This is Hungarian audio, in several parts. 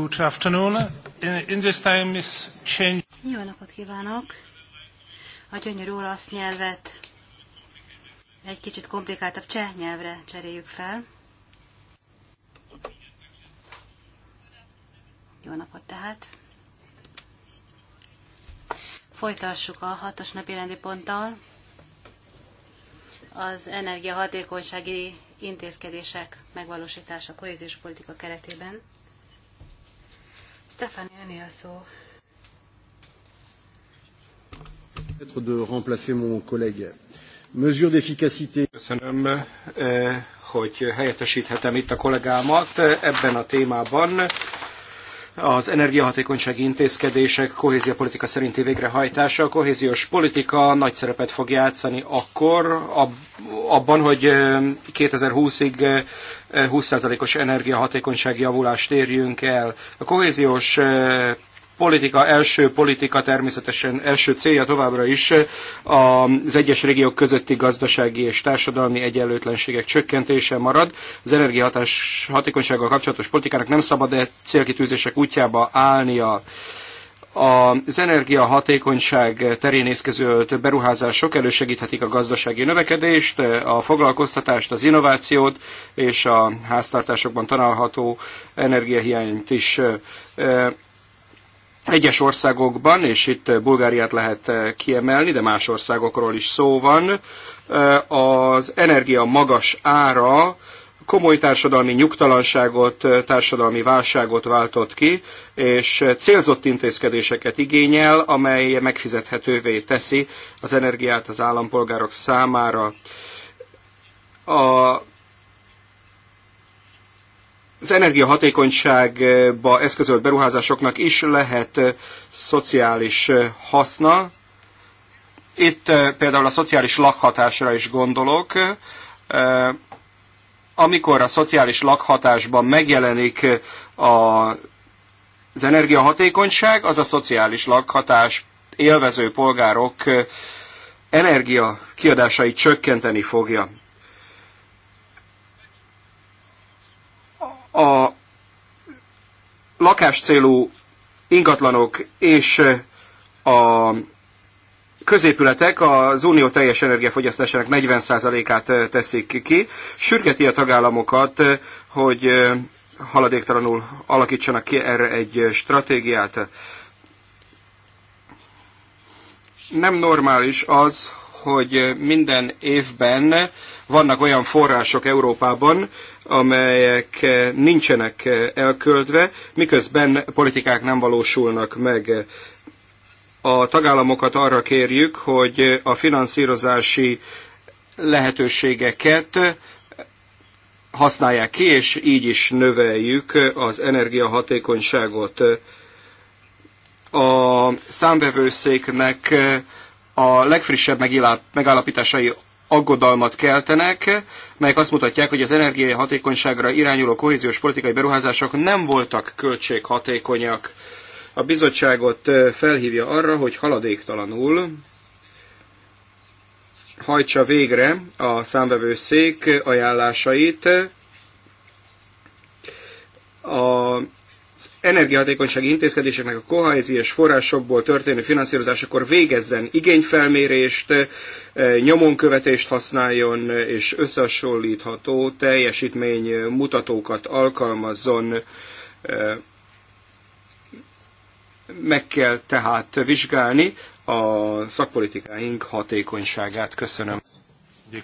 Good afternoon. In this time is change. Jó napot kívánok! A gyönyörű olasz nyelvet egy kicsit komplikáltabb cseh nyelvre cseréljük fel. Jó napot tehát! Folytassuk a hatos napi rendi ponttal az energiahatékonysági intézkedések megvalósítása kohéziós politika keretében. Stefani, a szó. de remplacer mon collègue. Mesure d'efficacité. Köszönöm, eh, hogy helyettesíthetem itt a kollégámat eh, ebben a témában az energiahatékonysági intézkedések kohéziapolitika szerinti végrehajtása. A kohéziós politika nagy szerepet fog játszani akkor, abban, hogy 2020-ig 20%-os energiahatékonysági javulást érjünk el. A kohéziós politika első politika természetesen első célja továbbra is az egyes régiók közötti gazdasági és társadalmi egyenlőtlenségek csökkentése marad. Az energiahatás hatékonysággal kapcsolatos politikának nem szabad -e célkitűzések útjába állnia. Az energiahatékonyság terén észkezőlt beruházások elősegíthetik a gazdasági növekedést, a foglalkoztatást, az innovációt és a háztartásokban található energiahiányt is egyes országokban, és itt Bulgáriát lehet eh, kiemelni, de más országokról is szó van, eh, az energia magas ára komoly társadalmi nyugtalanságot, eh, társadalmi válságot váltott ki, és célzott intézkedéseket igényel, amely megfizethetővé teszi az energiát az állampolgárok számára. A az energiahatékonyságba eszközölt beruházásoknak is lehet szociális haszna. Itt például a szociális lakhatásra is gondolok. Amikor a szociális lakhatásban megjelenik a, az energiahatékonyság, az a szociális lakhatás élvező polgárok energia kiadásait csökkenteni fogja. a lakás célú ingatlanok és a középületek az unió teljes energiafogyasztásának 40%-át teszik ki, sürgeti a tagállamokat, hogy haladéktalanul alakítsanak ki erre egy stratégiát. Nem normális az, hogy minden évben vannak olyan források Európában, amelyek eh, nincsenek eh, elköltve, miközben politikák nem valósulnak meg. A tagállamokat arra kérjük, hogy a finanszírozási lehetőségeket használják ki, és így is növeljük az energiahatékonyságot. A számvevőszéknek a legfrissebb megállapításai aggodalmat keltenek, melyek azt mutatják, hogy az energiai hatékonyságra irányuló kohéziós politikai beruházások nem voltak költséghatékonyak. A bizottságot felhívja arra, hogy haladéktalanul hajtsa végre a számvevőszék ajánlásait a az energiahatékonysági intézkedéseknek a kohéziós forrásokból történő finanszírozásakor végezzen igényfelmérést, eh, nyomonkövetést használjon és összehasonlítható mutatókat alkalmazzon. Eh, meg kell tehát vizsgálni a szakpolitikáink hatékonyságát. Köszönöm. Eh,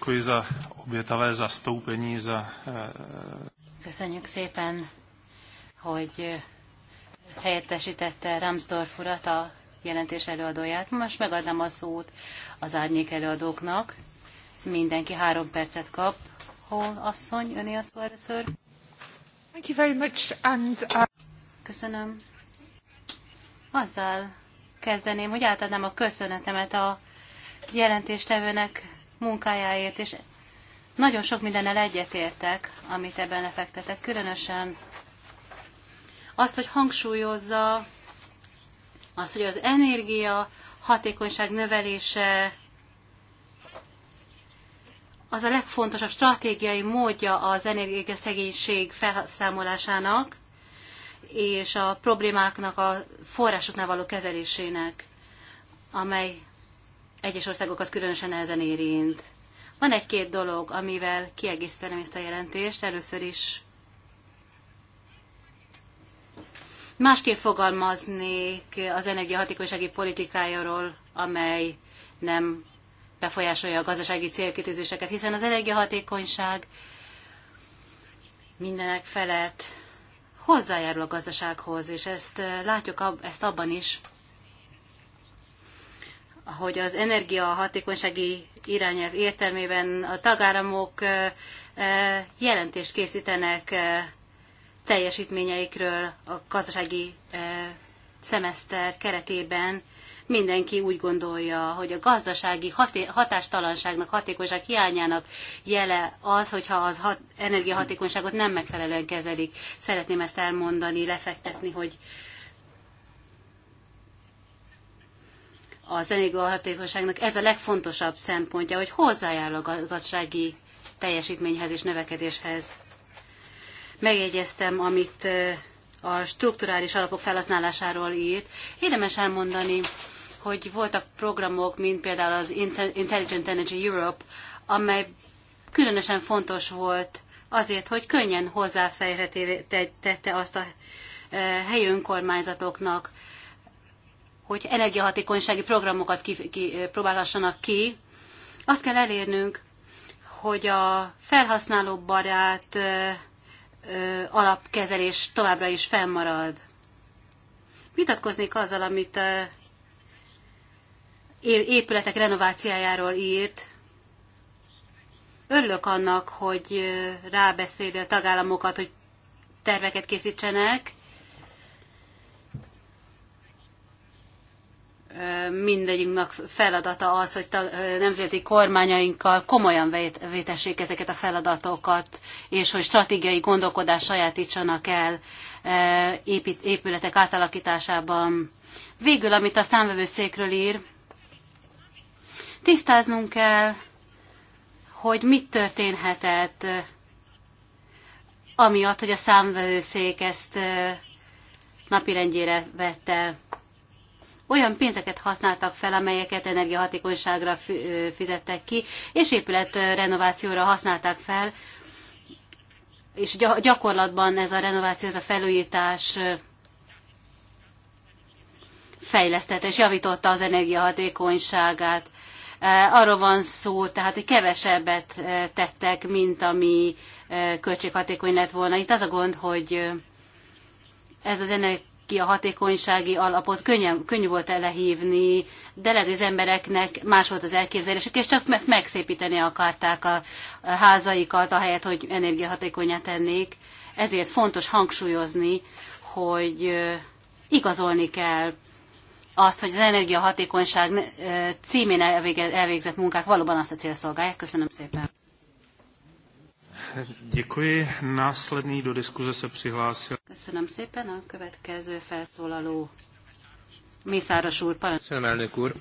Köszönjük szépen hogy helyettesítette Ramsdorf urat, a jelentés előadóját. Most megadnám a szót az árnyék előadóknak. Mindenki három percet kap. Hol asszony, öné a szó először? Thank you very much and, uh... Köszönöm. Azzal kezdeném, hogy átadnám a köszönetemet a jelentéstevőnek munkájáért, és nagyon sok mindennel egyetértek, amit ebben lefektetett, különösen azt, hogy hangsúlyozza azt, hogy az energia hatékonyság növelése az a legfontosabb stratégiai módja az energiaszegénység felszámolásának és a problémáknak a forrásoknál való kezelésének, amely egyes országokat különösen nehezen érint. Van egy-két dolog, amivel kiegészítenem ezt a jelentést. Először is másképp fogalmaznék az energiahatékonysági politikájáról, amely nem befolyásolja a gazdasági célkitűzéseket, hiszen az energiahatékonyság mindenek felett hozzájárul a gazdasághoz, és ezt eh, látjuk ezt abban is, hogy az energiahatékonysági irányelv értelmében a tagáramok eh, eh, jelentést készítenek teljesítményeikről a gazdasági eh, szemeszter keretében mindenki úgy gondolja, hogy a gazdasági hatástalanságnak, hatékonyság hiányának jele az, hogyha az hat, energiahatékonyságot nem megfelelően kezelik. Szeretném ezt elmondani, lefektetni, hogy az energiahatékonyságnak ez a legfontosabb szempontja, hogy hozzájárul a gazdasági teljesítményhez és növekedéshez megjegyeztem, amit a strukturális alapok felhasználásáról írt. Érdemes elmondani, hogy voltak programok, mint például az Intelligent Energy Europe, amely különösen fontos volt azért, hogy könnyen hozzáfejhetette azt a helyi önkormányzatoknak, hogy energiahatékonysági programokat ki, ki, próbálhassanak ki. Azt kell elérnünk, hogy a felhasználó barát alapkezelés továbbra is fennmarad. Vitatkoznék azzal, amit ö, épületek renovációjáról írt. Örülök annak, hogy rábeszéli a tagállamokat, hogy terveket készítsenek, mindegyünknek feladata az, hogy nemzeti kormányainkkal komolyan vétessék ezeket a feladatokat, és hogy stratégiai gondolkodást sajátítsanak el épületek átalakításában. Végül, amit a számvevőszékről ír, tisztáznunk kell, hogy mit történhetett, amiatt, hogy a számvevőszék ezt napirendjére vette olyan pénzeket használtak fel, amelyeket energiahatékonyságra fizettek ki, és épületrenovációra használták fel, és gyakorlatban ez a renováció, ez a felújítás fejlesztette és javította az energiahatékonyságát. Arról van szó, tehát, hogy kevesebbet tettek, mint ami költséghatékony lett volna. Itt az a gond, hogy ez az energi ki a hatékonysági alapot, könnyen, könnyű volt elehívni, de lehet, az embereknek más volt az elképzelésük, és csak megszépíteni akarták a házaikat, ahelyett, hogy energiahatékonyá tennék. Ezért fontos hangsúlyozni, hogy igazolni kell azt, hogy az energiahatékonyság címén elvégzett munkák valóban azt a célszolgálják. Köszönöm szépen. Děkuji. Následný do diskuze se přihlásil. Köszönöm szépen a következő felszólaló. Mészáros úr, Köszönöm, elnök úr.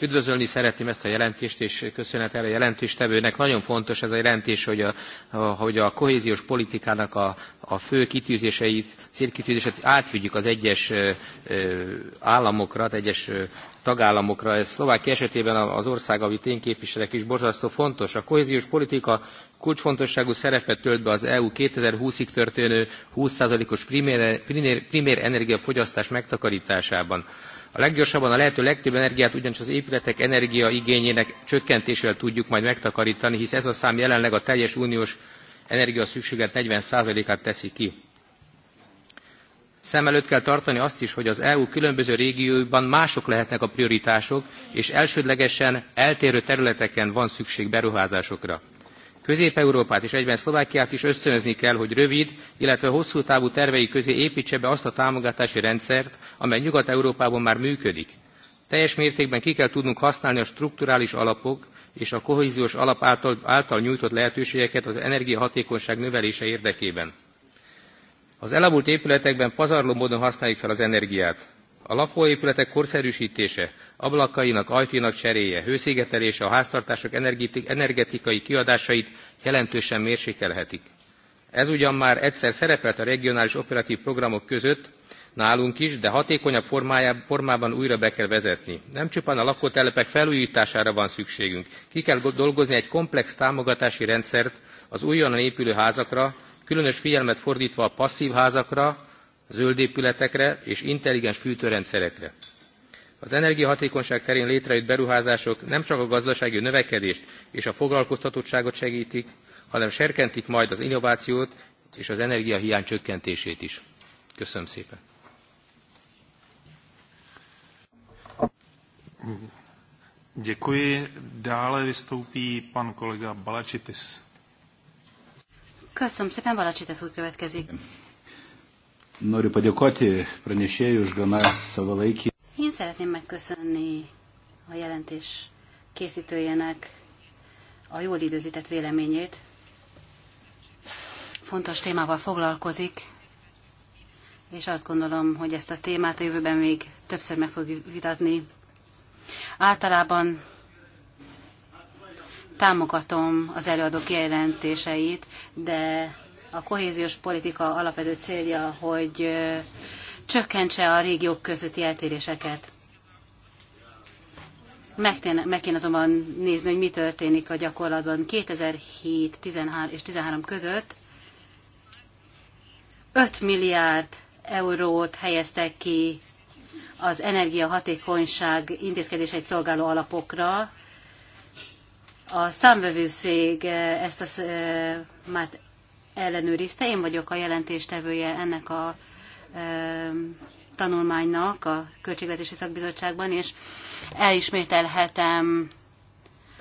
Üdvözölni szeretném ezt a jelentést, és köszönet el a jelentéstevőnek. Nagyon fontos ez a jelentés, hogy a, a, hogy a kohéziós politikának a, a fő kitűzéseit, célkitűzéseit átvigyük az egyes ö, államokra, az egyes ö, tagállamokra. Ez Szlovákia esetében az ország, amit én képviselek is borzasztó fontos. A kohéziós politika kulcsfontosságú szerepet tölt be az EU 2020-ig történő 20%-os primér, primér, primér energiafogyasztás megtakarításában. A leggyorsabban a lehető legtöbb energiát ugyanis az épületek energiaigényének csökkentésével tudjuk majd megtakarítani, hisz ez a szám jelenleg a teljes uniós energiaszükséglet 40%-át teszi ki. Szem előtt kell tartani azt is, hogy az EU különböző régióiban mások lehetnek a prioritások, és elsődlegesen eltérő területeken van szükség beruházásokra. Közép-Európát és egyben Szlovákiát is ösztönözni kell, hogy rövid, illetve hosszú távú tervei közé építse be azt a támogatási rendszert, amely Nyugat-Európában már működik. Teljes mértékben ki kell tudnunk használni a strukturális alapok és a kohéziós alap által, által nyújtott lehetőségeket az energiahatékonyság növelése érdekében. Az elavult épületekben pazarló módon használjuk fel az energiát. A lakóépületek korszerűsítése, ablakainak, ajtóinak cseréje, hőszigetelése a háztartások energetikai kiadásait jelentősen mérsékelhetik. Ez ugyan már egyszer szerepelt a regionális operatív programok között, nálunk is, de hatékonyabb formában újra be kell vezetni. Nem csupán a lakótelepek felújítására van szükségünk, ki kell dolgozni egy komplex támogatási rendszert az újonnan épülő házakra, különös figyelmet fordítva a passzív házakra, zöld épületekre és intelligens fűtőrendszerekre. Az energiahatékonyság terén létrejött beruházások nem csak a gazdasági növekedést és a foglalkoztatottságot segítik, hanem serkentik majd az innovációt és az energiahiány csökkentését is. Köszönöm szépen! Děkuji. Dále vystoupí pan kolega Balačitis. Köszönöm szépen, Balačitis úr következik. Noriu padėkoti pranešėjui už gana savalaikį. Én szeretném megköszönni a jelentés készítőjének a jól időzített véleményét. Fontos témával foglalkozik, és azt gondolom, hogy ezt a témát a jövőben még többször meg fogjuk vitatni. Általában támogatom az előadók jelentéseit, de a kohéziós politika alapvető célja, hogy csökkentse a régiók közötti eltéréseket. Meg kéne azonban nézni, hogy mi történik a gyakorlatban. 2007 13 és 13 között 5 milliárd eurót helyeztek ki az energiahatékonyság intézkedéseit szolgáló alapokra. A számvevőszég ezt a, már ellenőrizte. Én vagyok a jelentéstevője ennek a e, tanulmánynak a Költségvetési Szakbizottságban, és elismételhetem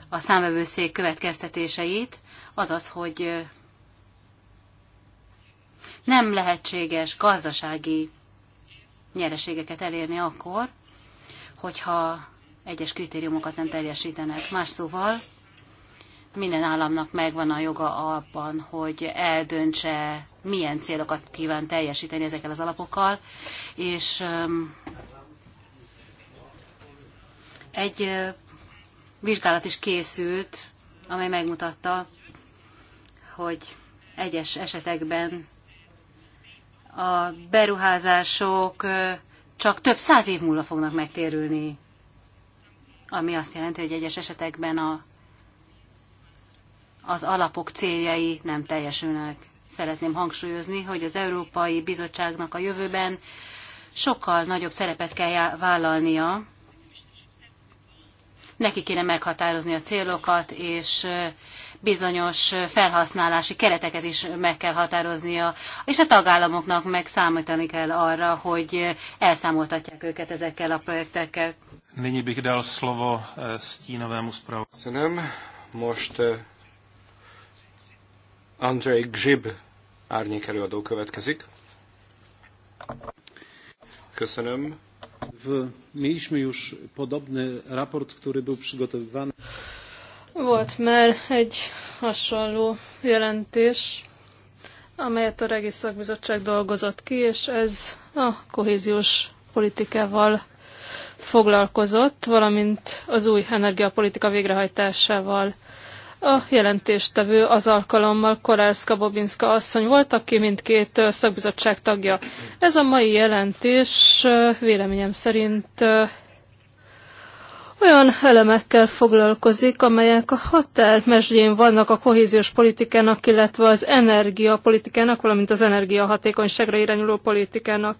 a számvevőszék következtetéseit, azaz, hogy nem lehetséges gazdasági nyereségeket elérni akkor, hogyha egyes kritériumokat nem teljesítenek. Más szóval, minden államnak megvan a joga abban, hogy eldöntse, milyen célokat kíván teljesíteni ezekkel az alapokkal, és egy vizsgálat is készült, amely megmutatta, hogy egyes esetekben a beruházások csak több száz év múlva fognak megtérülni, ami azt jelenti, hogy egyes esetekben a az alapok céljai nem teljesülnek. Szeretném hangsúlyozni, hogy az Európai Bizottságnak a jövőben sokkal nagyobb szerepet kell vállalnia, neki kéne meghatározni a célokat, és bizonyos felhasználási kereteket is meg kell határoznia, és a tagállamoknak meg számítani kell arra, hogy elszámoltatják őket ezekkel a projektekkel. Nényi bych dal slovo eh, stínovému zpravodaji. Most eh, Andrei Gzsib árnyék előadó következik. Köszönöm. W, mieliśmy już podobny raport, który był przygotowywany. Volt már egy hasonló jelentés, amelyet a Regis Szakbizottság dolgozott ki, és ez a kohéziós politikával foglalkozott, valamint az új energiapolitika végrehajtásával. A jelentéstevő az alkalommal Korelszka Bobinska asszony volt, aki mindkét szakbizottság tagja. Ez a mai jelentés véleményem szerint olyan elemekkel foglalkozik, amelyek a határmesdjén vannak a kohéziós politikának, illetve az energiapolitikának, valamint az energiahatékonyságra irányuló politikának.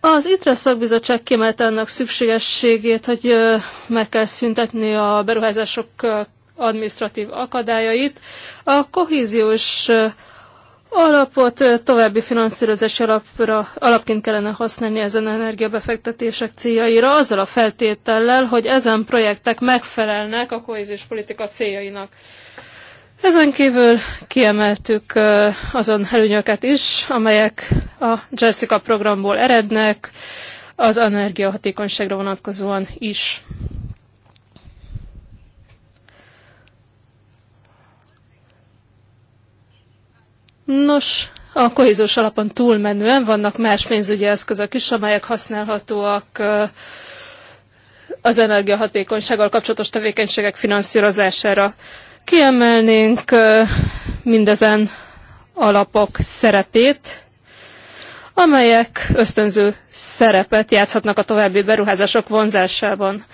Az ITRE szakbizottság kiemelte annak szükségességét, hogy meg kell szüntetni a beruházások administratív akadályait. A kohéziós alapot további finanszírozási alapra, alapként kellene használni ezen energiabefektetések céljaira, azzal a feltétellel, hogy ezen projektek megfelelnek a kohéziós politika céljainak. Ezen kívül kiemeltük azon előnyöket is, amelyek a Jessica programból erednek, az energiahatékonyságra vonatkozóan is. Nos, a kohéziós alapon túlmenően vannak más pénzügyi eszközök is, amelyek használhatóak az energiahatékonysággal kapcsolatos tevékenységek finanszírozására. Kiemelnénk mindezen alapok szerepét, amelyek ösztönző szerepet játszhatnak a további beruházások vonzásában.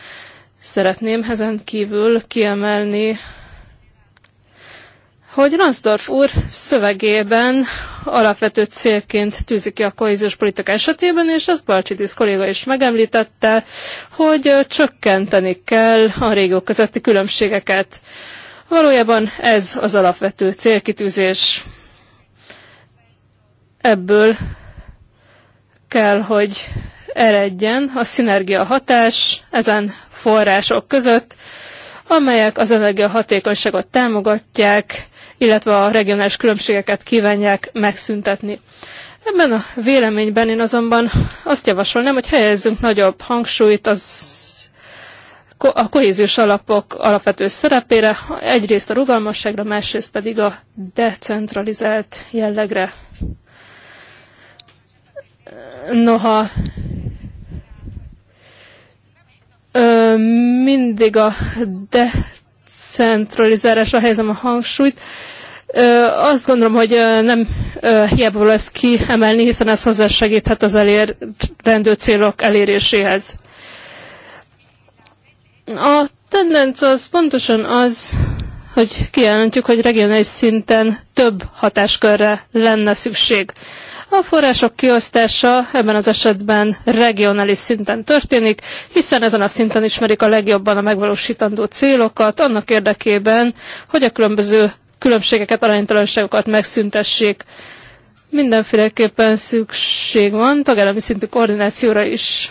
Szeretném ezen kívül kiemelni hogy Ransdorf úr szövegében alapvető célként tűzi ki a kohéziós politika esetében, és ezt Balcsitis kolléga is megemlítette, hogy csökkenteni kell a régiók közötti különbségeket. Valójában ez az alapvető célkitűzés. Ebből kell, hogy eredjen a szinergia hatás ezen források között, amelyek az energiahatékonyságot támogatják, illetve a regionális különbségeket kívánják megszüntetni. Ebben a véleményben én azonban azt javasolnám, hogy helyezzünk nagyobb hangsúlyt az a kohéziós alapok alapvető szerepére, egyrészt a rugalmasságra, másrészt pedig a decentralizált jellegre. Noha ö, mindig a decentralizálásra helyezem a hangsúlyt. Ö, azt gondolom, hogy ö, nem ö, hiába lesz kiemelni, hiszen ez hozzásegíthet az elérendő célok eléréséhez. A tendencia az pontosan az, hogy kijelentjük, hogy regionális szinten több hatáskörre lenne szükség. A források kiosztása ebben az esetben regionális szinten történik, hiszen ezen a szinten ismerik a legjobban a megvalósítandó célokat, annak érdekében, hogy a különböző különbségeket, aránytalanságokat megszüntessék. Mindenféleképpen szükség van tagállami szintű koordinációra is.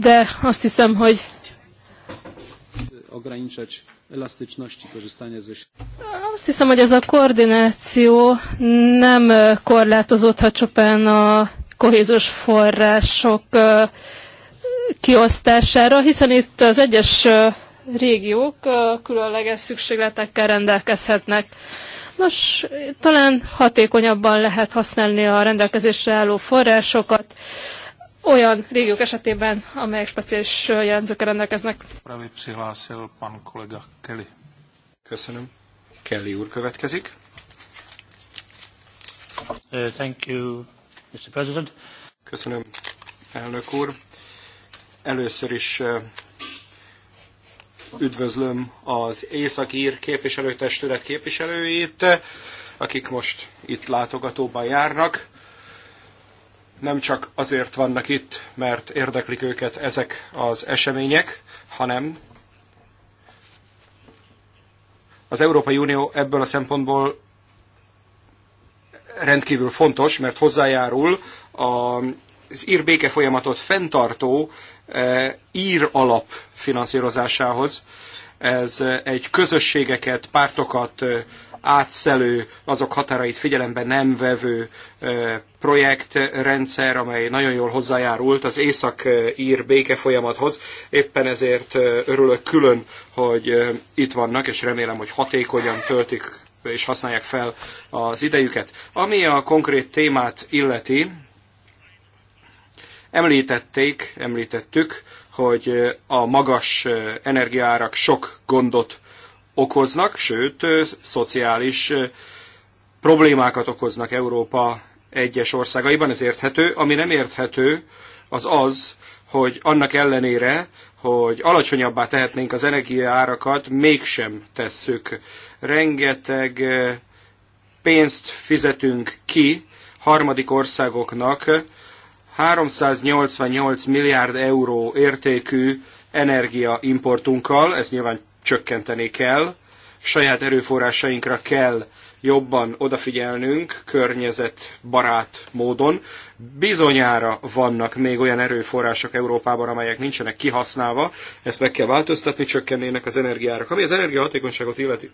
De azt hiszem, hogy azt hiszem, hogy ez a koordináció nem korlátozódhat csupán a kohézós források kiosztására, hiszen itt az egyes régiók különleges szükségletekkel rendelkezhetnek. Nos, talán hatékonyabban lehet használni a rendelkezésre álló forrásokat olyan régiók esetében, amelyek speciális jelenzőkkel rendelkeznek. Köszönöm. Kelly úr következik. Uh, thank you, Mr. President. Köszönöm, elnök úr. Először is uh, üdvözlöm az Észak-ír képviselőtestület képviselőit, uh, akik most itt látogatóban járnak nem csak azért vannak itt, mert érdeklik őket ezek az események, hanem az Európai Unió ebből a szempontból rendkívül fontos, mert hozzájárul az ír béke folyamatot fenntartó e, ír alap finanszírozásához. Ez egy közösségeket, pártokat, e, átszelő, azok határait figyelembe nem vevő projektrendszer, amely nagyon jól hozzájárult az észak-ír béke folyamathoz. Éppen ezért örülök külön, hogy itt vannak, és remélem, hogy hatékonyan töltik és használják fel az idejüket. Ami a konkrét témát illeti, említették, említettük, hogy a magas energiárak sok gondot okoznak, sőt, szociális problémákat okoznak Európa egyes országaiban, ez érthető. Ami nem érthető, az az, hogy annak ellenére, hogy alacsonyabbá tehetnénk az energiaárakat, mégsem tesszük. Rengeteg pénzt fizetünk ki harmadik országoknak, 388 milliárd euró értékű energiaimportunkkal, ez nyilván csökkenteni kell, saját erőforrásainkra kell jobban odafigyelnünk környezetbarát módon. Bizonyára vannak még olyan erőforrások Európában, amelyek nincsenek kihasználva, ezt meg kell változtatni, csökkennének az energiárak. Ami az energiahatékonyságot illeti,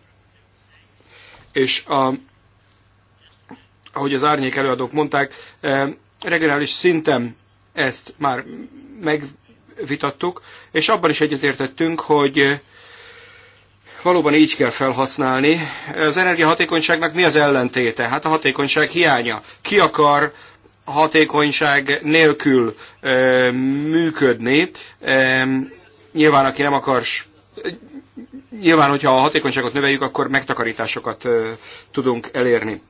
és a, ahogy az árnyék előadók mondták, e, regionális szinten ezt már megvitattuk, és abban is egyetértettünk, hogy valóban így kell felhasználni. Az energiahatékonyságnak mi az ellentéte? Hát a hatékonyság hiánya. Ki akar hatékonyság nélkül ö, működni? Ö, nyilván, aki nem akar nyilván, hogyha a hatékonyságot növeljük, akkor megtakarításokat tudunk elérni.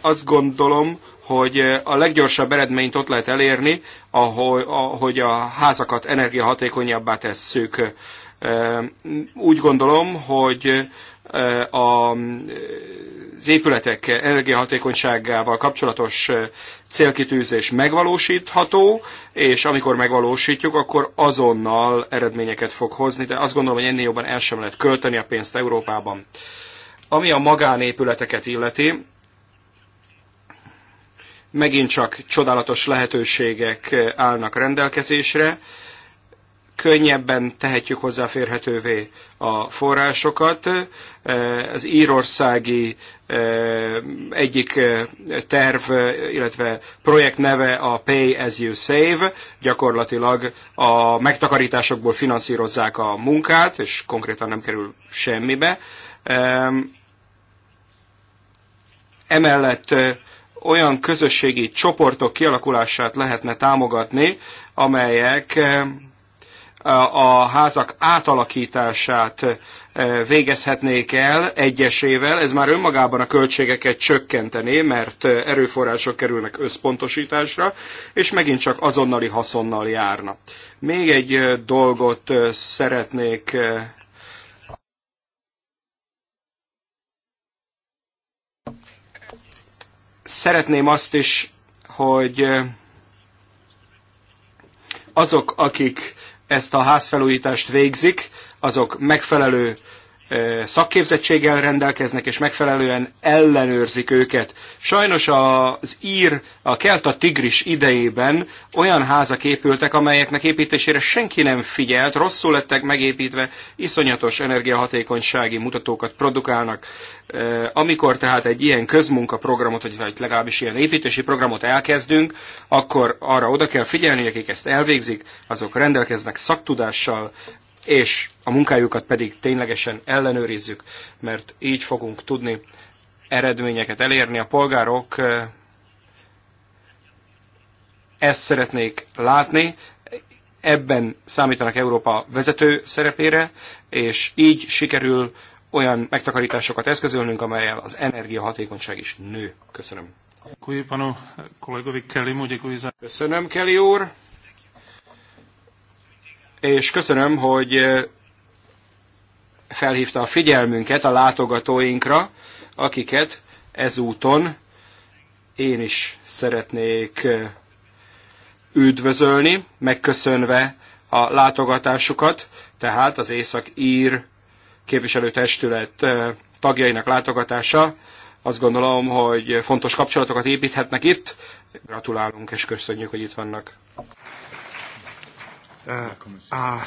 Azt gondolom, hogy a leggyorsabb eredményt ott lehet elérni, ahogy a házakat energiahatékonyabbá tesszük. Úgy gondolom, hogy az épületek energiahatékonyságával kapcsolatos célkitűzés megvalósítható, és amikor megvalósítjuk, akkor azonnal eredményeket fog hozni, de azt gondolom, hogy ennél jobban el sem lehet költeni a pénzt Európában. Ami a magánépületeket illeti, megint csak csodálatos lehetőségek állnak rendelkezésre, könnyebben tehetjük hozzáférhetővé a forrásokat. E, az írországi e, egyik e, terv, illetve projekt neve a Pay as you save, gyakorlatilag a megtakarításokból finanszírozzák a munkát, és konkrétan nem kerül semmibe. Emellett olyan közösségi csoportok kialakulását lehetne támogatni, amelyek a házak átalakítását eh, végezhetnék el egyesével, ez már önmagában a költségeket csökkentené, mert eh, erőforrások kerülnek összpontosításra, és megint csak azonnali haszonnal járna. Még egy eh, dolgot szeretnék szeretném azt is, hogy azok, akik ezt a házfelújítást végzik, azok megfelelő szakképzettséggel rendelkeznek, és megfelelően ellenőrzik őket. Sajnos az ír, a kelta tigris idejében olyan házak épültek, amelyeknek építésére senki nem figyelt, rosszul lettek megépítve, iszonyatos energiahatékonysági mutatókat produkálnak. Amikor tehát egy ilyen közmunkaprogramot, vagy legalábbis ilyen építési programot elkezdünk, akkor arra oda kell figyelni, akik ezt elvégzik, azok rendelkeznek szaktudással, és a munkájukat pedig ténylegesen ellenőrizzük, mert így fogunk tudni eredményeket elérni. A polgárok ezt szeretnék látni, ebben számítanak Európa vezető szerepére, és így sikerül olyan megtakarításokat eszközölnünk, amelyel az energiahatékonyság is nő. Köszönöm. Köszönöm, Kelly úr és köszönöm, hogy eh, felhívta a figyelmünket a látogatóinkra, akiket ezúton én is szeretnék eh, üdvözölni, megköszönve a látogatásukat, tehát az Észak-Ír képviselőtestület eh, tagjainak látogatása. Azt gondolom, hogy fontos kapcsolatokat építhetnek itt. Gratulálunk és köszönjük, hogy itt vannak. Eh, a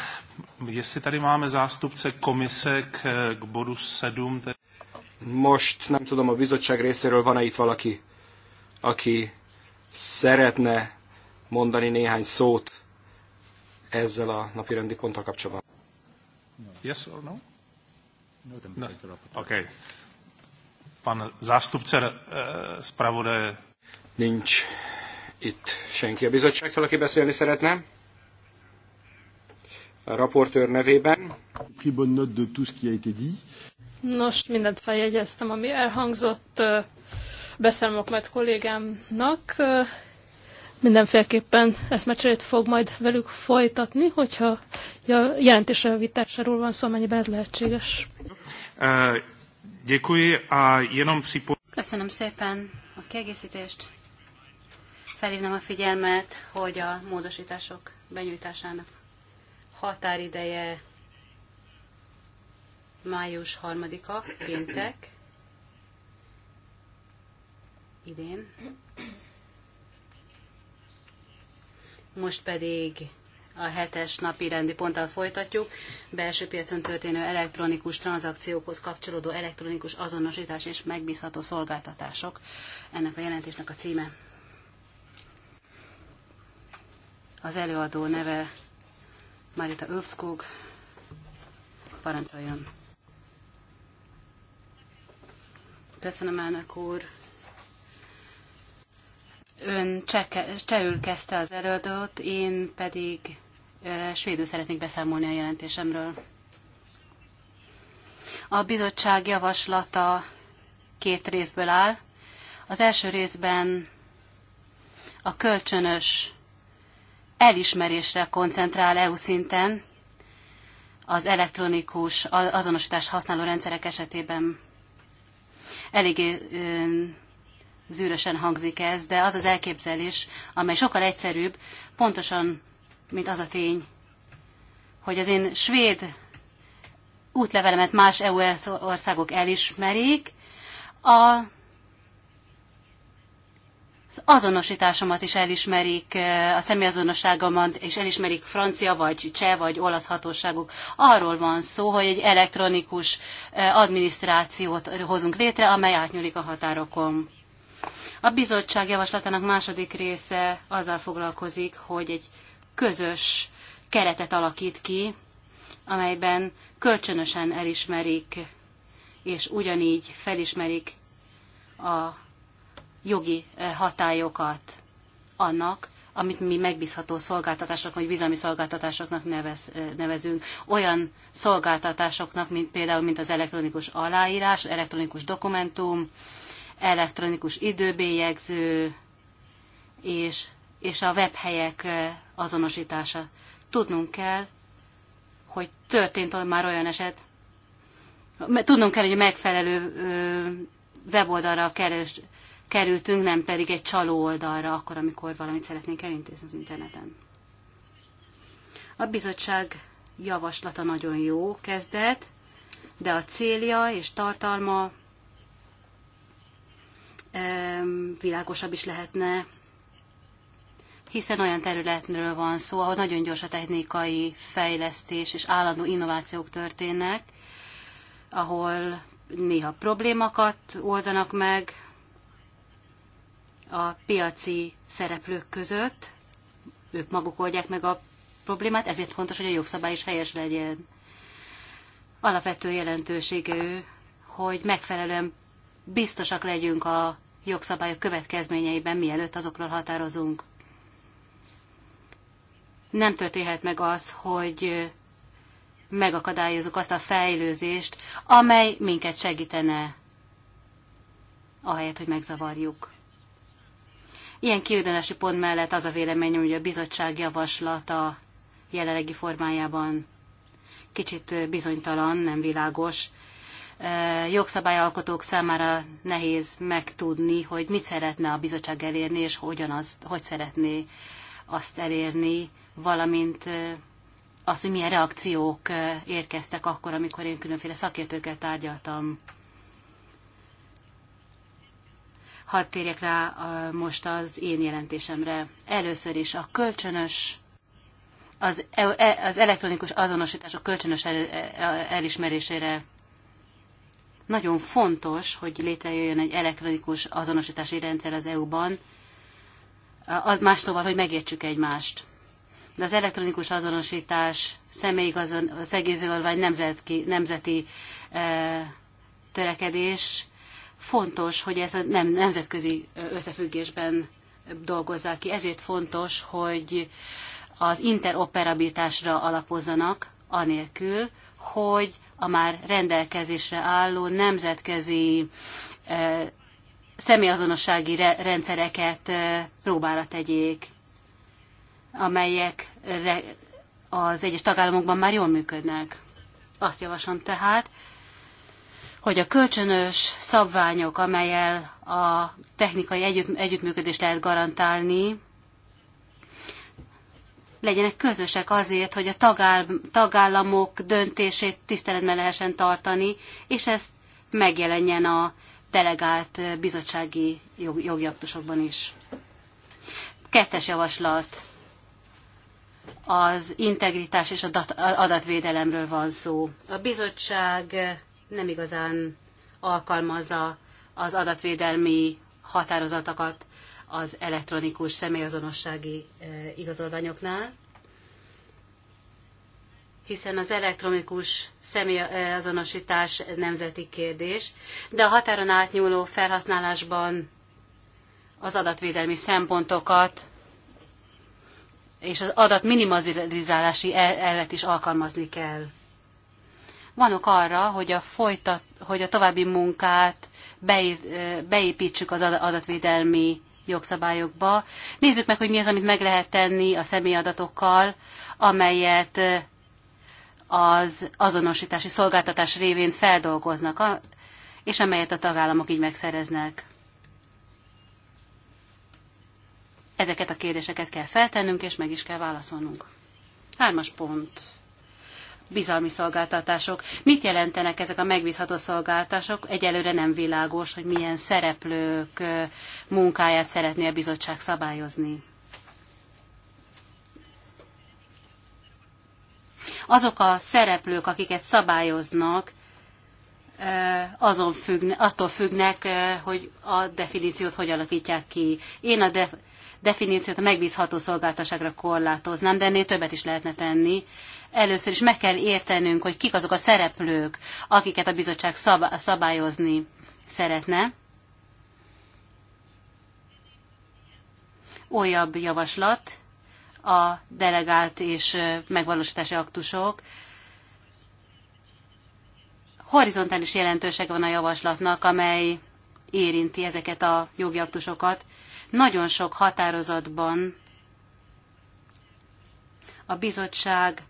jestli tady máme zástupce komise k, k bodu 7, tedy... Most nem tudom, a bizottság részéről van-e itt valaki, aki szeretne mondani néhány szót ezzel a napi rendi ponttal kapcsolatban. Yes or no? no. Oké. Okay. Pan zástupce uh, zpravodaje. Nincs itt senki a bizottságtól, aki beszélni szeretne a raportőr nevében. Nos, mindent feljegyeztem, ami elhangzott. Beszámolok majd kollégámnak. Mindenféleképpen eszmecserét fog majd velük folytatni, hogyha jelentésre vitásáról van szó, amennyiben ez lehetséges. Köszönöm szépen a kiegészítést. Felhívnám a figyelmet, hogy a módosítások benyújtásának határideje május 3-a, péntek, idén. Most pedig a hetes napi rendi ponttal folytatjuk, belső piacon történő elektronikus tranzakciókhoz kapcsolódó elektronikus azonosítás és megbízható szolgáltatások. Ennek a jelentésnek a címe. Az előadó neve Marita Övskog, parancsoljon. Köszönöm, elnök úr. Ön cseke, csehül kezdte az előadót, én pedig e, svédül szeretnék beszámolni a jelentésemről. A bizottság javaslata két részből áll. Az első részben a kölcsönös elismerésre koncentrál EU szinten az elektronikus azonosítás használó rendszerek esetében. Eléggé zűrösen hangzik ez, de az az elképzelés, amely sokkal egyszerűbb, pontosan, mint az a tény, hogy az én svéd útlevelemet más EU országok elismerik, a az azonosításomat is elismerik, a személyazonosságomat, és elismerik francia, vagy cseh, vagy olasz hatóságok. Arról van szó, hogy egy elektronikus adminisztrációt hozunk létre, amely átnyúlik a határokon. A bizottság javaslatának második része azzal foglalkozik, hogy egy közös keretet alakít ki, amelyben kölcsönösen elismerik, és ugyanígy felismerik a jogi eh, hatályokat annak, amit mi megbízható szolgáltatásoknak, vagy bizalmi szolgáltatásoknak nevez, eh, nevezünk, olyan szolgáltatásoknak, mint például mint az elektronikus aláírás, elektronikus dokumentum, elektronikus időbélyegző, és, és a webhelyek eh, azonosítása. Tudnunk kell, hogy történt már olyan eset, tudnunk kell, hogy megfelelő weboldalra keres, kerültünk, nem pedig egy csaló oldalra, akkor, amikor valamit szeretnénk elintézni az interneten. A bizottság javaslata nagyon jó kezdet, de a célja és tartalma világosabb is lehetne, hiszen olyan területről van szó, ahol nagyon gyors a technikai fejlesztés és állandó innovációk történnek, ahol néha problémákat oldanak meg, a piaci szereplők között, ők maguk oldják meg a problémát, ezért fontos, hogy a jogszabály is helyes legyen. Alapvető jelentősége ő, hogy megfelelően biztosak legyünk a jogszabályok következményeiben, mielőtt azokról határozunk. Nem történhet meg az, hogy megakadályozunk azt a fejlőzést, amely minket segítene, ahelyett, hogy megzavarjuk. Ilyen kiüldönési pont mellett az a vélemény, hogy a bizottság javaslata jelenlegi formájában kicsit bizonytalan, nem világos. Jogszabályalkotók számára nehéz megtudni, hogy mit szeretne a bizottság elérni, és hogyan azt, hogy szeretné azt elérni, valamint az, hogy milyen reakciók érkeztek akkor, amikor én különféle szakértőkkel tárgyaltam. Hadd térjek rá a, most az én jelentésemre. Először is a kölcsönös, az, e, e, az elektronikus azonosítás a kölcsönös el, e, elismerésére nagyon fontos, hogy létrejöjjön egy elektronikus azonosítási rendszer az EU-ban, más szóval, hogy megértsük egymást. De az elektronikus azonosítás, személyigazon, vagy nemzetki, nemzeti e, törekedés, Fontos, hogy ez nem nemzetközi összefüggésben dolgozzák ki, ezért fontos, hogy az interoperabilitásra alapozzanak, anélkül, hogy a már rendelkezésre álló nemzetközi személyazonossági rendszereket próbára tegyék, amelyek az egyes tagállamokban már jól működnek. Azt javaslom tehát, hogy a kölcsönös szabványok, amelyel a technikai együtt, együttműködést lehet garantálni, legyenek közösek azért, hogy a tagáll, tagállamok döntését tiszteletben lehessen tartani, és ezt megjelenjen a delegált bizottsági jog, jogjaktusokban is. Kettes javaslat. Az integritás és a adatvédelemről van szó. A bizottság nem igazán alkalmazza az adatvédelmi határozatokat az elektronikus személyazonossági e, igazolványoknál, hiszen az elektronikus személyazonosítás nemzeti kérdés, de a határon átnyúló felhasználásban az adatvédelmi szempontokat és az adat minimalizálási elvet is alkalmazni kell van ok arra, hogy a, folytat, hogy a további munkát beépítsük az adatvédelmi jogszabályokba. Nézzük meg, hogy mi az, amit meg lehet tenni a személyadatokkal, amelyet az azonosítási szolgáltatás révén feldolgoznak, és amelyet a tagállamok így megszereznek. Ezeket a kérdéseket kell feltennünk, és meg is kell válaszolnunk. Hármas pont bizalmi szolgáltatások. Mit jelentenek ezek a megbízható szolgáltatások? Egyelőre nem világos, hogy milyen szereplők munkáját szeretné a bizottság szabályozni. Azok a szereplők, akiket szabályoznak, azon függ, attól függnek, hogy a definíciót hogy alakítják ki. Én a de, definíciót a megbízható szolgáltaságra korlátoznám, de ennél többet is lehetne tenni. Először is meg kell értenünk, hogy kik azok a szereplők, akiket a bizottság szab- szabályozni szeretne. Újabb javaslat a delegált és megvalósítási aktusok, horizontális jelentőség van a javaslatnak, amely érinti ezeket a jogi aktusokat. Nagyon sok határozatban a bizottság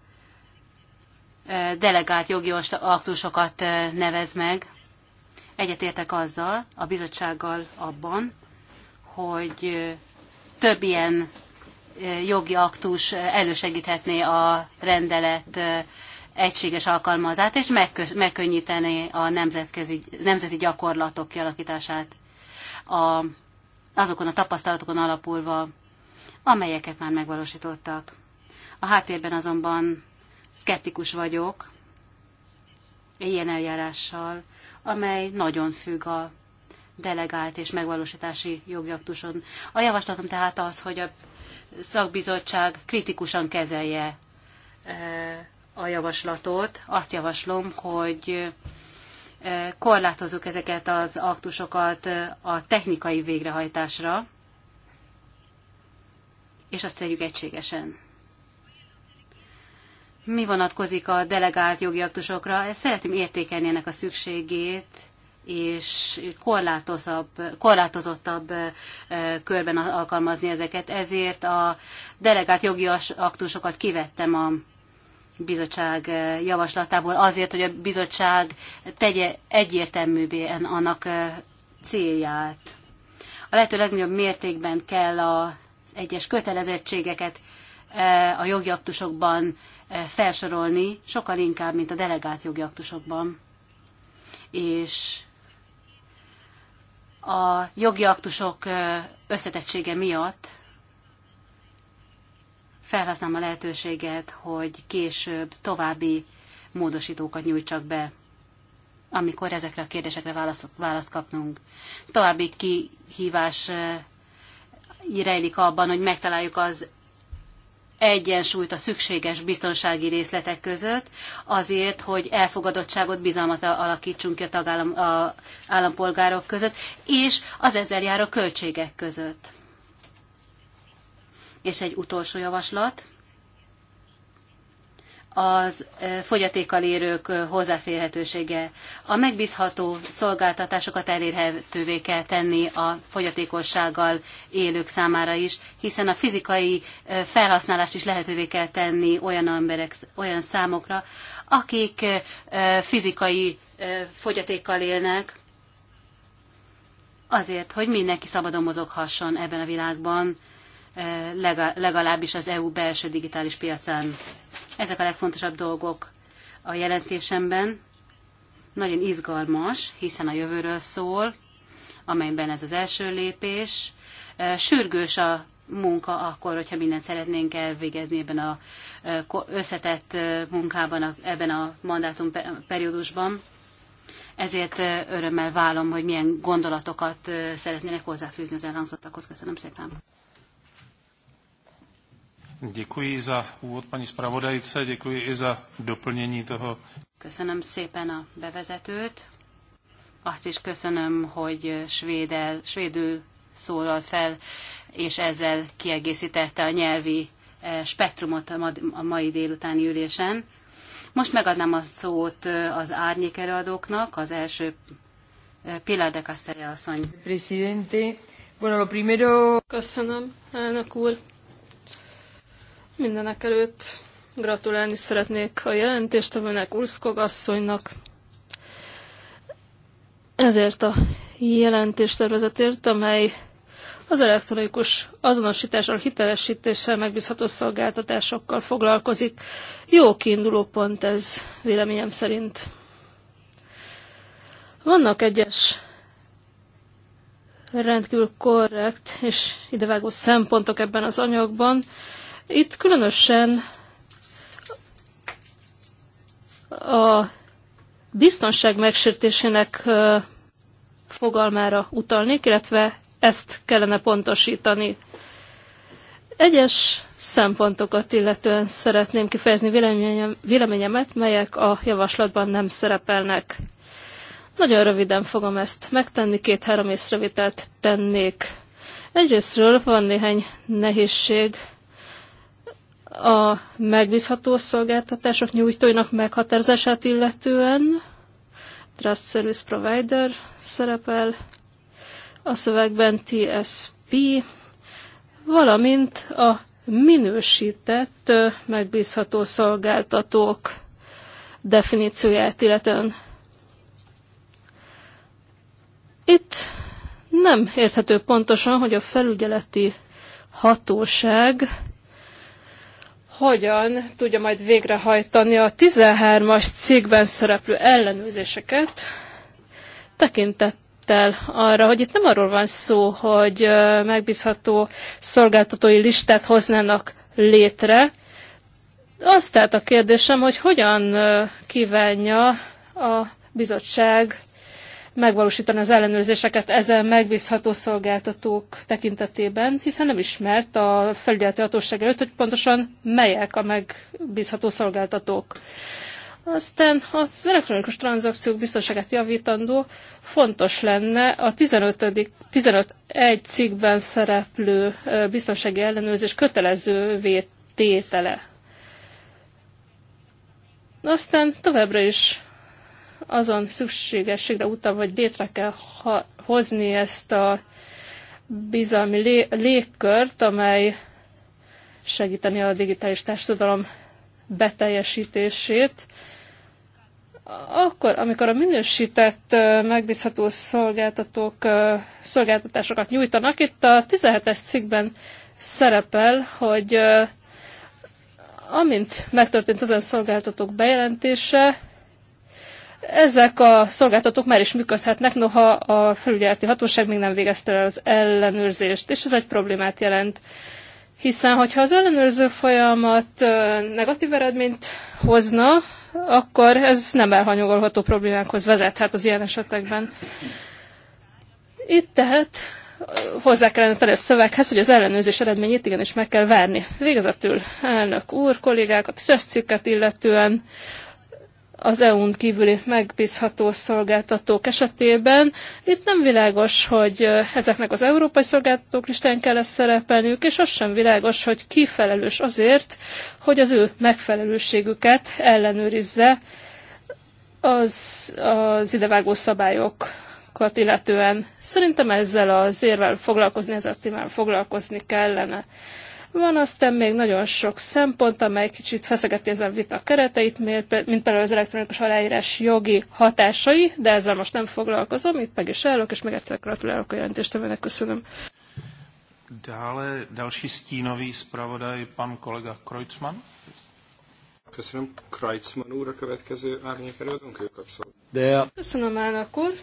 delegált jogi aktusokat nevez meg. Egyetértek azzal, a bizottsággal abban, hogy több ilyen jogi aktus elősegíthetné a rendelet egységes alkalmazát, és megkönnyíteni a nemzetközi, nemzeti gyakorlatok kialakítását. A azokon a tapasztalatokon alapulva, amelyeket már megvalósítottak. A háttérben azonban szkeptikus vagyok ilyen eljárással, amely nagyon függ a delegált és megvalósítási jogjaktuson. A javaslatom tehát az, hogy a szakbizottság kritikusan kezelje eh, a javaslatot. Azt javaslom, hogy korlátozzuk ezeket az aktusokat a technikai végrehajtásra, és azt tegyük egységesen. Mi vonatkozik a delegált jogi aktusokra? Szeretném értékelni ennek a szükségét, és korlátozabb, korlátozottabb körben alkalmazni ezeket. Ezért a delegált jogi aktusokat kivettem a bizottság eh, javaslatából azért, hogy a bizottság tegye egyértelművé annak eh, célját. A lehető legnagyobb mértékben kell az egyes kötelezettségeket eh, a jogjaktusokban felsorolni, sokkal inkább, mint a delegált jogjaktusokban. És a jogi aktusok összetettsége miatt felhasználom a lehetőséget, hogy később további módosítókat nyújtsak be, amikor ezekre a kérdésekre választ, választ kapnunk. További kihívás eh, rejlik abban, hogy megtaláljuk az egyensúlyt a szükséges biztonsági részletek között, azért, hogy elfogadottságot, bizalmat alakítsunk ki a tagállam a állampolgárok között, és az ezzel járó költségek között. És egy utolsó javaslat. Az fogyatékkal érők hozzáférhetősége. A megbízható szolgáltatásokat elérhetővé kell tenni a fogyatékossággal élők számára is, hiszen a fizikai felhasználást is lehetővé kell tenni olyan emberek, olyan számokra, akik fizikai fogyatékkal élnek, azért, hogy mindenki szabadon mozoghasson ebben a világban, Eh, legalábbis az EU belső digitális piacán. Ezek a legfontosabb dolgok a jelentésemben. Nagyon izgalmas, hiszen a jövőről szól, amelyben ez az első lépés. Eh, sürgős a munka akkor, hogyha mindent szeretnénk elvégezni ebben a eh, összetett munkában, ebben a mandátum periódusban. Ezért örömmel válom, hogy milyen gondolatokat szeretnének hozzáfűzni az elhangzottakhoz. Köszönöm szépen. Děkuji za úvod paní zpravodajce, děkuji i za doplnění toho. Köszönöm szépen a bevezetőt. Azt is köszönöm, hogy svédel, svédül szólalt fel, és ezzel kiegészítette a nyelvi eh, spektrumot a mai délutáni ülésen. Most megadnám a szót eh, az árnyékelőadóknak, az első eh, Pilar de Castellé asszony. Presidente, bueno, lo primero... Köszönöm, elnök úr. Mindenek előtt gratulálni szeretnék a jelentéstevőnek, Urszkog asszonynak, ezért a jelentéstervezetért, amely az elektronikus azonosítással, hitelesítéssel, megbízható szolgáltatásokkal foglalkozik. Jó kiinduló pont ez, véleményem szerint. Vannak egyes rendkívül korrekt és idevágó szempontok ebben az anyagban, itt különösen a biztonság megsértésének fogalmára utalnék, illetve ezt kellene pontosítani. Egyes szempontokat illetően szeretném kifejezni véleményem, véleményemet, melyek a javaslatban nem szerepelnek. Nagyon röviden fogom ezt megtenni, két-három észrevételt tennék. Egyrésztről van néhány nehézség a megbízható szolgáltatások nyújtóinak meghatározását illetően. Trust Service Provider szerepel a szövegben TSP, valamint a minősített megbízható szolgáltatók definícióját illetően. Itt nem érthető pontosan, hogy a felügyeleti hatóság hogyan tudja majd végrehajtani a 13-as cikkben szereplő ellenőrzéseket, tekintettel arra, hogy itt nem arról van szó, hogy megbízható szolgáltatói listát hoznának létre. Azt tehát a kérdésem, hogy hogyan kívánja a bizottság megvalósítani az ellenőrzéseket ezen megbízható szolgáltatók tekintetében, hiszen nem ismert a felügyeleti hatóság előtt, hogy pontosan melyek a megbízható szolgáltatók. Aztán az elektronikus tranzakciók biztonságát javítandó fontos lenne a 15. 15 egy cikkben szereplő biztonsági ellenőrzés kötelezővé tétele. Aztán továbbra is azon szükségességre utal, hogy létre kell hozni ezt a bizalmi lé légkört, amely segíteni a digitális társadalom beteljesítését. Akkor, amikor a minősített, megbízható szolgáltatók szolgáltatásokat nyújtanak, itt a 17-es cikkben szerepel, hogy amint megtörtént ezen szolgáltatók bejelentése, ezek a szolgáltatók már is működhetnek, noha a felügyeleti hatóság még nem végezte el az ellenőrzést, és ez egy problémát jelent. Hiszen, hogyha az ellenőrző folyamat negatív eredményt hozna, akkor ez nem elhanyagolható problémákhoz vezethet az ilyen esetekben. Itt tehát hozzá kellene tenni a szöveghez, hogy az ellenőrzés eredményét igenis meg kell várni. Végezetül elnök úr, kollégák, a tízes cikket illetően az EU-n kívüli megbízható szolgáltatók esetében. Itt nem világos, hogy ezeknek az európai szolgáltatók listán kell -e szerepelniük, és az sem világos, hogy ki felelős azért, hogy az ő megfelelőségüket ellenőrizze az, az idevágó szabályokat illetően. Szerintem ezzel az érvel foglalkozni, ezzel a témával foglalkozni kellene. Van aztán még nagyon sok szempont, amely kicsit feszegeti ezen vita kereteit, mint például az elektronikus aláírás jogi hatásai, de ezzel most nem foglalkozom, itt meg is állok, és még egyszer gratulálok a jelentéstevőnek, köszönöm. Dále další stínový spravodaj pan kolega Kreutzmann. Köszönöm. Kreutzmann úr a következő árnyék előadónk, ő kapszol. De... Köszönöm, elnök úr.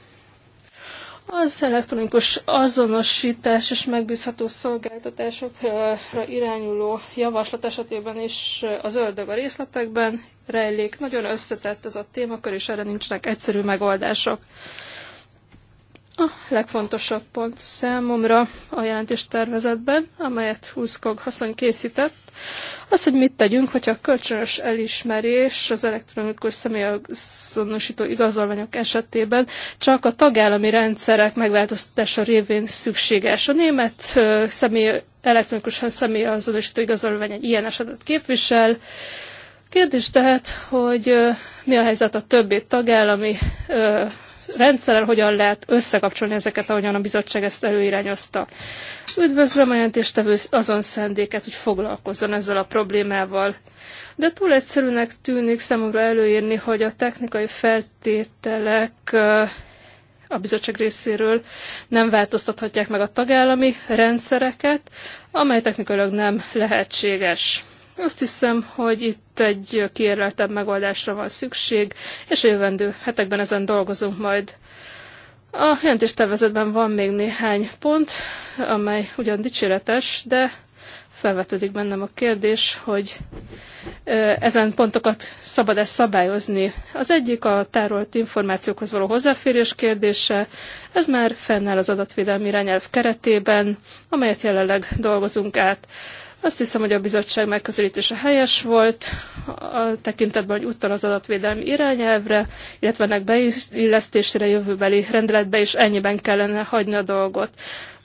Az elektronikus azonosítás és megbízható szolgáltatásokra irányuló javaslat esetében is az ördög a részletekben rejlik. Nagyon összetett ez a témakör, és erre nincsenek egyszerű megoldások. A legfontosabb pont számomra a jelentéstervezetben, amelyet Huszkog haszony készített, az, hogy mit tegyünk, hogyha a kölcsönös elismerés az elektronikus személyazonosító igazolványok esetében csak a tagállami rendszerek megváltoztatása révén szükséges. A német személy, elektronikus személyazonosító igazolvány egy ilyen esetet képvisel, Kérdés tehát, hogy mi a helyzet a többi tagállami rendszerrel hogyan lehet összekapcsolni ezeket, ahogyan a bizottság ezt előirányozta. Üdvözlöm a jelentéstevő azon szendéket, hogy foglalkozzon ezzel a problémával. De túl egyszerűnek tűnik számomra előírni, hogy a technikai feltételek a bizottság részéről nem változtathatják meg a tagállami rendszereket, amely technikailag nem lehetséges. Azt hiszem, hogy itt egy kiérleltebb megoldásra van szükség, és a jövendő hetekben ezen dolgozunk majd. A tervezetben van még néhány pont, amely ugyan dicséretes, de felvetődik bennem a kérdés, hogy ezen pontokat szabad-e szabályozni. Az egyik a tárolt információkhoz való hozzáférés kérdése, ez már fennáll az adatvédelmi irányelv keretében, amelyet jelenleg dolgozunk át. Azt hiszem, hogy a bizottság megközelítése helyes volt a tekintetben, hogy utal az adatvédelmi irányelvre, illetve ennek beillesztésére jövőbeli rendeletbe is ennyiben kellene hagyni a dolgot.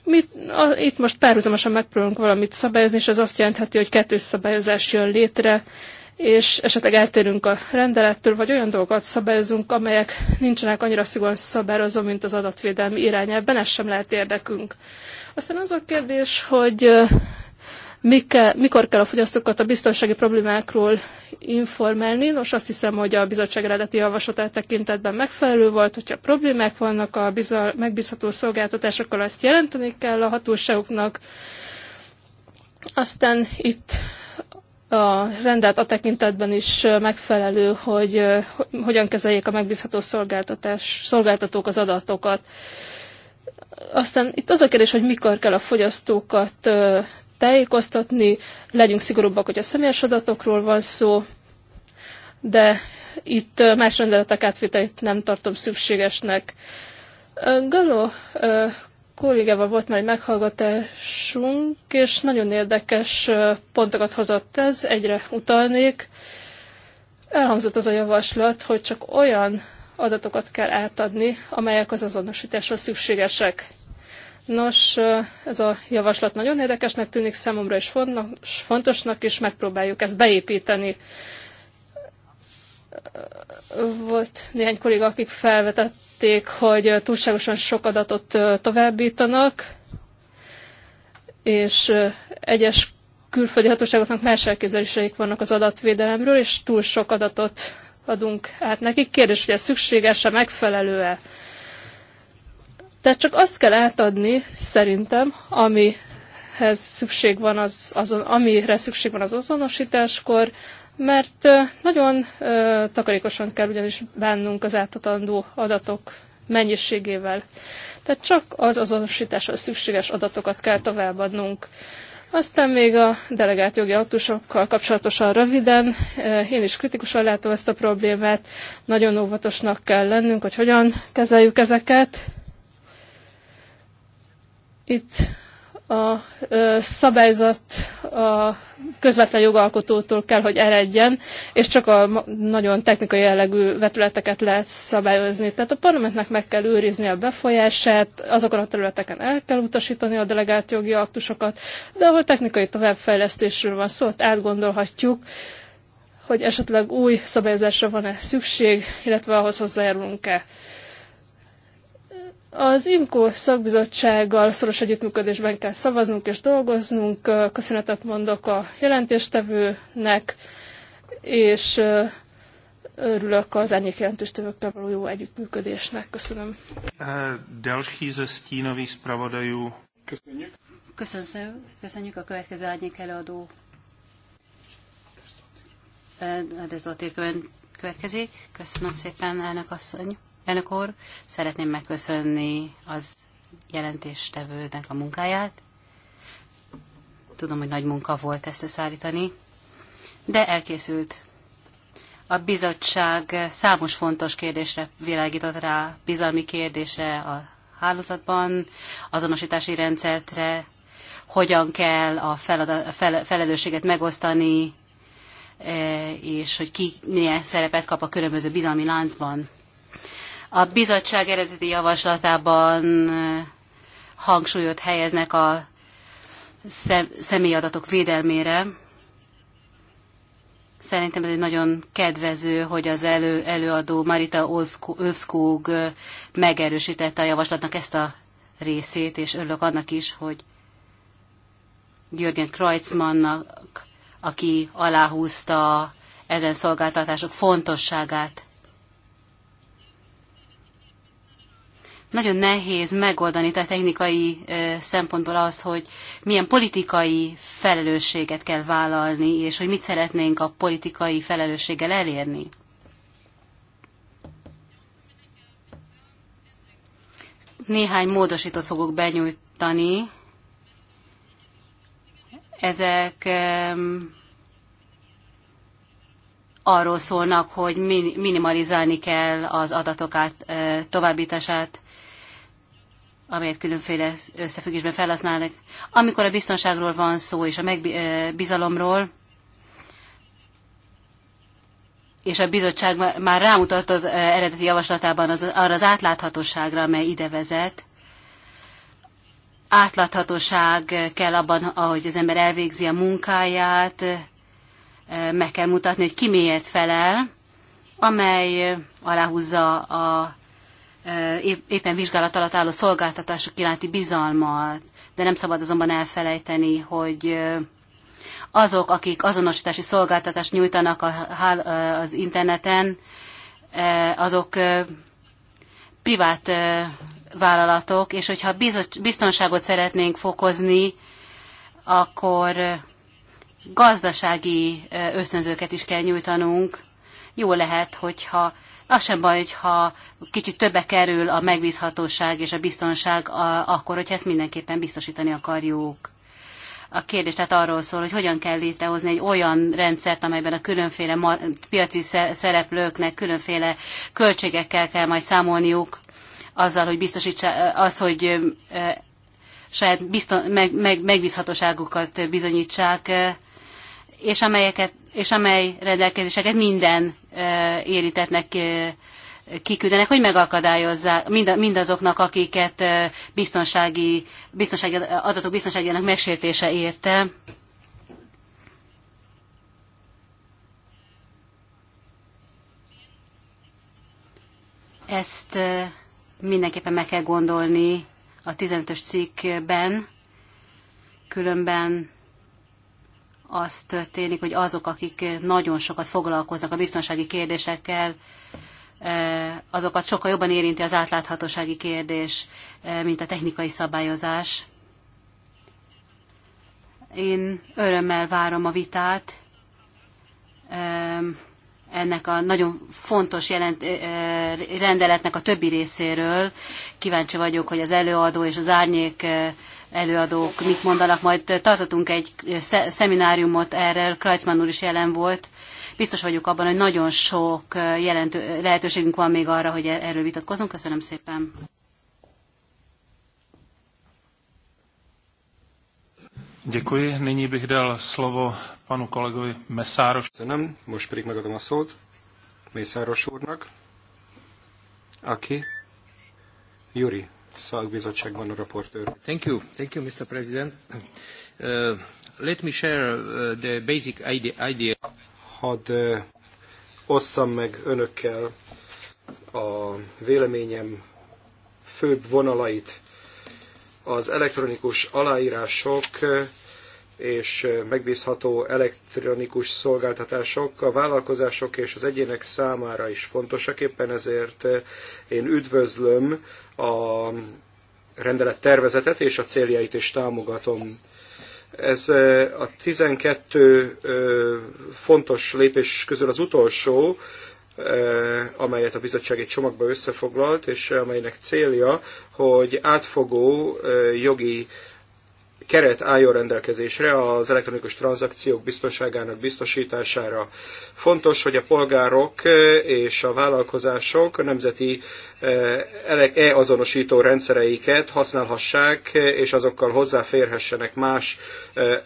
Mi a, itt most párhuzamosan megpróbálunk valamit szabályozni, és ez azt jelentheti, hogy kettős szabályozás jön létre, és esetleg eltérünk a rendelettől, vagy olyan dolgokat szabályozunk, amelyek nincsenek annyira szigorúan szabályozó, mint az adatvédelmi irányelvben, ez sem lehet érdekünk. Aztán az a kérdés, hogy mikor kell a fogyasztókat a biztonsági problémákról informálni. Nos, azt hiszem, hogy a bizottság eredeti javaslatát tekintetben megfelelő volt, hogyha problémák vannak a bizal, megbízható szolgáltatásokkal, azt jelenteni kell a hatóságoknak. Aztán itt a rendelt a tekintetben is megfelelő, hogy hogyan kezeljék a megbízható szolgáltatás, szolgáltatók az adatokat. Aztán itt az a kérdés, hogy mikor kell a fogyasztókat tájékoztatni, legyünk szigorúbbak, hogy a személyes adatokról van szó, de itt más rendeletek átvételét nem tartom szükségesnek. Galó kollégával volt már egy meghallgatásunk, és nagyon érdekes pontokat hozott ez, egyre utalnék. Elhangzott az a javaslat, hogy csak olyan adatokat kell átadni, amelyek az azonosításra szükségesek. Nos, ez a javaslat nagyon érdekesnek tűnik számomra is fontosnak, és megpróbáljuk ezt beépíteni. Volt néhány kolléga, akik felvetették, hogy túlságosan sok adatot továbbítanak, és egyes külföldi hatóságoknak más elképzeléseik vannak az adatvédelemről, és túl sok adatot adunk át nekik. Kérdés, hogy ez szükséges-e, megfelelő-e? Tehát csak azt kell átadni, szerintem, amihez szükség van az, azon, amire szükség van az azonosításkor, mert nagyon ö, takarékosan kell ugyanis bánnunk az átadandó adatok mennyiségével. Tehát csak az azonosításhoz szükséges adatokat kell továbbadnunk. Aztán még a delegált jogi aktusokkal kapcsolatosan röviden, én is kritikusan látom ezt a problémát, nagyon óvatosnak kell lennünk, hogy hogyan kezeljük ezeket. Itt a szabályzat a közvetlen jogalkotótól kell, hogy eredjen, és csak a nagyon technikai jellegű vetületeket lehet szabályozni. Tehát a parlamentnek meg kell őrizni a befolyását, azokon a területeken el kell utasítani a delegált jogi aktusokat, de ahol technikai továbbfejlesztésről van szó, ott átgondolhatjuk, hogy esetleg új szabályozásra van-e szükség, illetve ahhoz hozzájárulunk-e. Az IMCO szakbizottsággal szoros együttműködésben kell szavaznunk és dolgoznunk. Köszönetet mondok a jelentéstevőnek, és örülök az ennyi jelentéstevőkkel való jó együttműködésnek. Köszönöm. Další ze stínových Köszönjük. Köszönjük, köszönjük a következő árnyék előadó. Ez a következik. Köszönöm szépen, elnök asszony. Elnök úr, szeretném megköszönni az jelentéstevőnek a munkáját. Tudom, hogy nagy munka volt ezt összeállítani, de elkészült. A bizottság számos fontos kérdésre világított rá, bizalmi kérdésre a hálózatban, azonosítási rendszerre, hogyan kell a felada, fel, felelősséget megosztani, eh, és hogy ki milyen szerepet kap a különböző bizalmi láncban. A bizottság eredeti javaslatában hangsúlyot helyeznek a szem, személyadatok védelmére. Szerintem ez egy nagyon kedvező, hogy az elő, előadó Marita Övszkóg megerősítette a javaslatnak ezt a részét, és örülök annak is, hogy Jürgen Kreutzmannnak, aki aláhúzta ezen szolgáltatások fontosságát nagyon nehéz megoldani, tehát technikai szempontból az, hogy milyen politikai felelősséget kell vállalni, és hogy mit szeretnénk a politikai felelősséggel elérni. Néhány módosítót fogok benyújtani. Ezek arról szólnak, hogy minimalizálni kell az adatokat továbbítását, amelyet különféle összefüggésben felhasználnak. Amikor a biztonságról van szó, és a megbizalomról, és a bizottság már rámutatott eredeti javaslatában az, arra az átláthatóságra, amely ide vezet, átláthatóság kell abban, ahogy az ember elvégzi a munkáját, meg kell mutatni, hogy ki miért felel, amely aláhúzza a éppen vizsgálat alatt álló szolgáltatások iránti bizalmat, de nem szabad azonban elfelejteni, hogy azok, akik azonosítási szolgáltatást nyújtanak az interneten, azok privát vállalatok, és hogyha biztonságot szeretnénk fokozni, akkor gazdasági ösztönzőket is kell nyújtanunk. Jó lehet, hogyha az sem baj, hogyha kicsit többe kerül a megbízhatóság és a biztonság, a, akkor, hogyha ezt mindenképpen biztosítani akarjuk. A kérdés tehát arról szól, hogy hogyan kell létrehozni egy olyan rendszert, amelyben a különféle piaci szereplőknek különféle költségekkel kell majd számolniuk, azzal, hogy biztosítsa eh, az, hogy eh, saját bizton, meg, meg, megbízhatóságukat bizonyítsák, eh, és, amelyeket, és amely rendelkezéseket minden érintetnek kiküldenek, hogy megakadályozzák mind, mindazoknak, akiket biztonsági, biztonsági adatok biztonságának megsértése érte. Ezt mindenképpen meg kell gondolni a 15-ös cikkben, különben az történik, hogy azok, akik nagyon sokat foglalkoznak a biztonsági kérdésekkel, eh, azokat sokkal jobban érinti az átláthatósági kérdés, eh, mint a technikai szabályozás. Én örömmel várom a vitát eh, ennek a nagyon fontos jelent, rendeletnek a többi részéről. Kíváncsi vagyok, hogy az előadó és az árnyék előadók mit mondanak. Majd tartottunk egy szemináriumot erről, Krajcman úr is jelen volt. Biztos vagyok abban, hogy nagyon sok jelentő, lehetőségünk van még arra, hogy e-, erről vitatkozunk. Köszönöm szépen. Děkuji. Nyní bych dal slovo panu kolegovi Mesároš. nem? Most pedig megadom a szót Mesáros úrnak, aki Juri szakbizottságban a raportőr. Thank you, thank you, Mr. President. Uh, let me share uh, the basic idea. Hadd uh, osszam meg önökkel a véleményem főbb vonalait. Az elektronikus aláírások uh, és megbízható elektronikus szolgáltatások a vállalkozások és az egyének számára is fontosak. Éppen ezért én üdvözlöm a rendelet tervezetet és a céljait is támogatom. Ez a 12 fontos lépés közül az utolsó, amelyet a bizottsági csomagba összefoglalt, és amelynek célja, hogy átfogó jogi keret álljon rendelkezésre az elektronikus tranzakciók biztonságának biztosítására. Fontos, hogy a polgárok eh, és a vállalkozások a nemzeti eh, e-azonosító rendszereiket használhassák, eh, és azokkal hozzáférhessenek más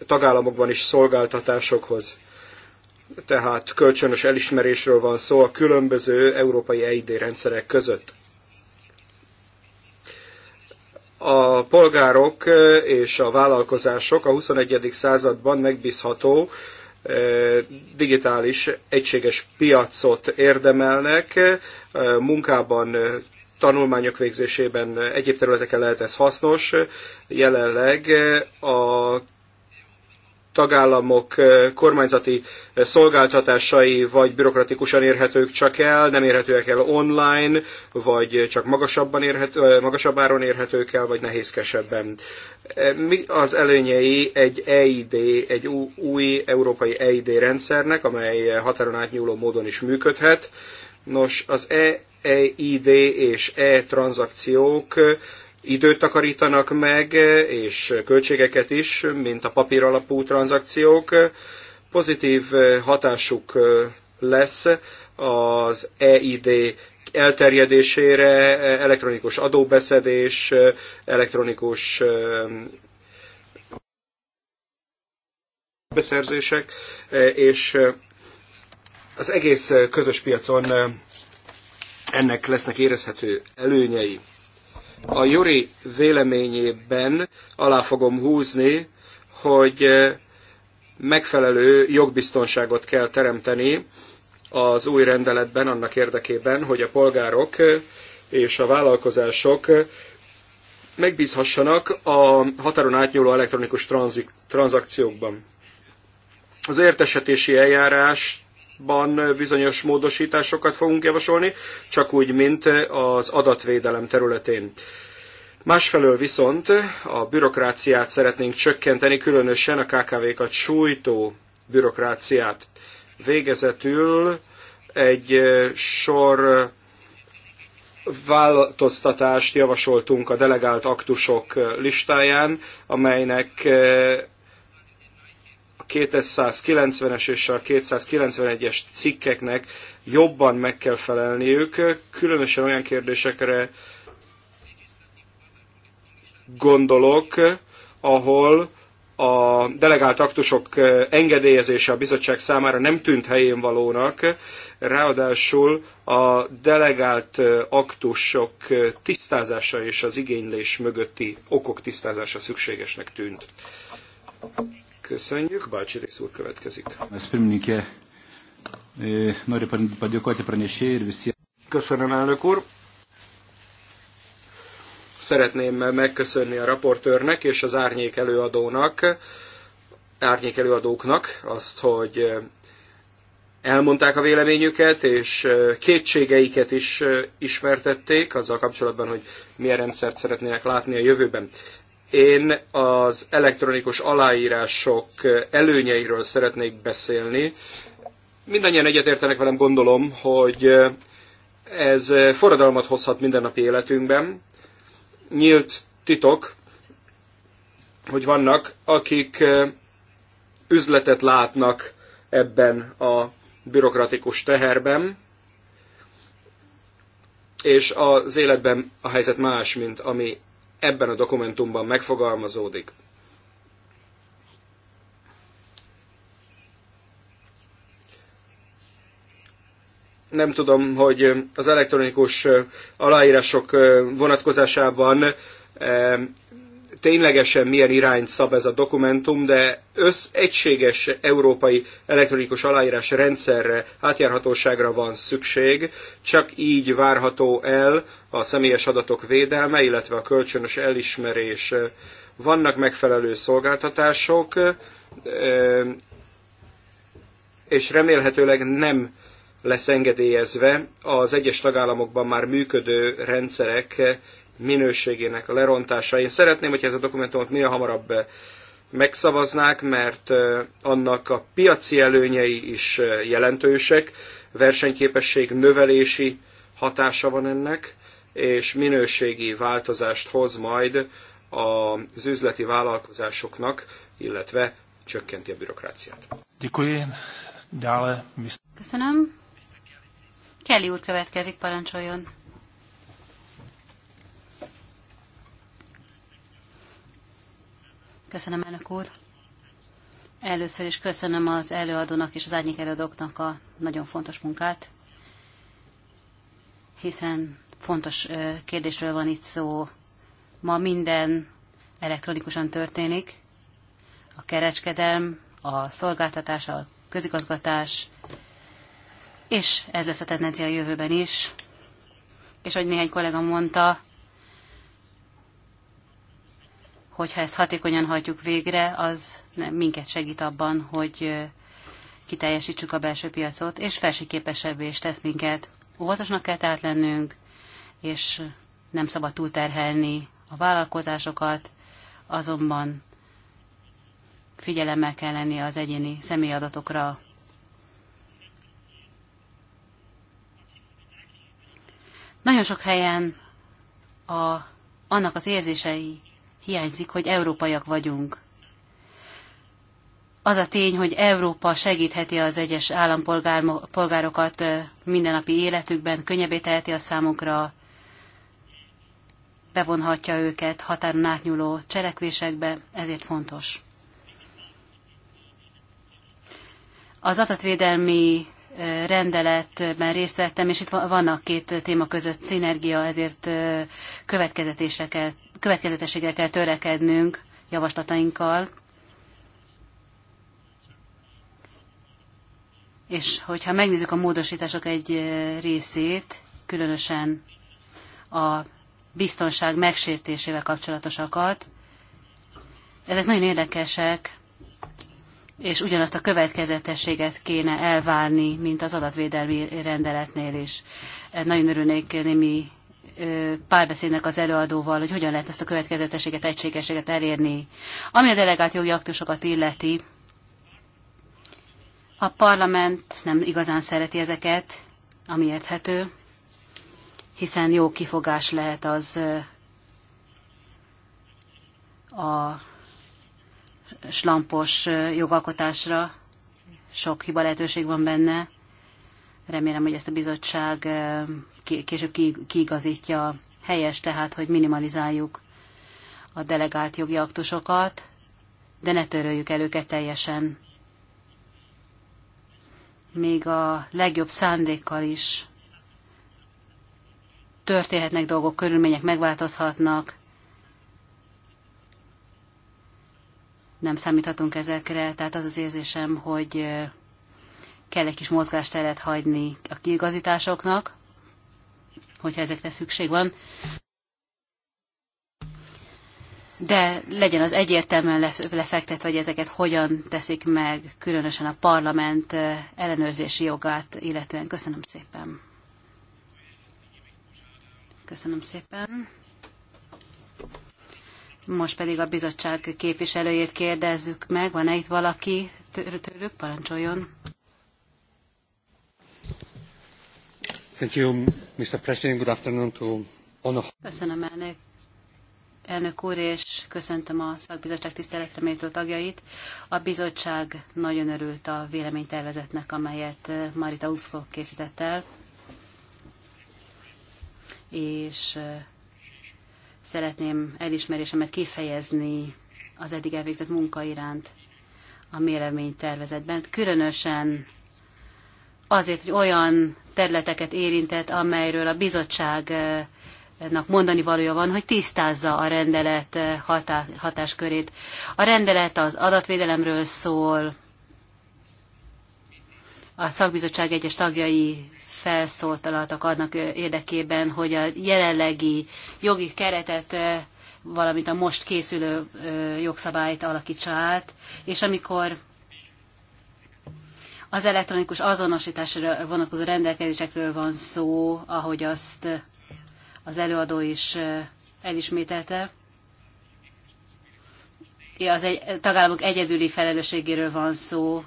tagállamokban is szolgáltatásokhoz tehát kölcsönös elismerésről van szó a különböző európai EID rendszerek között a polgárok és a vállalkozások a 21. században megbízható digitális egységes piacot érdemelnek, munkában tanulmányok végzésében egyéb területeken lehet ez hasznos. Jelenleg a tagállamok eh, kormányzati eh, szolgáltatásai vagy bürokratikusan érhetők csak el, nem érhetőek el online, vagy csak magasabban érhető, eh, magasabb áron érhetők el, vagy nehézkesebben. Mi az előnyei egy EID, egy új európai EID rendszernek, amely határon átnyúló módon is működhet? Nos, az EID e és e-tranzakciók időt takarítanak meg, és költségeket is, mint a papír alapú tranzakciók. Pozitív hatásuk lesz az EID elterjedésére, elektronikus adóbeszedés, elektronikus beszerzések, és az egész közös piacon ennek lesznek érezhető előnyei. A Juri véleményében alá fogom húzni, hogy eh, megfelelő jogbiztonságot kell teremteni az új rendeletben annak érdekében, hogy a polgárok eh, és a vállalkozások eh, megbízhassanak a határon átnyúló elektronikus tranzakciókban. Az értesetési eljárás ban bizonyos módosításokat fogunk javasolni, csak úgy, mint az adatvédelem területén. Másfelől viszont a bürokráciát szeretnénk csökkenteni, különösen a KKV-kat sújtó bürokráciát. Végezetül egy sor változtatást javasoltunk a delegált aktusok listáján, amelynek 290-es és a 291-es cikkeknek jobban meg kell felelniük, különösen olyan kérdésekre gondolok, ahol a delegált aktusok engedélyezése a bizottság számára nem tűnt helyén valónak, ráadásul a delegált aktusok tisztázása és az igénylés mögötti okok tisztázása szükségesnek tűnt. Köszönjük, Bácsi Rész úr következik. E, Köszönöm, elnök úr. Szeretném megköszönni a raportőrnek és az árnyék előadónak, árnyék előadóknak azt, hogy e, elmondták a véleményüket, és e, kétségeiket is ismertették azzal kapcsolatban, hogy milyen rendszert szeretnének látni a jövőben. Én az elektronikus aláírások előnyeiről szeretnék beszélni. Mindannyian egyetértenek velem, gondolom, hogy ez forradalmat hozhat mindennapi életünkben. Nyílt titok, hogy vannak, akik üzletet látnak ebben a bürokratikus teherben, és az életben a helyzet más, mint ami ebben a dokumentumban megfogalmazódik. nem tudom, hogy az elektronikus aláírások vonatkozásában ténylegesen milyen irányt szab ez a dokumentum, de össz egységes európai elektronikus aláírás rendszerre, átjárhatóságra van szükség, csak így várható el a személyes adatok védelme, illetve a kölcsönös elismerés. Vannak megfelelő szolgáltatások, és remélhetőleg nem lesz engedélyezve az egyes tagállamokban már működő rendszerek minőségének a lerontása. Én szeretném, hogy ez a dokumentumot minél hamarabb eh, megszavaznák, mert eh, annak a piaci előnyei is eh, jelentősek, versenyképesség növelési hatása van ennek, és minőségi változást hoz majd az üzleti vállalkozásoknak, illetve csökkenti a bürokráciát. Köszönöm. Kelly úr következik, parancsoljon. Köszönöm, elnök úr. Először is köszönöm az előadónak és az árnyék előadóknak a nagyon fontos munkát, hiszen fontos kérdésről van itt szó. Ma minden elektronikusan történik. A kereskedelm, a szolgáltatás, a közigazgatás, és ez lesz a tendencia a jövőben is. És ahogy néhány kollega mondta, hogyha ezt hatékonyan hajtjuk végre, az minket segít abban, hogy kiteljesítsük a belső piacot, és versenyképesebbé is tesz minket. Óvatosnak kell tehát lennünk, és nem szabad túlterhelni a vállalkozásokat, azonban figyelemmel kell lenni az egyéni személyadatokra. Nagyon sok helyen a, annak az érzései hiányzik, hogy európaiak vagyunk. Az a tény, hogy Európa segítheti az egyes állampolgárokat mindennapi életükben, könnyebbé teheti a számunkra, bevonhatja őket határon átnyúló cselekvésekbe, ezért fontos. Az adatvédelmi rendeletben részt vettem, és itt vannak két téma között szinergia, ezért kell, következetességgel kell törekednünk javaslatainkkal. És hogyha megnézzük a módosítások egy részét, különösen a biztonság megsértésével kapcsolatosakat, ezek nagyon érdekesek, és ugyanazt a következetességet kéne elvárni, mint az adatvédelmi rendeletnél is. Nagyon örülnék némi párbeszédnek az előadóval, hogy hogyan lehet ezt a következetességet, egységességet elérni. Ami a delegált jogi aktusokat illeti, a parlament nem igazán szereti ezeket, ami érthető, hiszen jó kifogás lehet az a slampos jogalkotásra. Sok hiba lehetőség van benne. Remélem, hogy ezt a bizottság később kiigazítja. Helyes tehát, hogy minimalizáljuk a delegált jogi aktusokat, de ne töröljük el őket teljesen. Még a legjobb szándékkal is történhetnek dolgok, körülmények megváltozhatnak, nem számíthatunk ezekre, tehát az az érzésem, hogy kell egy kis mozgásteret hagyni a kiigazításoknak, hogyha ezekre szükség van. De legyen az egyértelműen lefektet hogy ezeket hogyan teszik meg, különösen a parlament ellenőrzési jogát, illetően köszönöm szépen. Köszönöm szépen. Most pedig a bizottság képviselőjét kérdezzük meg. Van-e itt valaki tőlük? Parancsoljon. Thank you, Mr. President. Good afternoon to honor. Köszönöm, elnök, elnök úr, és köszöntöm a szakbizottság tiszteletre méltó tagjait. A bizottság nagyon örült a véleménytervezetnek, amelyet eh, Marita Uszko készített el, és eh, Szeretném elismerésemet kifejezni az eddig elvégzett munka iránt a tervezetben, különösen azért, hogy olyan területeket érintett, amelyről a bizottságnak mondani valója van, hogy tisztázza a rendelet eh, hatá hatáskörét. A rendelet az adatvédelemről szól, a szakbizottság egyes tagjai felszóltalatok adnak érdekében, hogy a jelenlegi jogi keretet valamint a most készülő jogszabályt alakítsa át, és amikor az elektronikus azonosításra vonatkozó rendelkezésekről van szó, ahogy azt az előadó is elismételte. Az egy, tagállamok egyedüli felelősségéről van szó,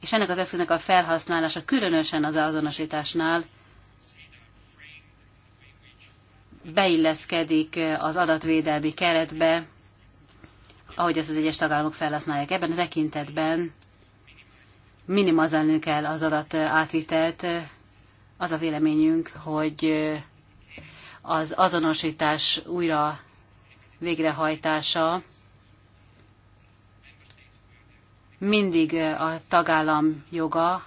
és ennek az eszköznek a felhasználása, különösen az azonosításnál beilleszkedik az adatvédelmi keretbe, ahogy ezt az egyes tagállamok felhasználják. Ebben a tekintetben minimalizálni kell az adat átvitelt. Az a véleményünk, hogy az azonosítás újra végrehajtása mindig a tagállam joga,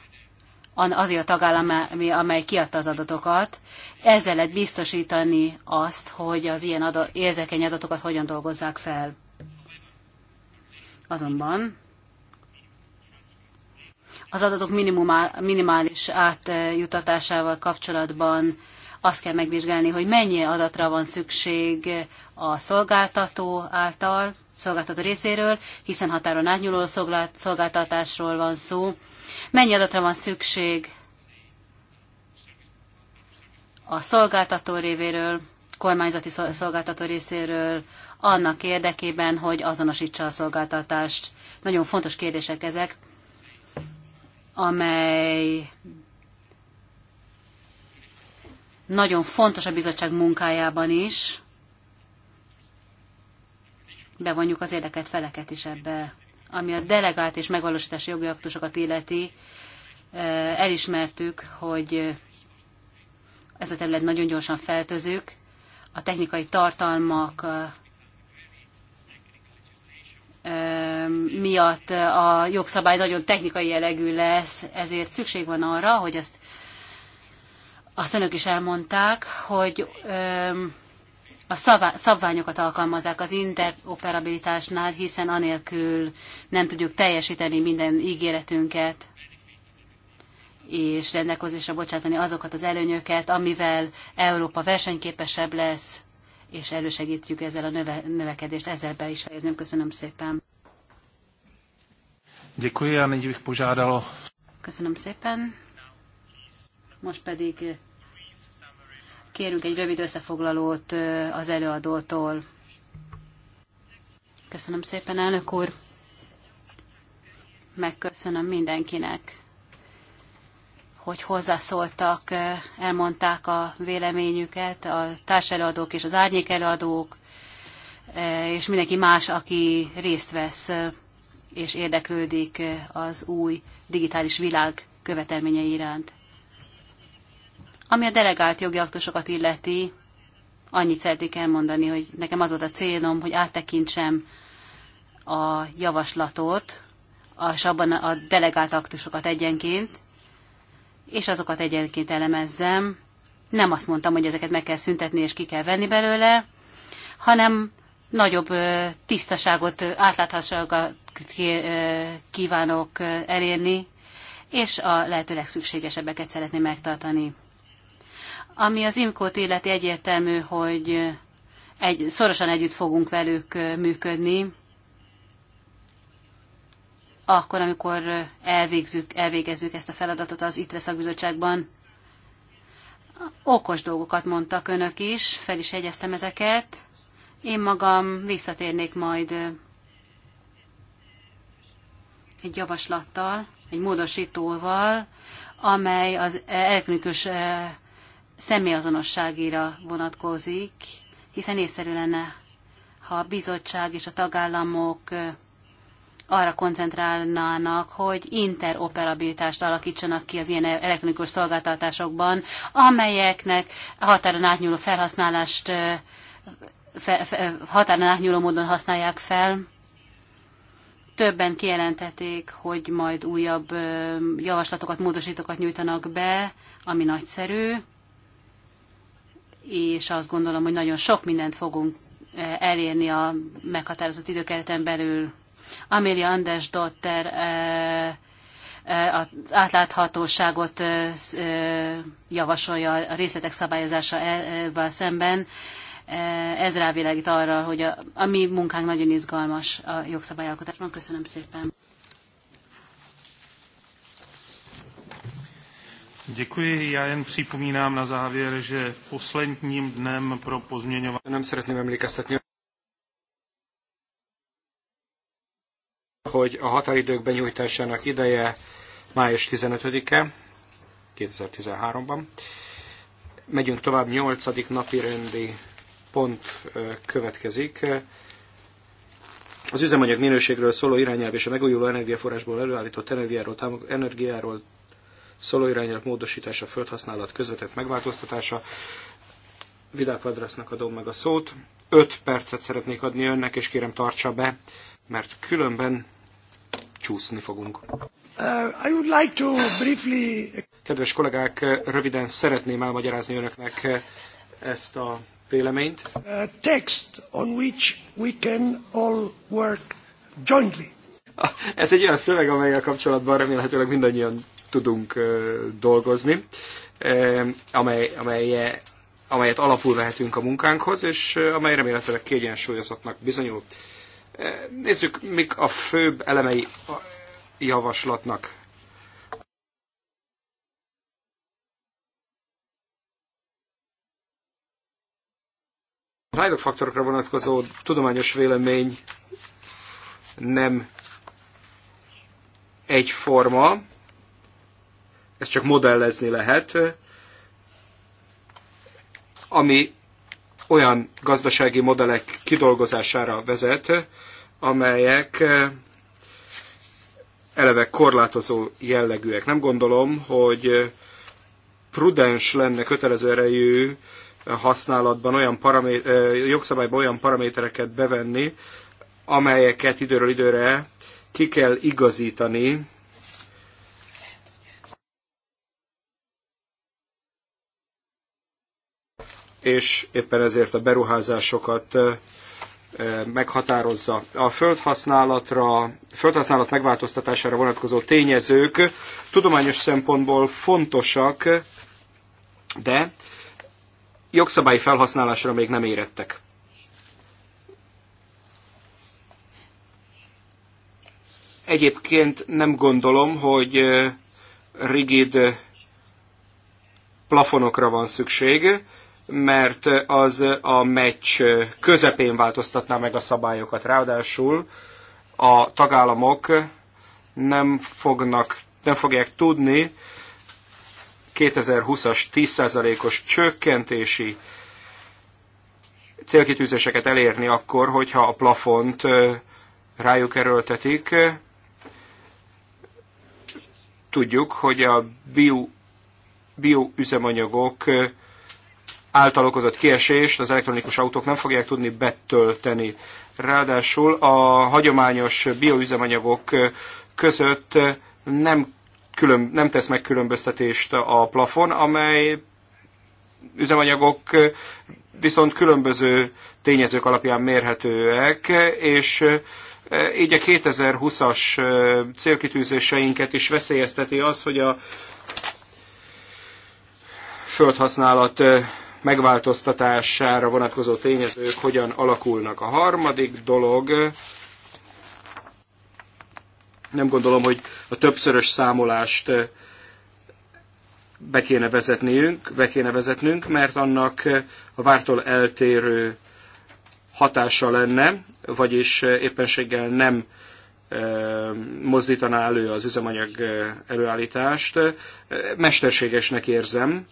azért a tagállam, amely kiadta az adatokat. Ezzel lehet biztosítani azt, hogy az ilyen adat, érzékeny adatokat hogyan dolgozzák fel. Azonban az adatok minimális átjutatásával kapcsolatban azt kell megvizsgálni, hogy mennyi adatra van szükség a szolgáltató által, szolgáltató részéről, hiszen határon átnyúló szolgáltatásról van szó. Mennyi adatra van szükség a szolgáltató révéről, kormányzati szolgáltató részéről annak érdekében, hogy azonosítsa a szolgáltatást. Nagyon fontos kérdések ezek, amely nagyon fontos a bizottság munkájában is, bevonjuk az érdeket feleket is ebbe. Ami a delegált és megvalósítási jogi aktusokat illeti, elismertük, hogy ez a terület nagyon gyorsan feltözők, a technikai tartalmak miatt a jogszabály nagyon technikai jellegű lesz, ezért szükség van arra, hogy ezt azt önök is elmondták, hogy a szabványokat alkalmazzák az interoperabilitásnál, hiszen anélkül nem tudjuk teljesíteni minden ígéretünket és rendelkezésre bocsátani azokat az előnyöket, amivel Európa versenyképesebb lesz, és elősegítjük ezzel a növe- növekedést. Ezzel be is fejezném. Köszönöm szépen. Köszönöm szépen. Most pedig kérünk egy rövid összefoglalót az előadótól. Köszönöm szépen, elnök úr. Megköszönöm mindenkinek, hogy hozzászóltak, elmondták a véleményüket, a társelőadók és az árnyék előadók, és mindenki más, aki részt vesz és érdeklődik az új digitális világ követelményei iránt. Ami a delegált jogi aktusokat illeti, annyit szeretnék elmondani, hogy nekem az volt a célom, hogy áttekintsem a javaslatot, és abban a delegált aktusokat egyenként, és azokat egyenként elemezzem. Nem azt mondtam, hogy ezeket meg kell szüntetni és ki kell venni belőle, hanem nagyobb tisztaságot, átláthatóságot kívánok elérni, és a lehető legszükségesebbeket szeretném megtartani. Ami az imco illeti egyértelmű, hogy egy, szorosan együtt fogunk velük működni, akkor, amikor elvégzük, elvégezzük ezt a feladatot az ITRE szakbizottságban. Okos dolgokat mondtak önök is, fel is egyeztem ezeket. Én magam visszatérnék majd egy javaslattal, egy módosítóval, amely az elektronikus személyazonosságira vonatkozik, hiszen észszerű lenne, ha a bizottság és a tagállamok arra koncentrálnának, hogy interoperabilitást alakítsanak ki az ilyen elektronikus szolgáltatásokban, amelyeknek határon átnyúló felhasználást fe, fe, határon átnyúló módon használják fel. Többen kijelentették, hogy majd újabb javaslatokat, módosítókat nyújtanak be, ami nagyszerű és azt gondolom, hogy nagyon sok mindent fogunk eh, elérni a meghatározott időkereten belül. Amelia Anders Dotter eh, eh, az átláthatóságot javasolja a részletek szabályozásával szemben. Ez rávilágít arra, hogy a, a mi munkánk nagyon izgalmas a jogszabályalkotásban. Köszönöm szépen. Děkuji. Já jen připomínám na závěr, že posledním dnem pro pozměňování... Nem szeretném emlékeztetni, hogy a határidők benyújtásának ideje május 15-e, 2013-ban. Megyünk tovább, 8. napi rendi pont következik. Az üzemanyag minőségről szóló irányelv és a megújuló energiaforrásból előállított energiáról, támog, energiáról szóló módosítása, földhasználat közvetett megváltoztatása. Vidal Quadrasnak adom meg a szót. Öt percet szeretnék adni önnek, és kérem tartsa be, mert különben csúszni fogunk. Uh, I would like to briefly... Kedves kollégák, röviden szeretném elmagyarázni önöknek ezt a véleményt. Uh, text on which we can all work jointly. Ez egy olyan szöveg, amelyel kapcsolatban remélhetőleg mindannyian tudunk dolgozni, amely, amelye, amelyet alapul vehetünk a munkánkhoz, és amely remélhetőleg kiegyensúlyozottnak bizonyul. Nézzük, mik a főbb elemei a javaslatnak. Az idle faktorokra vonatkozó tudományos vélemény nem egyforma ezt csak modellezni lehet, ami olyan gazdasági modellek kidolgozására vezet, amelyek eh, eleve korlátozó jellegűek. Nem gondolom, hogy eh, prudens lenne kötelező erejű használatban olyan paramé- eh, jogszabályban olyan paramétereket bevenni, amelyeket időről időre ki kell igazítani és éppen ezért a beruházásokat meghatározza. A földhasználatra, földhasználat megváltoztatására vonatkozó tényezők tudományos szempontból fontosak, de jogszabályi felhasználásra még nem érettek. Egyébként nem gondolom, hogy rigid plafonokra van szükség, mert az a meccs közepén változtatná meg a szabályokat. Ráadásul a tagállamok nem fognak, nem fogják tudni 2020-as 10%-os csökkentési célkitűzéseket elérni akkor, hogyha a plafont rájuk erőltetik. Tudjuk, hogy a bio, bioüzemanyagok üzemanyagok által okozott kiesést az elektronikus autók nem fogják tudni betölteni. Ráadásul a hagyományos bioüzemanyagok között nem, külön, nem tesz meg különböztetést a plafon, amely üzemanyagok viszont különböző tényezők alapján mérhetőek, és e, így a 2020-as e, célkitűzéseinket is veszélyezteti az, hogy a földhasználat e, megváltoztatására vonatkozó tényezők hogyan alakulnak. A harmadik dolog, nem gondolom, hogy a többszörös számolást eh, be kéne vezetniünk, be kéne vezetnünk, mert annak eh, a vártól eltérő hatása lenne, vagyis eh, éppenséggel nem mozdítaná elő az üzemanyag előállítást. Mesterségesnek érzem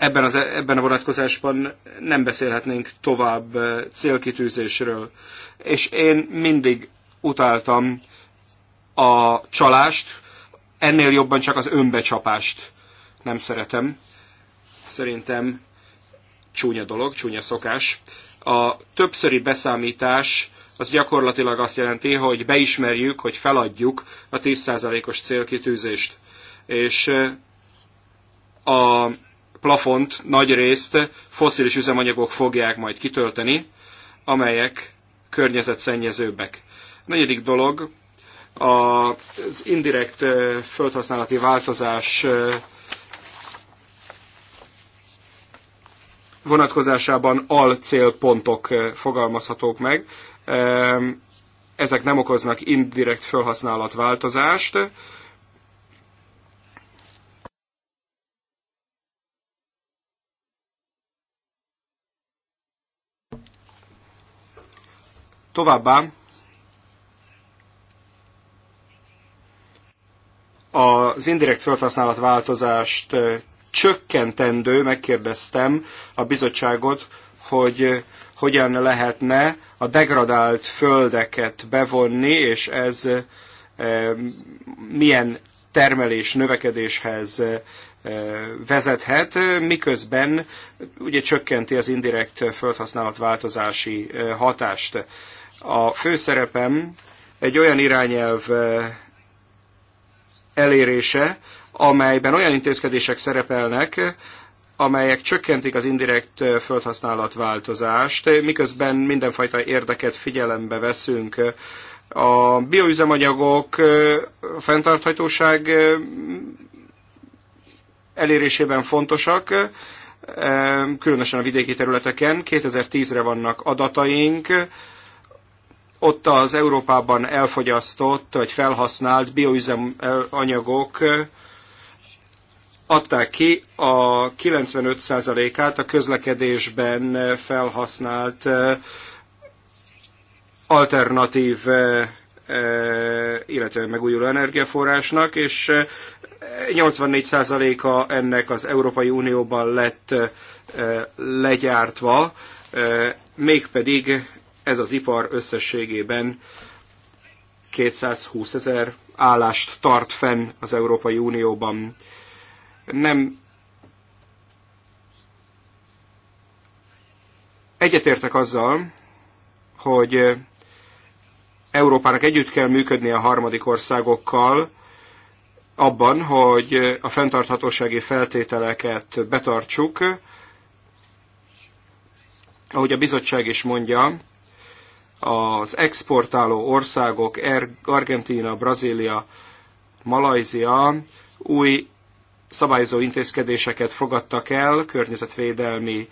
ebben, az, e, ebben a vonatkozásban nem beszélhetnénk tovább e, célkitűzésről. És én mindig utáltam a csalást, ennél jobban csak az önbecsapást nem szeretem. Szerintem csúnya dolog, csúnya szokás. A többszöri beszámítás az gyakorlatilag azt jelenti, hogy beismerjük, hogy feladjuk a 10%-os célkitűzést. És e, a plafont nagy részt foszilis üzemanyagok fogják majd kitölteni, amelyek környezetszennyezőbbek. Negyedik dolog, az indirekt eh, földhasználati változás eh, vonatkozásában al célpontok eh, fogalmazhatók meg. Ezek nem okoznak indirekt felhasználat változást, Továbbá az indirekt felhasználat változást csökkentendő, megkérdeztem a bizottságot, hogy hogyan lehetne a degradált földeket bevonni, és ez milyen termelés növekedéshez vezethet, miközben ugye csökkenti az indirekt földhasználat változási hatást. A főszerepem egy olyan irányelv eh, elérése, amelyben olyan intézkedések szerepelnek, amelyek csökkentik az indirekt eh, földhasználat változást, miközben mindenfajta érdeket figyelembe veszünk. A bioüzemanyagok a eh, fenntarthatóság elérésében fontosak, különösen a vidéki területeken. 2010-re vannak adataink, ott az Európában elfogyasztott vagy felhasznált bioüzemanyagok adták ki a 95%-át a közlekedésben felhasznált alternatív, illetve megújuló energiaforrásnak, és 84%-a ennek az Európai Unióban lett legyártva, mégpedig ez az ipar összességében 220 ezer állást tart fenn az Európai Unióban. Nem egyetértek azzal, hogy Európának együtt kell működni a harmadik országokkal, abban, hogy a fenntarthatósági feltételeket betartsuk. Ahogy a bizottság is mondja, az exportáló országok, er-, Argentína, Brazília, Malajzia új szabályozó intézkedéseket fogadtak el környezetvédelmi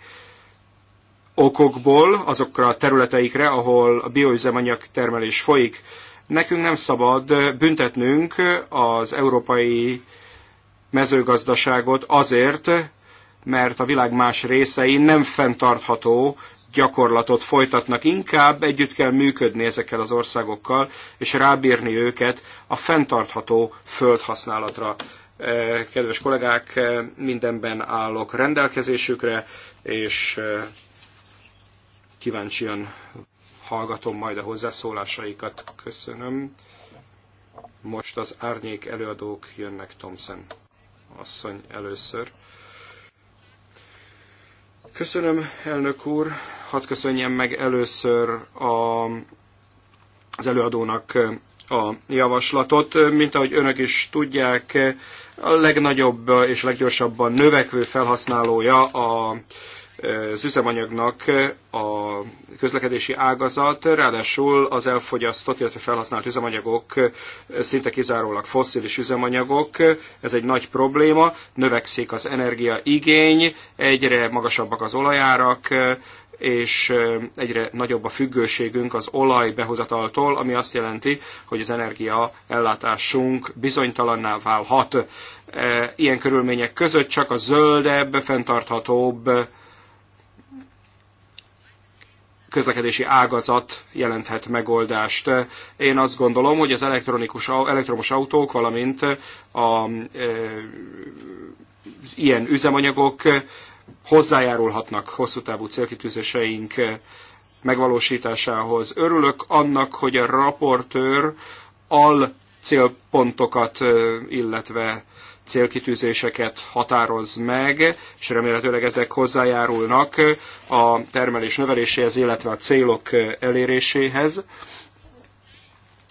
okokból azokra a területeikre, ahol a bioüzemanyag termelés folyik. Nekünk nem szabad büntetnünk az európai mezőgazdaságot azért, mert a világ más részein nem fenntartható gyakorlatot folytatnak. Inkább együtt kell működni ezekkel az országokkal, és rábírni őket a fenntartható földhasználatra. Eh, kedves kollégák, eh, mindenben állok rendelkezésükre, és eh, kíváncsian hallgatom majd a hozzászólásaikat. Köszönöm. Most az árnyék előadók jönnek Thompson asszony először. Köszönöm, elnök úr. Hadd köszönjem meg először a, az előadónak a javaslatot. Mint ahogy önök is tudják, a legnagyobb és leggyorsabban növekvő felhasználója a az üzemanyagnak a közlekedési ágazat, ráadásul az elfogyasztott, illetve felhasznált üzemanyagok szinte kizárólag fosszilis üzemanyagok, ez egy nagy probléma, növekszik az energiaigény, egyre magasabbak az olajárak, és egyre nagyobb a függőségünk az olaj behozataltól, ami azt jelenti, hogy az energia ellátásunk bizonytalanná válhat. E, ilyen körülmények között csak a zöldebb, fenntarthatóbb közlekedési ágazat jelenthet megoldást. Én azt gondolom, hogy az elektronikus, elektromos autók, valamint a, e, az ilyen üzemanyagok hozzájárulhatnak hosszú távú célkitűzéseink megvalósításához. Örülök annak, hogy a raportőr al célpontokat, e, illetve célkitűzéseket határoz meg, és remélhetőleg ezek hozzájárulnak a termelés növeléséhez, illetve a célok eléréséhez.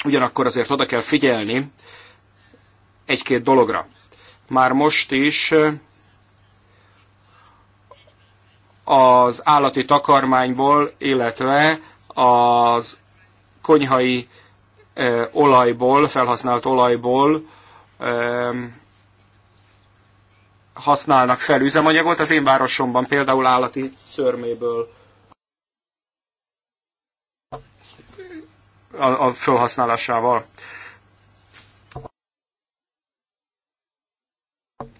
Ugyanakkor azért oda kell figyelni egy-két dologra. Már most is az állati takarmányból, illetve az konyhai olajból, felhasznált olajból használnak fel üzemanyagot. Az én városomban például állati szörméből a, a felhasználásával.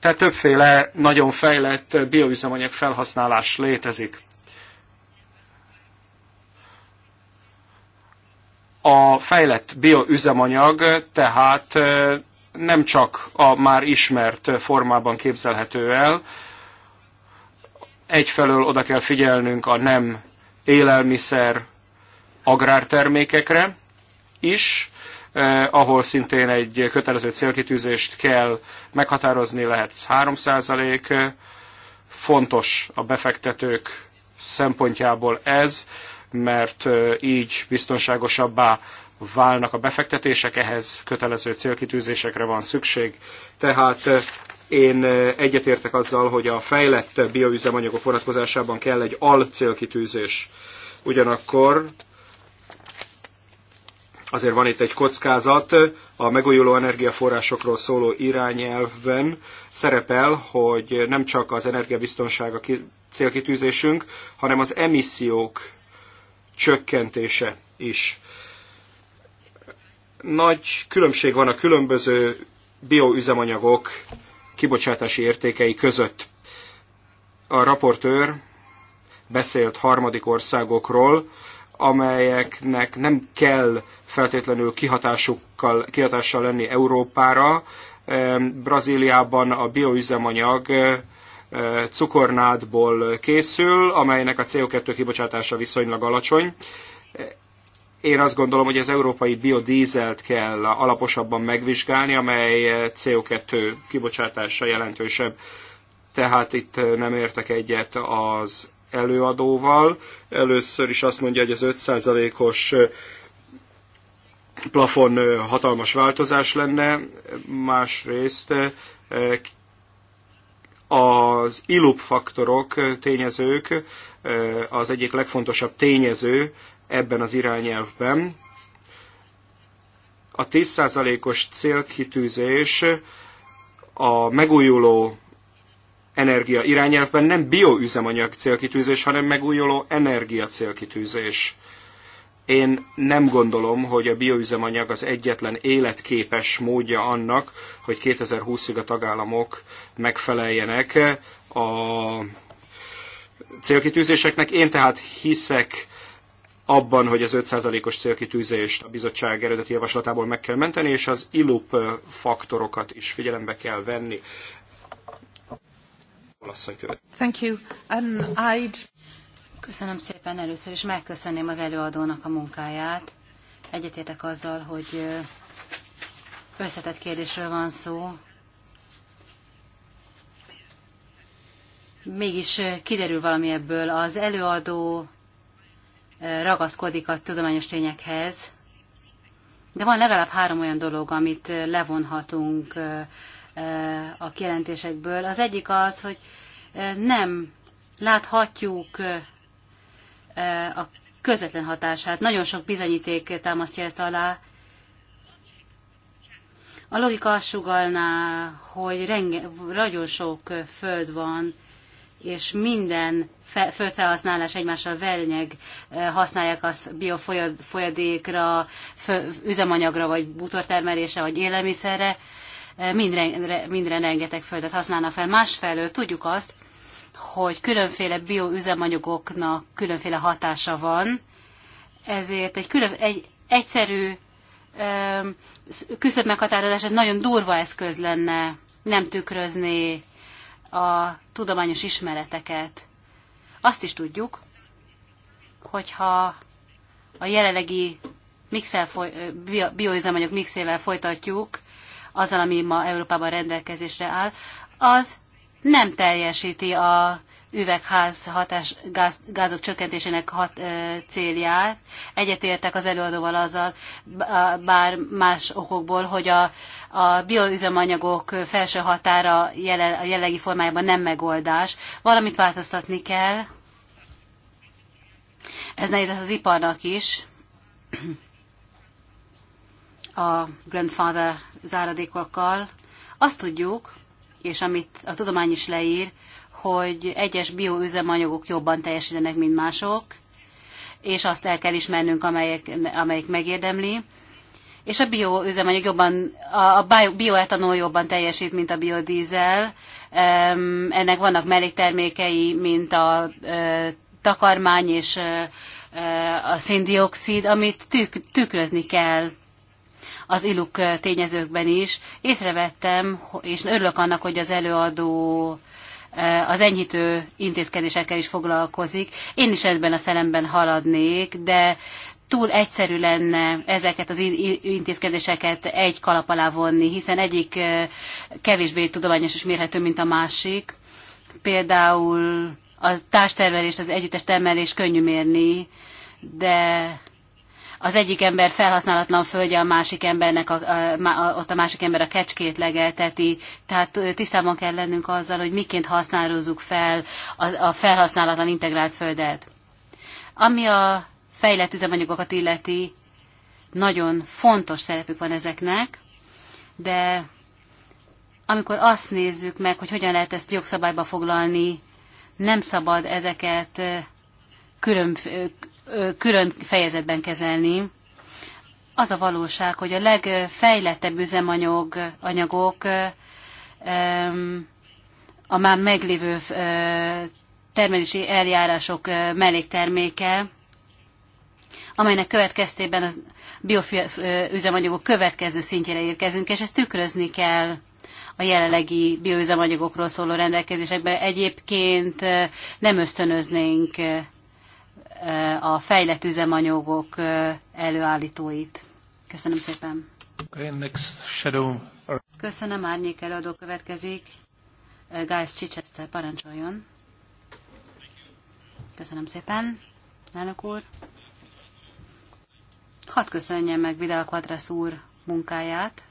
Tehát többféle nagyon fejlett bioüzemanyag felhasználás létezik. A fejlett bioüzemanyag tehát nem csak a már ismert formában képzelhető el, egyfelől oda kell figyelnünk a nem élelmiszer agrártermékekre is, eh, ahol szintén egy kötelező célkitűzést kell meghatározni, lehet 3%, fontos a befektetők szempontjából ez, mert eh, így biztonságosabbá válnak a befektetések, ehhez kötelező célkitűzésekre van szükség. Tehát eh, én eh, egyetértek azzal, hogy a fejlett bioüzemanyagok vonatkozásában kell egy alcélkitűzés. Ugyanakkor azért van itt egy kockázat, a megújuló energiaforrásokról szóló irányelvben szerepel, hogy nem csak az energiabiztonság a célkitűzésünk, hanem az emissziók csökkentése is nagy különbség van a különböző bioüzemanyagok kibocsátási értékei között. A raportőr beszélt harmadik országokról, amelyeknek nem kell feltétlenül kihatásukkal, kihatással lenni Európára. Brazíliában a bioüzemanyag cukornádból készül, amelynek a CO2 kibocsátása viszonylag alacsony. Én azt gondolom, hogy az európai biodízelt kell alaposabban megvizsgálni, amely CO2 kibocsátása jelentősebb. Tehát itt nem értek egyet az előadóval. Először is azt mondja, hogy az 5%-os plafon hatalmas változás lenne, másrészt az ilup faktorok, tényezők, az egyik legfontosabb tényező ebben az irányelvben. A 10%-os célkitűzés a megújuló energia irányelvben nem bioüzemanyag célkitűzés, hanem megújuló energia célkitűzés. Én nem gondolom, hogy a bioüzemanyag az egyetlen életképes módja annak, hogy 2020-ig a tagállamok megfeleljenek a célkitűzéseknek. Én tehát hiszek abban, hogy az 5%-os célkitűzést a bizottság eredeti javaslatából meg kell menteni, és az ILUP faktorokat is figyelembe kell venni. Thank you. Um, I'd... Köszönöm szépen először, és megköszönném az előadónak a munkáját. Egyetértek azzal, hogy összetett kérdésről van szó. Mégis kiderül valami ebből. Az előadó ragaszkodik a tudományos tényekhez, de van legalább három olyan dolog, amit levonhatunk a kijelentésekből. Az egyik az, hogy nem láthatjuk a közvetlen hatását. Nagyon sok bizonyíték támasztja ezt alá. A logika azt sugalná, hogy renge, nagyon sok föld van, és minden földfelhasználás egymással vernyeg eh, használják azt biofolyadékra, üzemanyagra, vagy bútortermelése, vagy élelmiszerre, eh, mindre, mindre rengeteg földet használnak fel. Másfelől tudjuk azt, hogy különféle bioüzemanyagoknak különféle hatása van, ezért egy, külön, egy egyszerű eh, küszöbb meghatározás, ez nagyon durva eszköz lenne, nem tükrözni a tudományos ismereteket. Azt is tudjuk, hogyha a jelenlegi mixel, bioüzemanyag mixével folytatjuk, azzal, ami ma Európában rendelkezésre áll, az nem teljesíti a üvegház hatás, gáz, gázok csökkentésének hat, ö, célját. Egyetértek az előadóval azzal, bár más okokból, hogy a, a bioüzemanyagok felső határa jelen, a jelenlegi formájában nem megoldás. Valamit változtatni kell. Ez nehéz lesz az iparnak is. A grandfather záradékokkal. Azt tudjuk, és amit a tudomány is leír, hogy egyes bioüzemanyagok jobban teljesítenek, mint mások, és azt el kell ismernünk, amelyek, amelyik megérdemli. És a bioüzemanyag jobban, a bioetanol jobban teljesít, mint a biodízel. Ennek vannak melléktermékei, mint a takarmány és a széndiokszid, amit tük, tükrözni kell az iluk tényezőkben is. Észrevettem, és örülök annak, hogy az előadó Eh, az enyhítő intézkedésekkel is foglalkozik. Én is ebben a szellemben haladnék, de túl egyszerű lenne ezeket az intézkedéseket egy kalap alá vonni, hiszen egyik eh, kevésbé tudományos és mérhető, mint a másik. Például a társtermelést, az együttes termelés könnyű mérni, de az egyik ember felhasználatlan földje a másik embernek, a, a, a, ott a másik ember a kecskét legelteti. Tehát tisztában kell lennünk azzal, hogy miként használózzuk fel a, a felhasználatlan integrált földet. Ami a fejlett üzemanyagokat illeti, nagyon fontos szerepük van ezeknek, de amikor azt nézzük meg, hogy hogyan lehet ezt jogszabályba foglalni, nem szabad ezeket külön, külön fejezetben kezelni. Az a valóság, hogy a legfejlettebb üzemanyag anyagok a már meglévő termelési eljárások mellékterméke, amelynek következtében a bioüzemanyagok következő szintjére érkezünk, és ezt tükrözni kell a jelenlegi bioüzemanyagokról szóló rendelkezésekben. Egyébként nem ösztönöznénk a fejlett üzemanyagok előállítóit. Köszönöm szépen. Köszönöm, árnyék előadó következik. Gász Csicseszter, parancsoljon. Köszönöm szépen, elnök úr. Hadd köszönjem meg Vidal Quadrasz úr munkáját.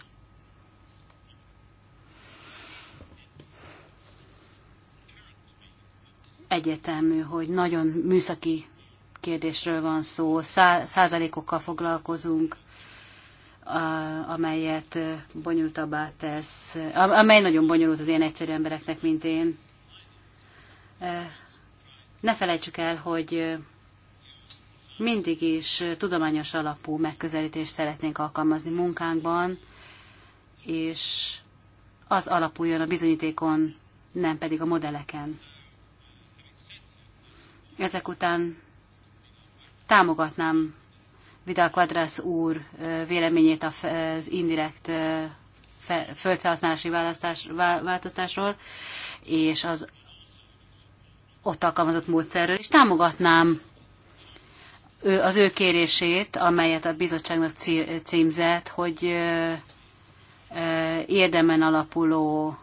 Egyetemű, hogy nagyon műszaki kérdésről van szó, százalékokkal foglalkozunk, amelyet bonyolultabbá tesz, amely nagyon bonyolult az ilyen egyszerű embereknek, mint én. Ne felejtsük el, hogy mindig is tudományos alapú megközelítést szeretnénk alkalmazni munkánkban, és az alapuljon a bizonyítékon, nem pedig a modelleken. Ezek után támogatnám Vidal Quadras úr véleményét az indirekt földfelhasználási választás, változtásról, és az ott alkalmazott módszerről, és támogatnám az ő kérését, amelyet a bizottságnak címzett, hogy érdemen alapuló,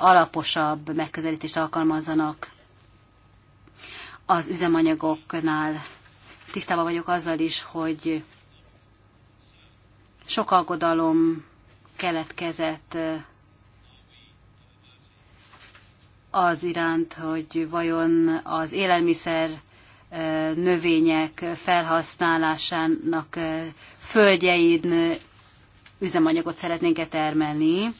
alaposabb megközelítést alkalmazzanak az üzemanyagoknál tisztában vagyok azzal is, hogy sok aggodalom keletkezett az iránt, hogy vajon az élelmiszer növények felhasználásának földjein üzemanyagot szeretnénk-e termelni.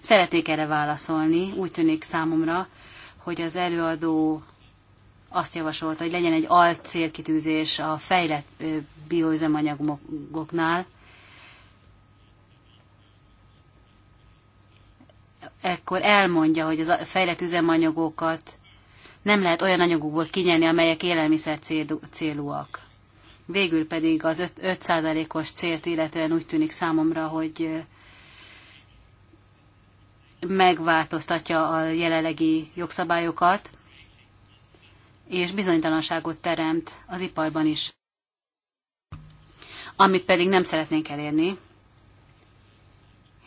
Szeretnék erre válaszolni. Úgy tűnik számomra, hogy az előadó azt javasolta, hogy legyen egy alcélkitűzés a fejlett bioüzemanyagoknál. Ekkor elmondja, hogy a fejlett üzemanyagokat nem lehet olyan anyagokból kinyerni, amelyek élelmiszer célúak. Végül pedig az 5%-os célt illetően úgy tűnik számomra, hogy megváltoztatja a jelenlegi jogszabályokat, és bizonytalanságot teremt az iparban is, amit pedig nem szeretnénk elérni,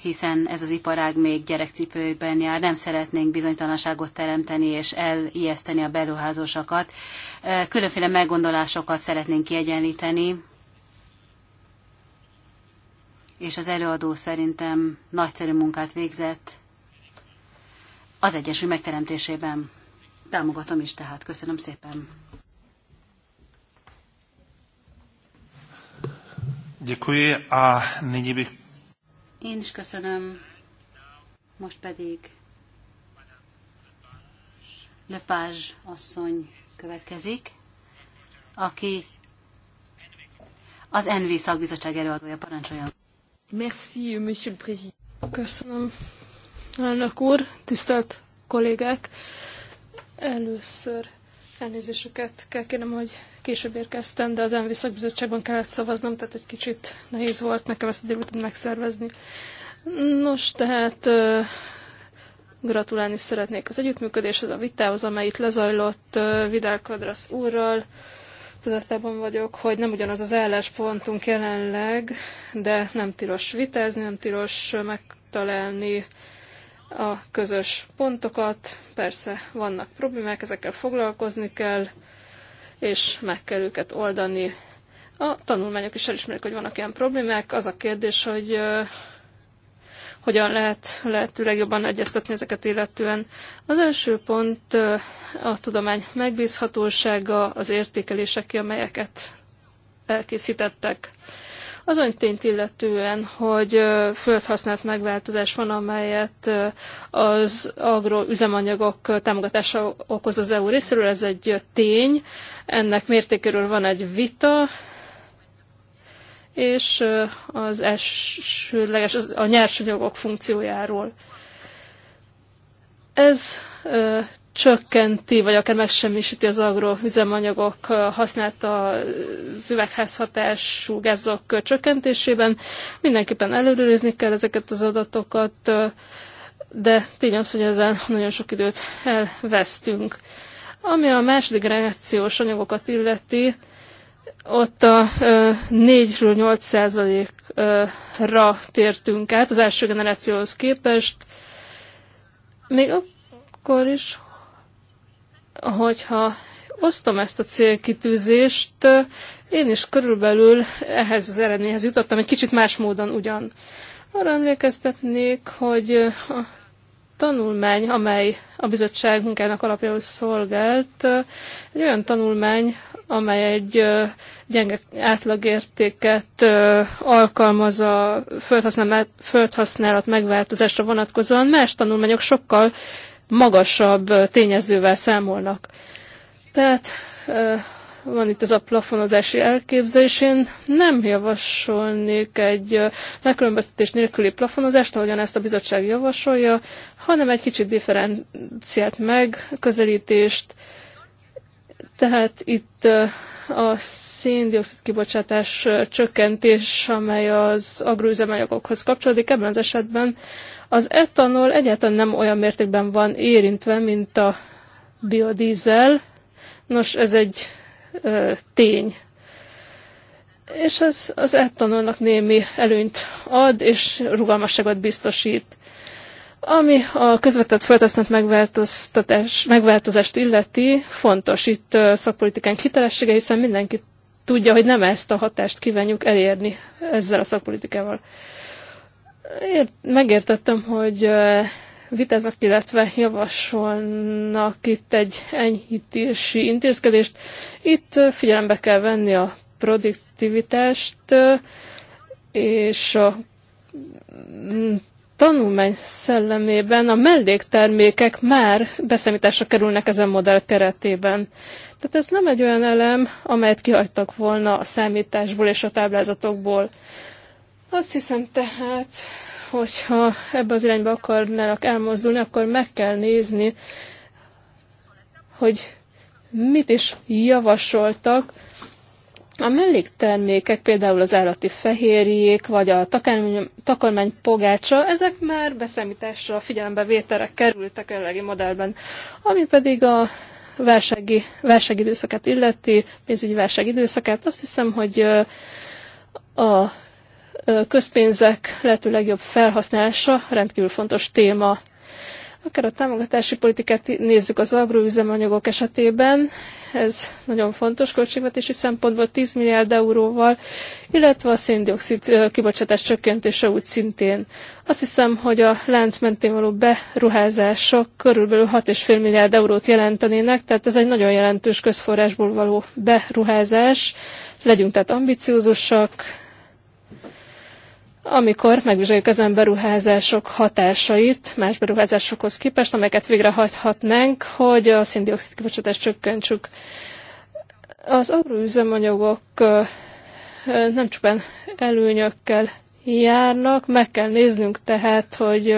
hiszen ez az iparág még gyerekcipőben jár, nem szeretnénk bizonytalanságot teremteni és elijeszteni a beruházósokat. Különféle meggondolásokat szeretnénk kiegyenlíteni, és az előadó szerintem nagyszerű munkát végzett az Egyesült megteremtésében. Támogatom is tehát. Köszönöm szépen. Děkuji a nyní bych... Én is köszönöm. Most pedig Lepázs asszony következik, aki az NV szakbizottság előadója parancsolja. Merci, monsieur le président. Köszönöm, elnök úr, tisztelt kollégák. Először elnézésüket kell kérnem, hogy később érkeztem, de az MV szakbizottságban kellett szavaznom, tehát egy kicsit nehéz volt nekem ezt a délután megszervezni. Nos, tehát gratulálni szeretnék az együttműködéshez, a vitához, amely itt lezajlott Vidal Kadrasz úrral. Tudatában vagyok, hogy nem ugyanaz az álláspontunk jelenleg, de nem tilos vitázni, nem tilos megtalálni a közös pontokat. Persze vannak problémák, ezekkel foglalkozni kell, és meg kell őket oldani. A tanulmányok is elismerik, hogy vannak ilyen problémák. Az a kérdés, hogy hogyan lehet lehetőleg jobban egyeztetni ezeket illetően. Az első pont a tudomány megbízhatósága, az értékelések, amelyeket elkészítettek. Azon tényt illetően, hogy földhasznált megváltozás van, amelyet az agroüzemanyagok támogatása okoz az EU részéről, ez egy tény. Ennek mértékéről van egy vita, és az elsőleges a nyersanyagok funkciójáról. Ez csökkenti, vagy akár megsemmisíti az agroüzemanyagok használt az üvegházhatású gázok csökkentésében. Mindenképpen előrőzni kell ezeket az adatokat, de tény az, hogy ezzel nagyon sok időt elvesztünk. Ami a második generációs anyagokat illeti, ott a 4 8 százalékra tértünk át az első generációhoz képest, még akkor is, hogyha osztom ezt a célkitűzést, én is körülbelül ehhez az eredményhez jutottam, egy kicsit más módon ugyan. Arra emlékeztetnék, hogy a tanulmány, amely a bizottság munkának alapjául szolgált, egy olyan tanulmány, amely egy gyenge átlagértéket alkalmaz a földhasználat, megváltozásra vonatkozóan. Más tanulmányok sokkal magasabb tényezővel számolnak. Tehát van itt az a plafonozási elképzelés. Én nem javasolnék egy megkülönböztetés nélküli plafonozást, ahogyan ezt a bizottság javasolja, hanem egy kicsit differenciált megközelítést, tehát itt a széndiokszid kibocsátás csökkentés, amely az agroüzemanyagokhoz kapcsolódik, ebben az esetben az etanol egyáltalán nem olyan mértékben van érintve, mint a biodízel. Nos, ez egy ö, tény. És ez az etanolnak némi előnyt ad, és rugalmasságot biztosít. Ami a közvetett felhasznált megváltoztatás, megváltozást illeti, fontos itt szakpolitikánk hitelessége, hiszen mindenki tudja, hogy nem ezt a hatást kívánjuk elérni ezzel a szakpolitikával. Ért, megértettem, hogy vitáznak, illetve javasolnak itt egy enyhítési intézkedést. Itt figyelembe kell venni a produktivitást és a tanulmány szellemében a melléktermékek már beszámításra kerülnek ezen modell keretében. Tehát ez nem egy olyan elem, amelyet kihagytak volna a számításból és a táblázatokból. Azt hiszem tehát, hogyha ebbe az irányba akarnának elmozdulni, akkor meg kell nézni, hogy mit is javasoltak, a melléktermékek, például az állati fehérjék, vagy a takarmány pogácsa, ezek már beszámításra, figyelembe vételre kerültek jelenlegi modellben. Ami pedig a válsági, időszakát illeti, pénzügyi időszakát. azt hiszem, hogy a közpénzek lehető legjobb felhasználása rendkívül fontos téma. Akár a támogatási politikát nézzük az agroüzemanyagok esetében, ez nagyon fontos költségvetési szempontból 10 milliárd euróval, illetve a széndiokszid kibocsátás csökkentése úgy szintén. Azt hiszem, hogy a lánc mentén való beruházások körülbelül 6,5 milliárd eurót jelentenének, tehát ez egy nagyon jelentős közforrásból való beruházás. Legyünk tehát ambiciózusak, amikor megvizsgáljuk az emberuházások hatásait más beruházásokhoz képest, amelyeket végrehajthatnánk, hogy a széndiokszid kibocsátást csökkentsük. Az agroüzemanyagok nem csupán előnyökkel járnak, meg kell néznünk tehát, hogy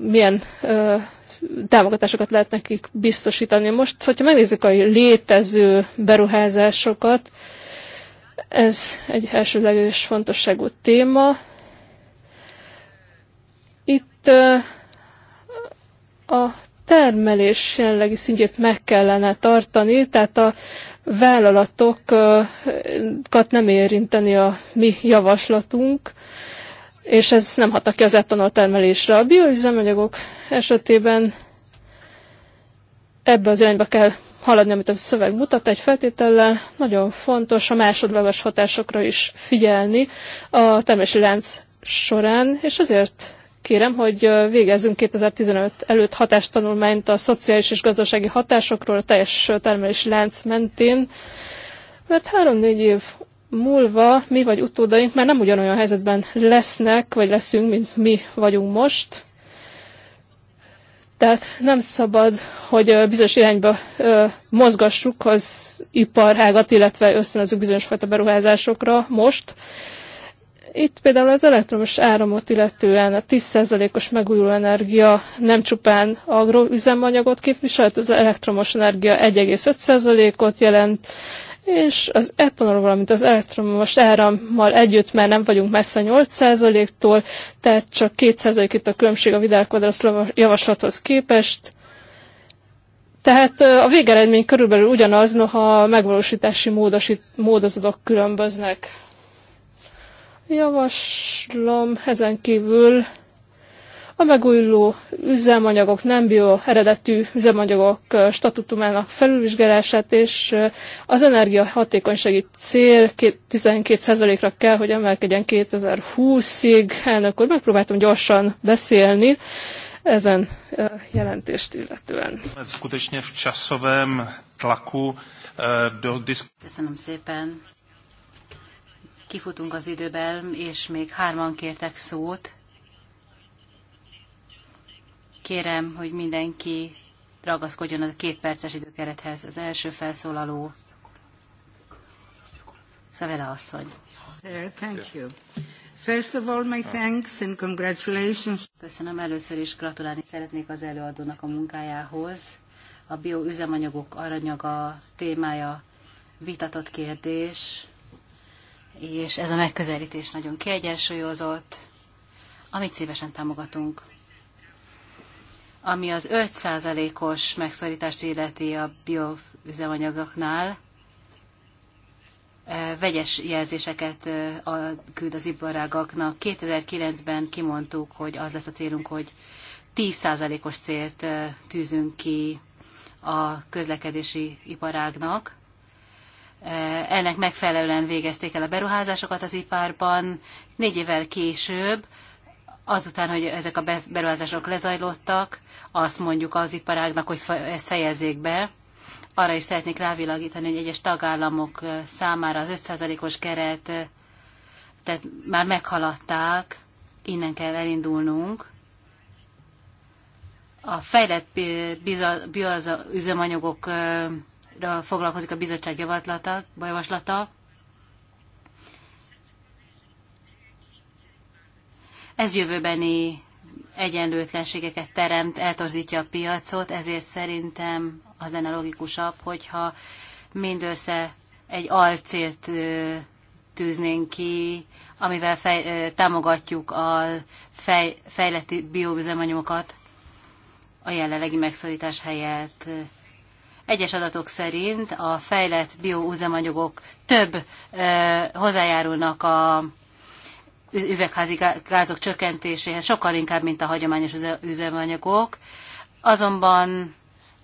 milyen támogatásokat lehet nekik biztosítani. Most, hogyha megnézzük a létező beruházásokat, ez egy elsőleges fontosságú téma. Itt a termelés jelenlegi szintjét meg kellene tartani, tehát a vállalatokat nem érinteni a mi javaslatunk, és ez nem hat ki az etanol termelésre. A bioüzemanyagok esetében ebbe az irányba kell haladni, amit a szöveg mutat, egy feltétellel nagyon fontos a másodlagos hatásokra is figyelni a termési lánc során, és ezért kérem, hogy végezzünk 2015 előtt hatástanulmányt a szociális és gazdasági hatásokról a teljes termelési lánc mentén, mert három-négy év múlva mi vagy utódaink már nem ugyanolyan helyzetben lesznek, vagy leszünk, mint mi vagyunk most, tehát nem szabad, hogy bizonyos irányba mozgassuk az iparágat, illetve ösztönözzük bizonyos fajta beruházásokra most. Itt például az elektromos áramot illetően a 10%-os megújuló energia nem csupán agroüzemanyagot képvisel, az elektromos energia 1,5%-ot jelent, és az etanol, valamint az elektromos árammal együtt már nem vagyunk messze 8%-tól, tehát csak 2% itt a különbség a vidálkodás javaslathoz képest. Tehát a végeredmény körülbelül ugyanaz, noha a megvalósítási módosít, módozatok különböznek. Javaslom ezen kívül a megújuló üzemanyagok, nem bio eredetű üzemanyagok statutumának felülvizsgálását és az energiahatékonysági cél 12%-ra kell, hogy emelkedjen 2020-ig. Elnök úr, megpróbáltam gyorsan beszélni ezen jelentést illetően. Skutečně v časovém tlaku e, do Köszönöm szépen. Kifutunk az időben, és még hárman kértek szót. Kérem, hogy mindenki ragaszkodjon a két perces időkerethez. Az első felszólaló Szavela asszony. First of all, my thanks and congratulations. Köszönöm. Először is gratulálni szeretnék az előadónak a munkájához. A bioüzemanyagok aranyaga témája vitatott kérdés, és ez a megközelítés nagyon kiegyensúlyozott, amit szívesen támogatunk ami az 5%-os megszorítást illeti a bioüzemanyagoknál, eh, vegyes jelzéseket eh, küld az iparágaknak. 2009-ben kimondtuk, hogy az lesz a célunk, hogy 10%-os célt eh, tűzünk ki a közlekedési iparágnak. Ennek megfelelően végezték el a beruházásokat az iparban. Négy évvel később azután, hogy ezek a beruházások lezajlottak, azt mondjuk az iparágnak, hogy ezt fejezzék be. Arra is szeretnék rávilágítani, hogy egyes tagállamok számára az 5%-os keret, tehát már meghaladták, innen kell elindulnunk. A fejlett bioüzemanyagokra foglalkozik a bizottság javaslata, Ez jövőbeni egyenlőtlenségeket teremt, eltorzítja a piacot, ezért szerintem az lenne logikusabb, hogyha mindössze egy alcélt tűznénk ki, amivel fej, támogatjuk a fej, fejleti bioüzemanyagokat a jelenlegi megszorítás helyett. Egyes adatok szerint a fejlett bioüzemanyagok több ö, hozzájárulnak a üvegházi gázok csökkentéséhez, sokkal inkább, mint a hagyományos üzemanyagok. Azonban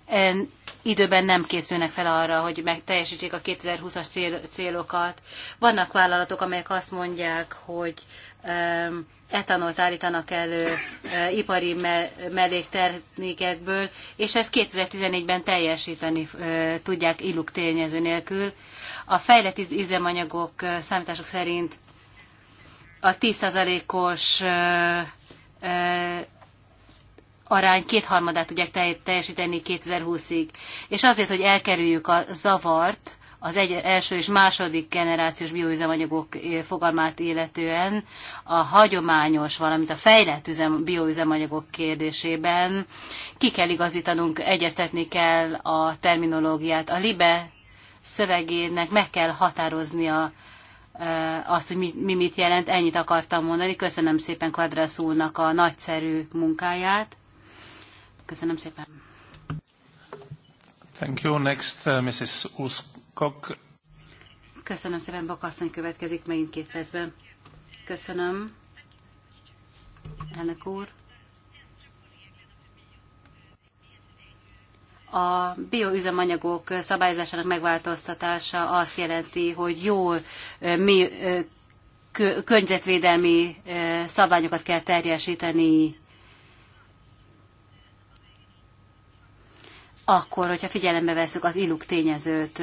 en, időben nem készülnek fel arra, hogy meg teljesítsék a 2020-as cél, célokat. Vannak vállalatok, amelyek azt mondják, hogy um, etanolt állítanak elő e, ipari me- melléktermékekből, és ezt 2014-ben teljesíteni e, tudják illuk tényező nélkül. A fejlett üzemanyagok e, számítások szerint a 10%-os arány kétharmadát tudják teljesíteni 2020-ig. És azért, hogy elkerüljük a zavart, az egy, első és második generációs bioüzemanyagok fogalmát illetően a hagyományos, valamint a fejlett üzem, bioüzemanyagok kérdésében ki kell igazítanunk, egyeztetni kell a terminológiát. A LIBE szövegének meg kell határoznia azt, hogy mi, mi mit jelent, ennyit akartam mondani. Köszönöm szépen Quadrasz a nagyszerű munkáját. Köszönöm szépen. Thank you. Next, uh, Mrs. Uskok. Köszönöm szépen, Bakasszony következik megint két percben. Köszönöm. Elnök úr. A bioüzemanyagok szabályozásának megváltoztatása azt jelenti, hogy jó mi, környezetvédelmi szabványokat kell terjesíteni akkor, hogyha figyelembe veszük az iluk tényezőt.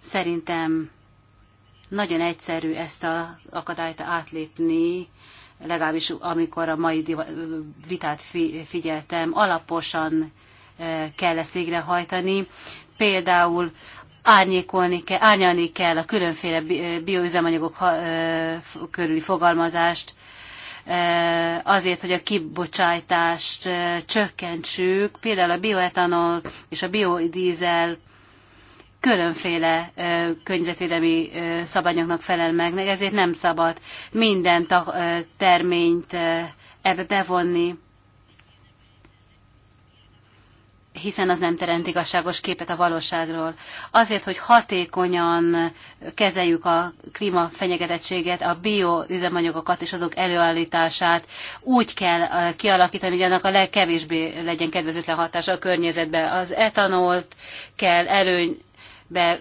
Szerintem nagyon egyszerű ezt a akadályt átlépni, legalábbis amikor a mai vitát figyeltem, alaposan kell ezt végrehajtani. Például árnyékolni kell, árnyalni kell a különféle bioüzemanyagok körüli fogalmazást, azért, hogy a kibocsátást csökkentsük. Például a bioetanol és a biodízel különféle környezetvédelmi szabályoknak felel meg, ezért nem szabad minden terményt ebbe bevonni hiszen az nem teremt igazságos képet a valóságról. Azért, hogy hatékonyan kezeljük a klímafenyegedettséget, a bioüzemanyagokat és azok előállítását úgy kell eh, kialakítani, hogy annak a legkevésbé legyen kedvezőtlen hatása a környezetbe. Az etanolt kell előnybe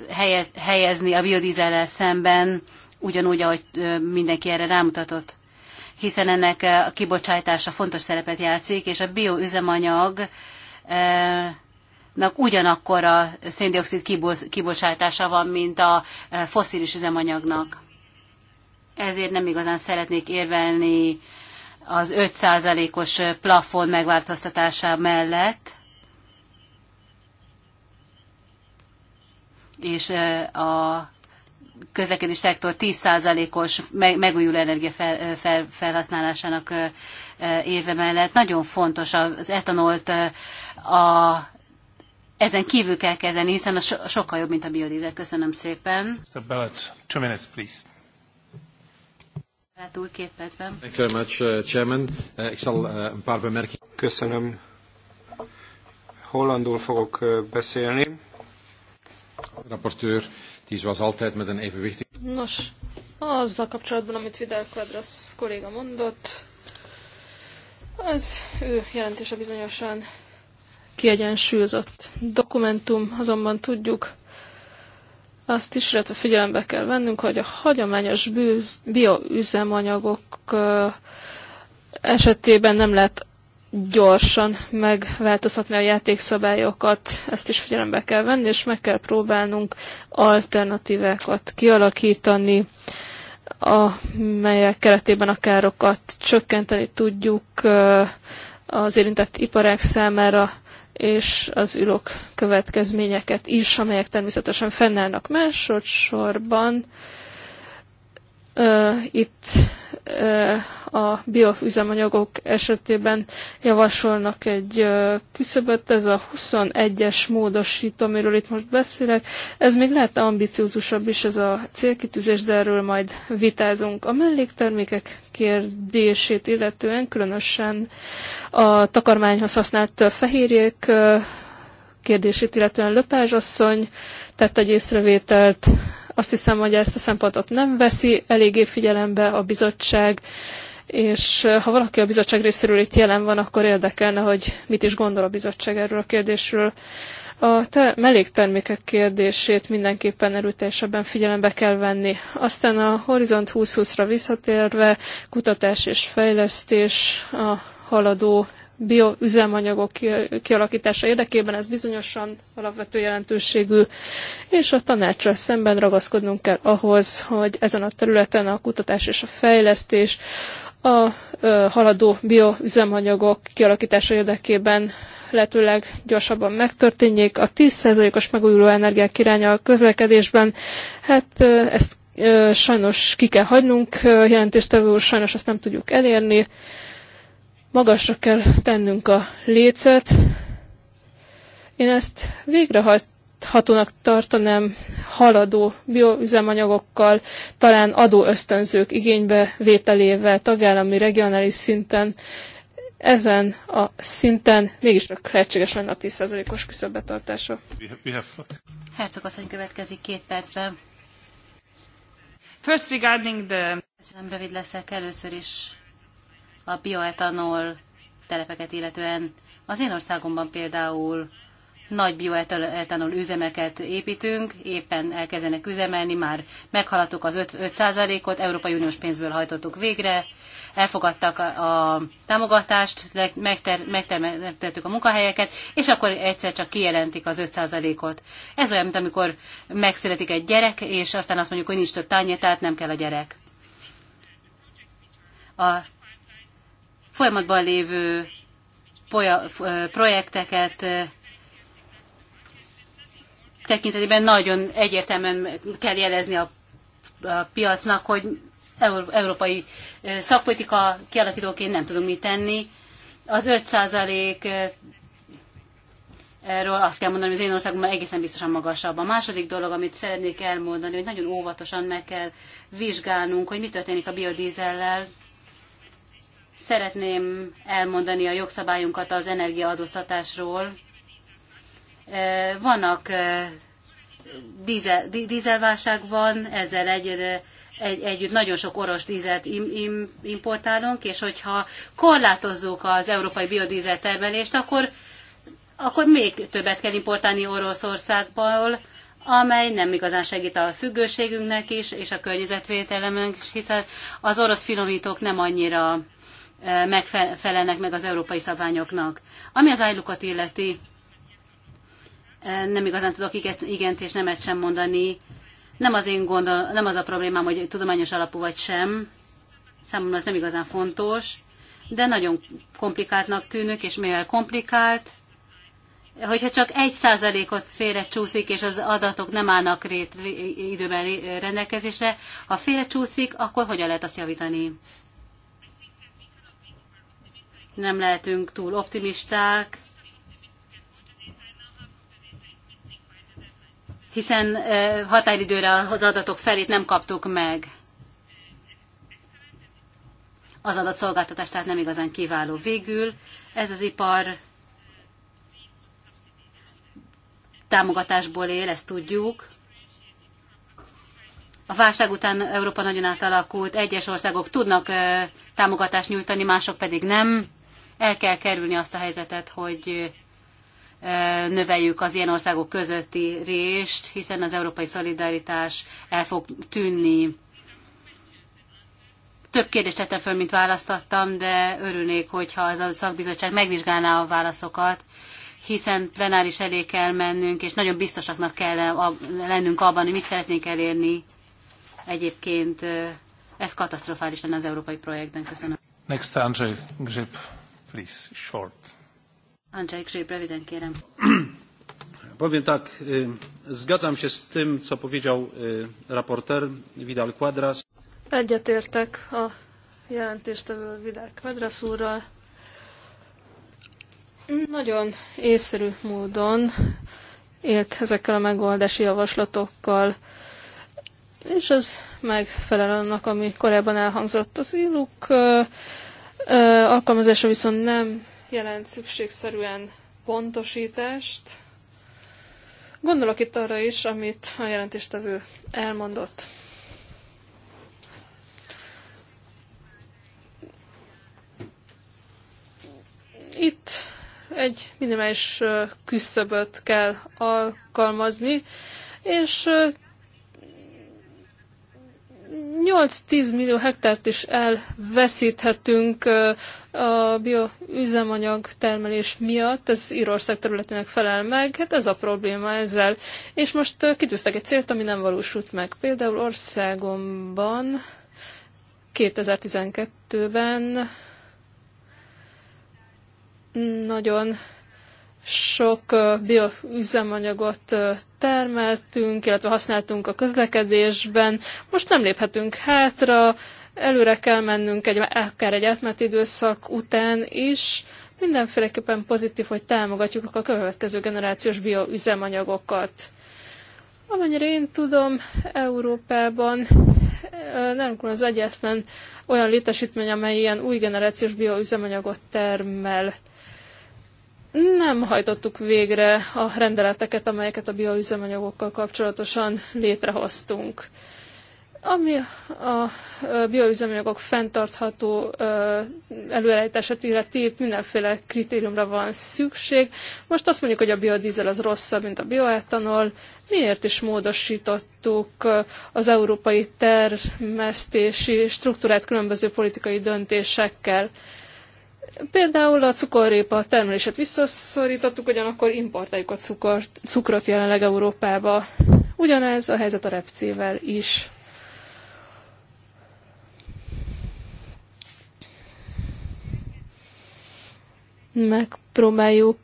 helyezni a biodízellel szemben, ugyanúgy, ahogy eh, mindenki erre rámutatott hiszen ennek eh, a kibocsátása fontos szerepet játszik, és a bioüzemanyag ugyanakkor a széndiokszid kibocsátása van, mint a e, foszilis üzemanyagnak. Ezért nem igazán szeretnék érvelni az 5%-os plafon megváltoztatása mellett, és e, a közlekedés szektor 10%-os megújuló energia fel, e, fel, felhasználásának éve mellett nagyon fontos az etanolt a, ezen kívül kell kezdeni, hiszen a so, sokkal jobb, mint a biodízel. Köszönöm szépen. Mr. Bellet, two minutes, please. very much, uh, Chairman. Uh, uh, Köszönöm. Hollandul fogok beszélni. Rapporteur, az altát, altijd egy een evenwichtig... Nos, azzal kapcsolatban, amit Vidal Quadras kolléga mondott, az ő jelentése bizonyosan kiegyensúlyozott dokumentum, azonban tudjuk, azt is, illetve figyelembe kell vennünk, hogy a hagyományos bioüzemanyagok esetében nem lehet gyorsan megváltoztatni a játékszabályokat, ezt is figyelembe kell venni, és meg kell próbálnunk alternatívákat kialakítani, amelyek keretében a károkat csökkenteni tudjuk az érintett iparák számára, és az ülok következményeket is, amelyek természetesen fennállnak másodszorban itt a bioüzemanyagok esetében javasolnak egy küszöböt, ez a 21-es módosító, amiről itt most beszélek. Ez még lehet ambiciózusabb is ez a célkitűzés, de erről majd vitázunk. A melléktermékek kérdését illetően különösen a takarmányhoz használt fehérjék kérdését illetően Löpázs asszony tett egy észrevételt, azt hiszem, hogy ezt a szempontot nem veszi eléggé figyelembe a bizottság, és ha valaki a bizottság részéről itt jelen van, akkor érdekelne, hogy mit is gondol a bizottság erről a kérdésről. A te- melléktermékek kérdését mindenképpen erőteljesebben figyelembe kell venni. Aztán a Horizont 2020-ra visszatérve, kutatás és fejlesztés a haladó bioüzemanyagok kialakítása érdekében, ez bizonyosan alapvető jelentőségű, és a tanácsra szemben ragaszkodnunk kell ahhoz, hogy ezen a területen a kutatás és a fejlesztés a haladó bioüzemanyagok kialakítása érdekében lehetőleg gyorsabban megtörténjék. A 10%-os megújuló energiák iránya a közlekedésben, hát ezt sajnos ki kell hagynunk, jelentéstevő úr, sajnos ezt nem tudjuk elérni. Magasra kell tennünk a lécet. Én ezt végrehajthatónak tartanám haladó bioüzemanyagokkal, talán adóösztönzők igénybe vételével, tagállami, regionális szinten. Ezen a szinten mégis lehetséges lenne a 10%-os küszöb betartása. Herzog asszony következik két percben. First regarding the... Köszönöm, rövid leszek először is a bioetanol telepeket illetően. Az én országomban például nagy bioetanol üzemeket építünk, éppen elkezdenek üzemelni, már meghaladtuk az 5%-ot, Európai Uniós pénzből hajtottuk végre, elfogadtak a támogatást, megteremtettük a munkahelyeket, és akkor egyszer csak kijelentik az 5%-ot. Ez olyan, mint amikor megszületik egy gyerek, és aztán azt mondjuk, hogy nincs több tányér, tehát nem kell a gyerek. A folyamatban lévő projekteket tekintetében nagyon egyértelműen kell jelezni a, a piacnak, hogy európai szakpolitika kialakítóként nem tudunk mit tenni. Az 5 Erről azt kell mondani, hogy az én országomban egészen biztosan magasabb. A második dolog, amit szeretnék elmondani, hogy nagyon óvatosan meg kell vizsgálnunk, hogy mi történik a biodízellel, Szeretném elmondani a jogszabályunkat az energiaadóztatásról. Vannak dízelválság van, ezzel egy, egy, együtt nagyon sok orosz dízelt im, im, importálunk, és hogyha korlátozzuk az európai biodízel termelést, akkor, akkor még többet kell importálni Oroszországból, amely nem igazán segít a függőségünknek is, és a környezetvételemnek is, hiszen az orosz finomítók nem annyira megfelelnek meg az európai szabványoknak. Ami az ájlukat illeti, nem igazán tudok igent és nemet sem mondani. Nem az én gondol, nem az a problémám, hogy tudományos alapú vagy sem. Számomra ez nem igazán fontos, de nagyon komplikáltnak tűnök, és mivel komplikált, hogyha csak egy százalékot félrecsúszik, és az adatok nem állnak rét, időben rendelkezésre, ha félrecsúszik, akkor hogyan lehet azt javítani? nem lehetünk túl optimisták, hiszen határidőre az adatok felét nem kaptuk meg. Az adatszolgáltatás tehát nem igazán kiváló. Végül ez az ipar támogatásból él, ezt tudjuk. A válság után Európa nagyon átalakult, egyes országok tudnak támogatást nyújtani, mások pedig nem. El kell kerülni azt a helyzetet, hogy növeljük az ilyen országok közötti rést, hiszen az európai szolidaritás el fog tűnni. Több kérdést tettem föl, mint választattam, de örülnék, hogyha az a szakbizottság megvizsgálná a válaszokat, hiszen plenáris elé kell mennünk, és nagyon biztosaknak kell lennünk abban, hogy mit szeretnénk elérni. Egyébként ez katasztrofális lenne az európai projektben. Köszönöm. Next, Andrzej Grzyb please, short. Andrzej Grzyb, röviden kérem. Powiem tak, zgadzam się z tym, co powiedział raporter Vidal Quadras. Egyetértek a jelentéstevő Vidal Quadras úrral. Nagyon észszerű módon élt ezekkel a megoldási javaslatokkal, és ez megfelel annak, ami korábban elhangzott az illuk alkalmazása viszont nem jelent szükségszerűen pontosítást. Gondolok itt arra is, amit a jelentéstevő elmondott. Itt egy minimális küszöböt kell alkalmazni, és 8-10 millió hektárt is elveszíthetünk a bioüzemanyag termelés miatt, ez Írország területének felel meg, hát ez a probléma ezzel. És most kitűztek egy célt, ami nem valósult meg. Például országomban 2012-ben nagyon sok bioüzemanyagot termeltünk, illetve használtunk a közlekedésben. Most nem léphetünk hátra, előre kell mennünk egy, akár egy átmeneti időszak után is. Mindenféleképpen pozitív, hogy támogatjuk a következő generációs bioüzemanyagokat. Amennyire én tudom, Európában nem az egyetlen olyan létesítmény, amely ilyen új generációs bioüzemanyagot termel nem hajtottuk végre a rendeleteket, amelyeket a bioüzemanyagokkal kapcsolatosan létrehoztunk. Ami a bioüzemanyagok fenntartható előállítását illeti, itt mindenféle kritériumra van szükség. Most azt mondjuk, hogy a biodízel az rosszabb, mint a bioetanol. Miért is módosítottuk az európai termesztési struktúrát különböző politikai döntésekkel? Például a cukorrépa termelését visszaszorítottuk, ugyanakkor importáljuk a cukrot jelenleg Európába. Ugyanez a helyzet a repcével is. Megpróbáljuk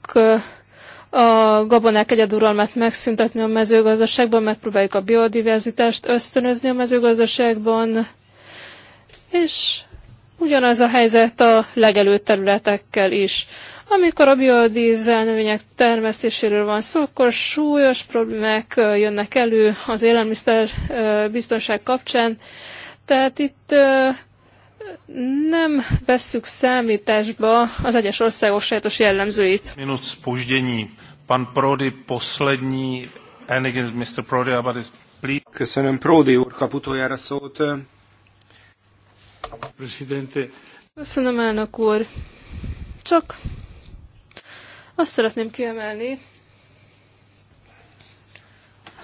uh, a gabonák egyeduralmát megszüntetni a mezőgazdaságban, megpróbáljuk a biodiverzitást ösztönözni a mezőgazdaságban, és Ugyanaz a helyzet a legelő területekkel is. Amikor a biodízel növények termesztéséről van szó, akkor súlyos problémák jönnek elő az élelmiszer biztonság kapcsán. Tehát itt nem vesszük számításba az egyes országok sajátos jellemzőit. Minut spúzsdjenyi. Pan Prodi poslední, Mr. Prodi, Köszönöm, Pródi úr kap utoljára szót. Presidente. Köszönöm, elnök úr. Csak azt szeretném kiemelni,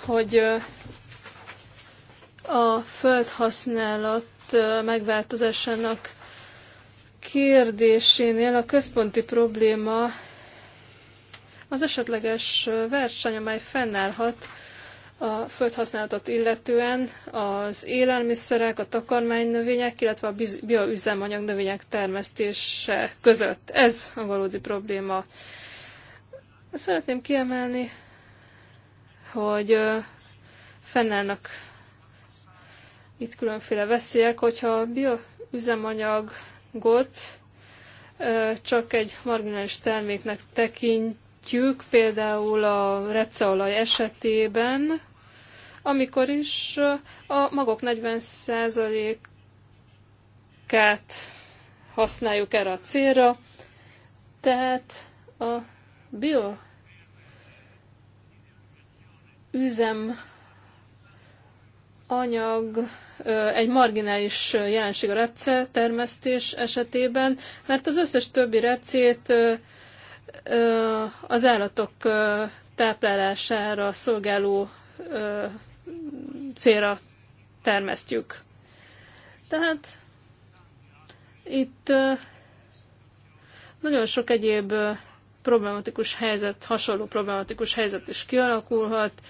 hogy a földhasználat megváltozásának kérdésénél a központi probléma az esetleges verseny, amely fennállhat a földhasználatot illetően az élelmiszerek, a takarmánynövények, illetve a bioüzemanyag növények termesztése között. Ez a valódi probléma. Szeretném kiemelni, hogy fennállnak itt különféle veszélyek, hogyha a bioüzemanyagot csak egy marginális terméknek tekintjük, például a repceolaj esetében, amikor is a magok 40%-át használjuk erre a célra, tehát a bio üzem anyag egy marginális jelenség a repce termesztés esetében, mert az összes többi repcét az állatok táplálására szolgáló célra termesztjük. Tehát itt nagyon sok egyéb problematikus helyzet, hasonló problematikus helyzet is kialakulhat.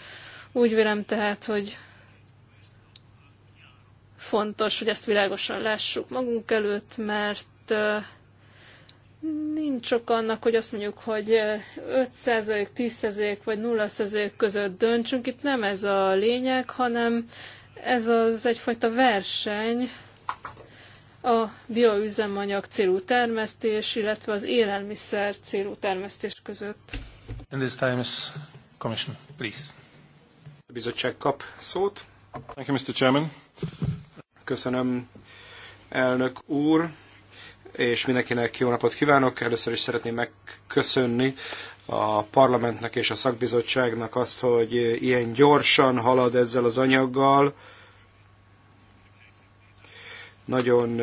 Úgy vélem tehát, hogy fontos, hogy ezt világosan lássuk magunk előtt, mert Nincs ok annak, hogy azt mondjuk, hogy 5%, 10% vagy 0% között döntsünk. Itt nem ez a lényeg, hanem ez az egyfajta verseny a bioüzemanyag célú termesztés, illetve az élelmiszer célú termesztés között. And this time is commission, please. A bizottság kap szót. Thank you, Mr. Chairman. Köszönöm, elnök úr és mindenkinek jó napot kívánok. Először is szeretném megköszönni a parlamentnek és a szakbizottságnak azt, hogy ilyen gyorsan halad ezzel az anyaggal. Nagyon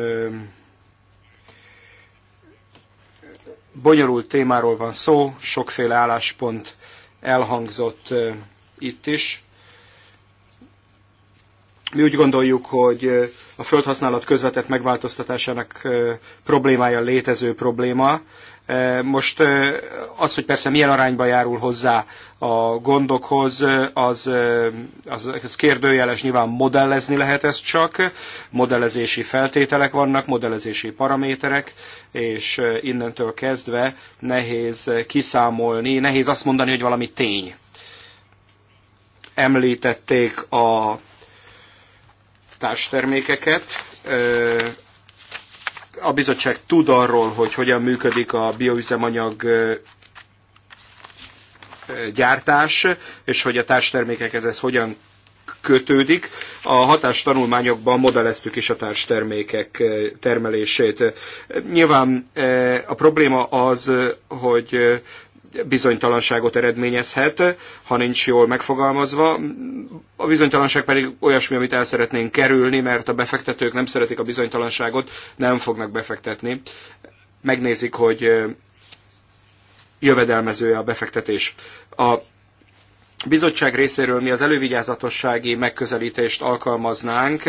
bonyolult témáról van szó, sokféle álláspont elhangzott itt is. Mi úgy gondoljuk, hogy a földhasználat közvetett megváltoztatásának problémája létező probléma. Most az, hogy persze milyen arányban járul hozzá a gondokhoz, az, az, az kérdőjeles, nyilván modellezni lehet ezt csak. Modellezési feltételek vannak, modellezési paraméterek, és innentől kezdve nehéz kiszámolni, nehéz azt mondani, hogy valami tény. Említették a társtermékeket. A bizottság tud arról, hogy hogyan működik a bioüzemanyag gyártás, és hogy a társtermékekhez ez hogyan kötődik. A hatástanulmányokban modelleztük is a társtermékek termelését. Nyilván a probléma az, hogy bizonytalanságot eredményezhet, ha nincs jól megfogalmazva. A bizonytalanság pedig olyasmi, amit el szeretnénk kerülni, mert a befektetők nem szeretik a bizonytalanságot, nem fognak befektetni. Megnézik, hogy jövedelmezője a befektetés. A bizottság részéről mi az elővigyázatossági megközelítést alkalmaznánk,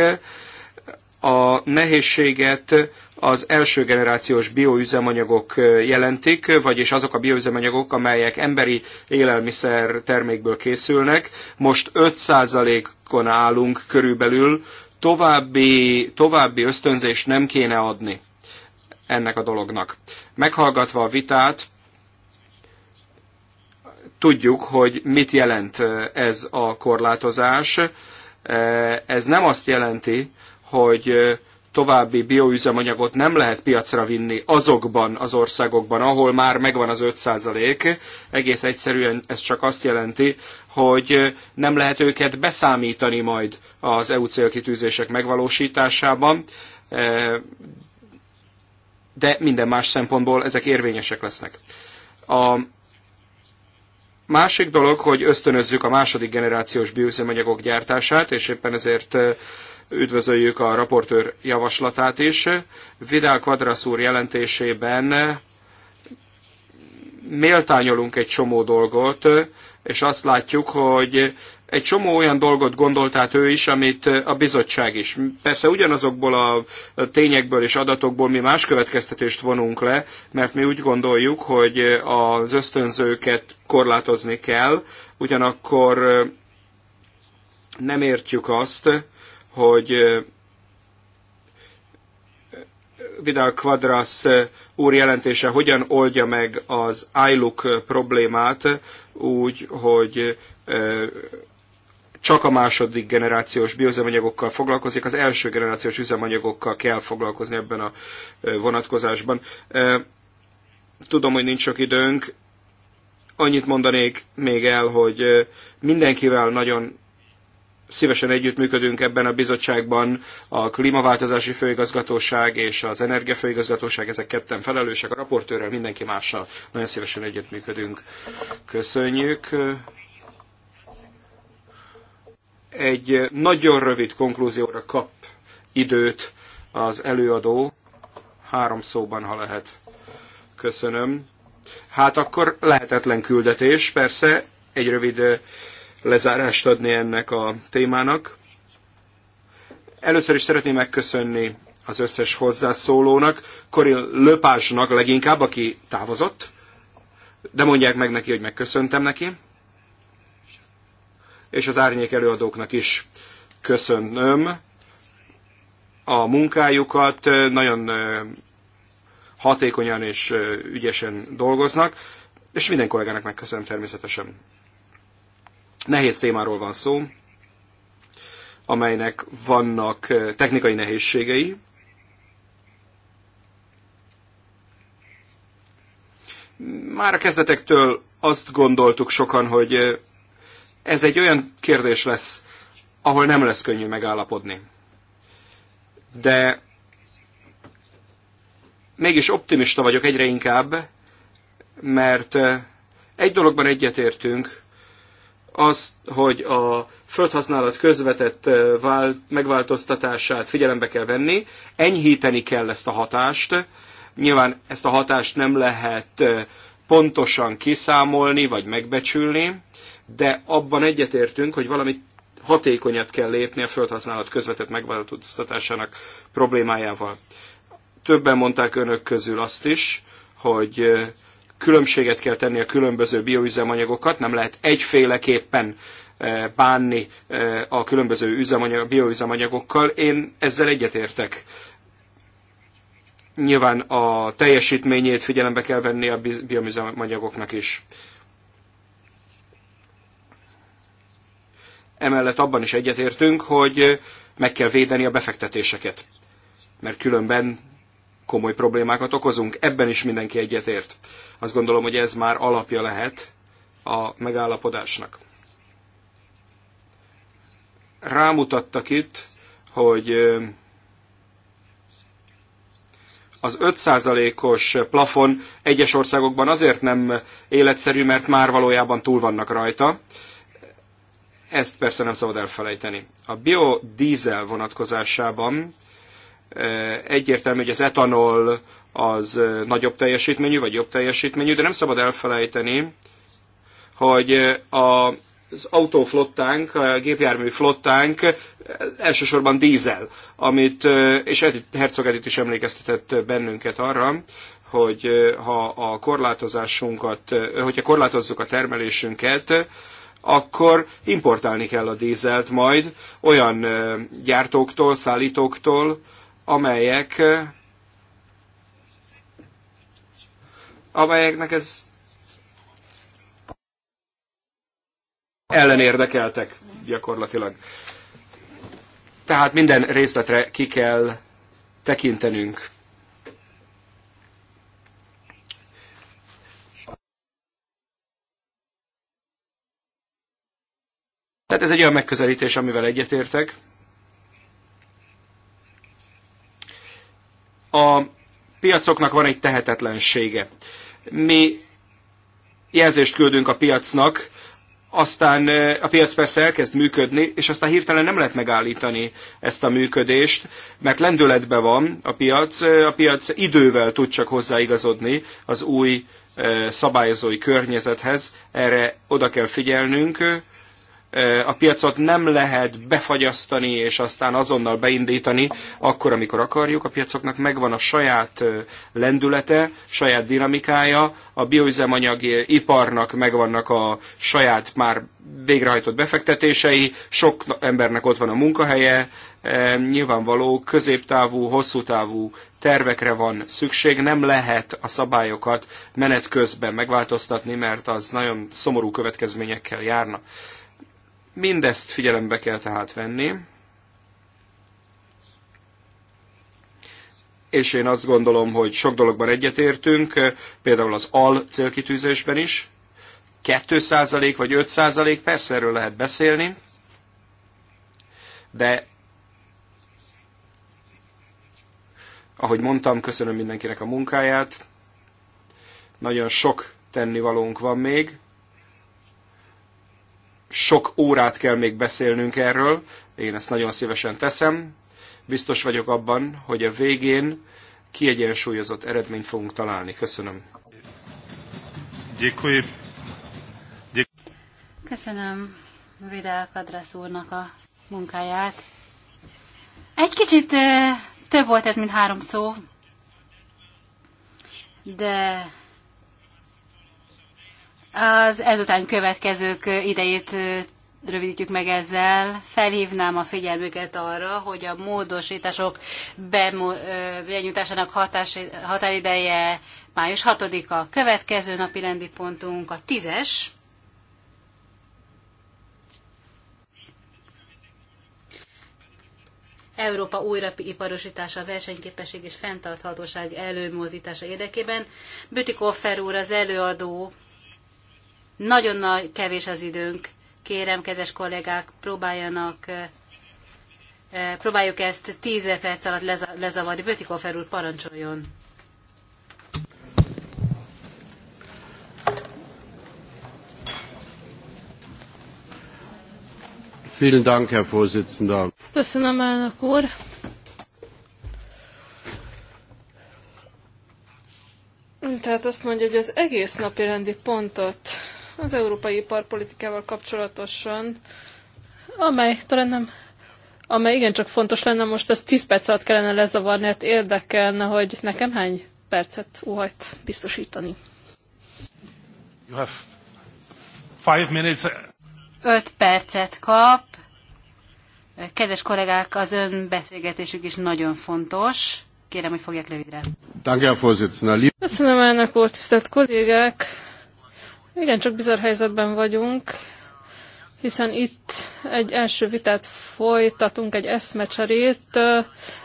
a nehézséget az első generációs bioüzemanyagok jelentik, vagyis azok a bioüzemanyagok, amelyek emberi élelmiszer termékből készülnek. Most 5%-on állunk körülbelül, további, további ösztönzést nem kéne adni ennek a dolognak. Meghallgatva a vitát, tudjuk, hogy mit jelent ez a korlátozás. Ez nem azt jelenti, hogy további bioüzemanyagot nem lehet piacra vinni azokban az országokban, ahol már megvan az 5%, egész egyszerűen ez csak azt jelenti, hogy nem lehet őket beszámítani majd az EU célkitűzések megvalósításában, de minden más szempontból ezek érvényesek lesznek. A másik dolog, hogy ösztönözzük a második generációs bioüzemanyagok gyártását, és éppen ezért Üdvözöljük a raportőr javaslatát is. Vidal Quadras úr jelentésében méltányolunk egy csomó dolgot, és azt látjuk, hogy egy csomó olyan dolgot gondolt át ő is, amit a bizottság is. Persze ugyanazokból a tényekből és adatokból mi más következtetést vonunk le, mert mi úgy gondoljuk, hogy az ösztönzőket korlátozni kell, ugyanakkor nem értjük azt, hogy Vidal Quadras úr jelentése hogyan oldja meg az iLook problémát úgy, hogy csak a második generációs bioüzemanyagokkal foglalkozik, az első generációs üzemanyagokkal kell foglalkozni ebben a vonatkozásban. Tudom, hogy nincs sok időnk, annyit mondanék még el, hogy mindenkivel nagyon szívesen együttműködünk ebben a bizottságban, a klímaváltozási főigazgatóság és az energiafőigazgatóság, ezek ketten felelősek, a raportőrrel, mindenki mással nagyon szívesen együttműködünk. Köszönjük. Egy nagyon rövid konklúzióra kap időt az előadó, három szóban, ha lehet. Köszönöm. Hát akkor lehetetlen küldetés, persze, egy rövid lezárást adni ennek a témának. Először is szeretném megköszönni az összes hozzászólónak, Koril Löpásnak leginkább, aki távozott, de mondják meg neki, hogy megköszöntem neki, és az árnyék előadóknak is köszönöm a munkájukat, nagyon hatékonyan és ügyesen dolgoznak, és minden kollégának megköszönöm természetesen. Nehéz témáról van szó, amelynek vannak technikai nehézségei. Már a kezdetektől azt gondoltuk sokan, hogy ez egy olyan kérdés lesz, ahol nem lesz könnyű megállapodni. De mégis optimista vagyok egyre inkább, mert egy dologban egyetértünk, az, hogy a földhasználat közvetett megváltoztatását figyelembe kell venni, enyhíteni kell ezt a hatást. Nyilván ezt a hatást nem lehet pontosan kiszámolni vagy megbecsülni, de abban egyetértünk, hogy valami hatékonyat kell lépni a földhasználat közvetett megváltoztatásának problémájával. Többen mondták önök közül azt is, hogy különbséget kell tenni a különböző bioüzemanyagokat, nem lehet egyféleképpen eh, bánni eh, a különböző üzemanyag, bioüzemanyagokkal. Én ezzel egyetértek. Nyilván a teljesítményét figyelembe kell venni a bioüzemanyagoknak is. Emellett abban is egyetértünk, hogy meg kell védeni a befektetéseket, mert különben komoly problémákat okozunk. Ebben is mindenki egyetért. Azt gondolom, hogy ez már alapja lehet a megállapodásnak. Rámutattak itt, hogy az 5%-os plafon egyes országokban azért nem életszerű, mert már valójában túl vannak rajta. Ezt persze nem szabad elfelejteni. A biodízel vonatkozásában Egyértelmű, hogy az etanol az nagyobb teljesítményű, vagy jobb teljesítményű, de nem szabad elfelejteni, hogy a az autóflottánk, a gépjármű flottánk elsősorban dízel, amit, és Herzog Edith is emlékeztetett bennünket arra, hogy ha a korlátozásunkat, hogyha korlátozzuk a termelésünket, akkor importálni kell a dízelt majd olyan gyártóktól, szállítóktól, amelyek amelyeknek ez ellen érdekeltek, gyakorlatilag. Tehát minden részletre ki kell tekintenünk. Tehát ez egy olyan megközelítés, amivel egyetértek. a piacoknak van egy tehetetlensége. Mi jelzést küldünk a piacnak, aztán a piac persze elkezd működni, és aztán hirtelen nem lehet megállítani ezt a működést, mert lendületben van a piac, a piac idővel tud csak hozzáigazodni az új szabályozói környezethez, erre oda kell figyelnünk, a piacot nem lehet befagyasztani és aztán azonnal beindítani, akkor, amikor akarjuk. A piacoknak megvan a saját lendülete, saját dinamikája, a bioüzemanyag iparnak megvannak a saját már végrehajtott befektetései, sok embernek ott van a munkahelye, nyilvánvaló középtávú, hosszútávú tervekre van szükség, nem lehet a szabályokat menet közben megváltoztatni, mert az nagyon szomorú következményekkel járna. Mindezt figyelembe kell tehát venni. És én azt gondolom, hogy sok dologban egyetértünk, például az al célkitűzésben is. 2% vagy 5% persze erről lehet beszélni, de ahogy mondtam, köszönöm mindenkinek a munkáját. Nagyon sok tennivalónk van még sok órát kell még beszélnünk erről, én ezt nagyon szívesen teszem. Biztos vagyok abban, hogy a végén kiegyensúlyozott eredményt fogunk találni. Köszönöm. Köszönöm Videl Kadrasz úrnak a munkáját. Egy kicsit több volt ez, mint három szó, de az ezután következők idejét rövidítjük meg ezzel. Felhívnám a figyelmüket arra, hogy a módosítások benyújtásának határideje május 6-a. Következő napi rendi pontunk a 10-es. Európa újraiparosítása, versenyképesség és fenntarthatóság előmozdítása érdekében. Bütikoffer úr az előadó nagyon nagy, kevés az időnk. Kérem, kedves kollégák, próbáljanak próbáljuk ezt 10 perc alatt lezavarni. Bötikofer úr, parancsoljon! Vielen Dank, Herr Vorsitzender. Köszönöm, elnök úr. Tehát azt mondja, hogy az egész napi rendi pontot az európai iparpolitikával kapcsolatosan, amely talán nem amely igencsak fontos lenne, most ezt 10 perc alatt kellene lezavarni, hát érdekelne, hogy nekem hány percet óhajt biztosítani. You have five minutes. Öt percet kap. Kedves kollégák, az ön beszélgetésük is nagyon fontos. Kérem, hogy fogják rövidre. Köszönöm elnök úr, tisztelt kollégák! Igen, csak bizarr helyzetben vagyunk, hiszen itt egy első vitát folytatunk, egy eszmecserét,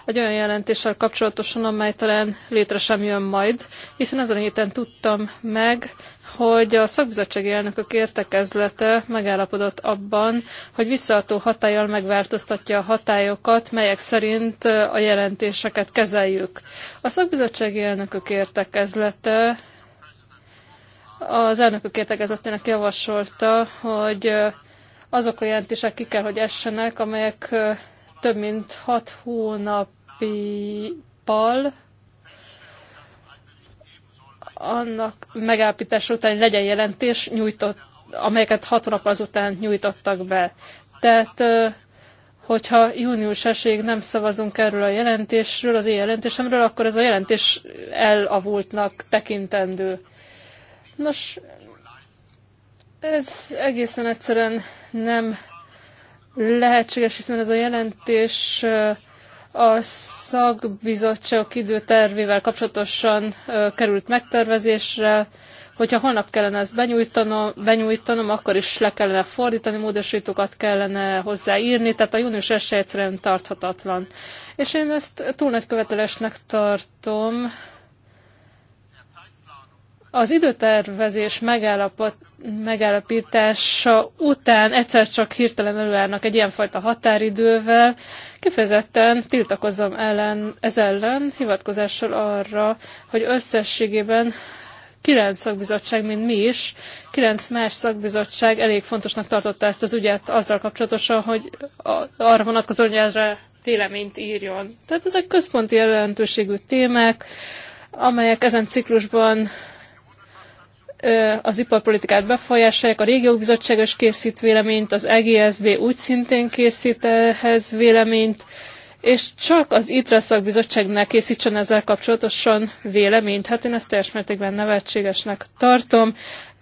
egy olyan jelentéssel kapcsolatosan, amely talán létre sem jön majd, hiszen ezen a héten tudtam meg, hogy a szakbizottsági elnökök értekezlete megállapodott abban, hogy visszaható hatállyal megváltoztatja a hatályokat, melyek szerint a jelentéseket kezeljük. A szakbizottsági elnökök értekezlete az elnökök értekezetének javasolta, hogy azok a jelentések ki kell, hogy essenek, amelyek több mint hat pal, annak megállapítása után legyen jelentés, nyújtott, amelyeket hat hónap azután nyújtottak be. Tehát, hogyha június esélyig nem szavazunk erről a jelentésről, az én jelentésemről, akkor ez a jelentés elavultnak tekintendő. Nos, ez egészen egyszerűen nem lehetséges, hiszen ez a jelentés a szakbizottság időtervével kapcsolatosan került megtervezésre. Hogyha holnap kellene ezt benyújtanom, benyújtanom, akkor is le kellene fordítani, módosítókat kellene hozzáírni, tehát a június esély egyszerűen tarthatatlan. És én ezt túl nagy követelésnek tartom, az időtervezés megállapot, megállapítása után egyszer csak hirtelen előállnak egy ilyenfajta határidővel, kifejezetten tiltakozom ellen, ez ellen, hivatkozással arra, hogy összességében kilenc szakbizottság, mint mi is, kilenc más szakbizottság elég fontosnak tartotta ezt az ügyet azzal kapcsolatosan, hogy arra vonatkozóan, hogy erre véleményt írjon. Tehát ezek központi jelentőségű témák, amelyek ezen ciklusban az iparpolitikát befolyásolják, a régiók bizottsága is készít véleményt, az EGSB úgy szintén készít ehhez véleményt, és csak az ITRA szakbizottság ne készítsen ezzel kapcsolatosan véleményt. Hát én ezt teljes mértékben nevetségesnek tartom,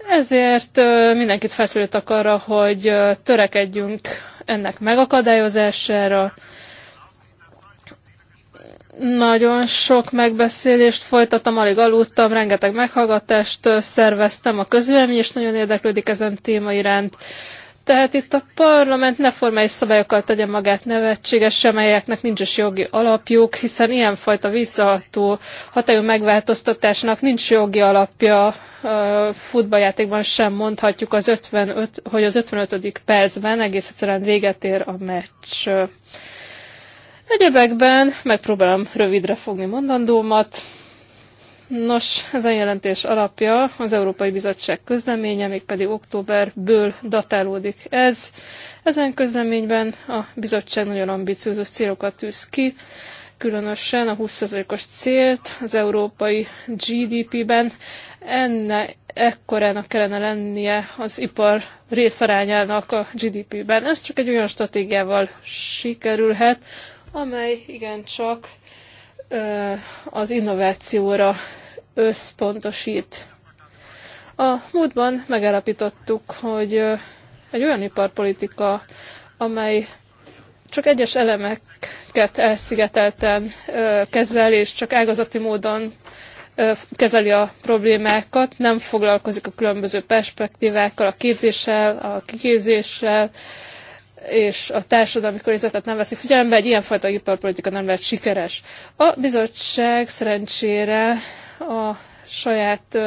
ezért mindenkit feszülök arra, hogy törekedjünk ennek megakadályozására, nagyon sok megbeszélést folytattam, alig aludtam, rengeteg meghallgatást szerveztem, a közvélemény és nagyon érdeklődik ezen téma iránt. Tehát itt a parlament ne formális szabályokkal tegye magát nevetséges, amelyeknek nincs is jogi alapjuk, hiszen ilyenfajta visszaható hatályú megváltoztatásnak nincs jogi alapja futballjátékban sem mondhatjuk, az 55, hogy az 55. percben egész egyszerűen véget ér a meccs. Egyebekben megpróbálom rövidre fogni mondandómat. Nos, ez a jelentés alapja az Európai Bizottság közleménye, mégpedig októberből datálódik ez. Ezen közleményben a bizottság nagyon ambiciózus célokat tűz ki, különösen a 20%-os célt az európai GDP-ben. Enne ekkorának kellene lennie az ipar részarányának a GDP-ben. Ez csak egy olyan stratégiával sikerülhet, amely igencsak az innovációra összpontosít. A múltban megállapítottuk, hogy egy olyan iparpolitika, amely csak egyes elemeket elszigetelten kezel, és csak ágazati módon kezeli a problémákat, nem foglalkozik a különböző perspektívákkal, a képzéssel, a kiképzéssel, és a társadalmi környezetet nem veszik figyelembe, egy ilyenfajta iparpolitika nem lehet sikeres. A bizottság szerencsére a saját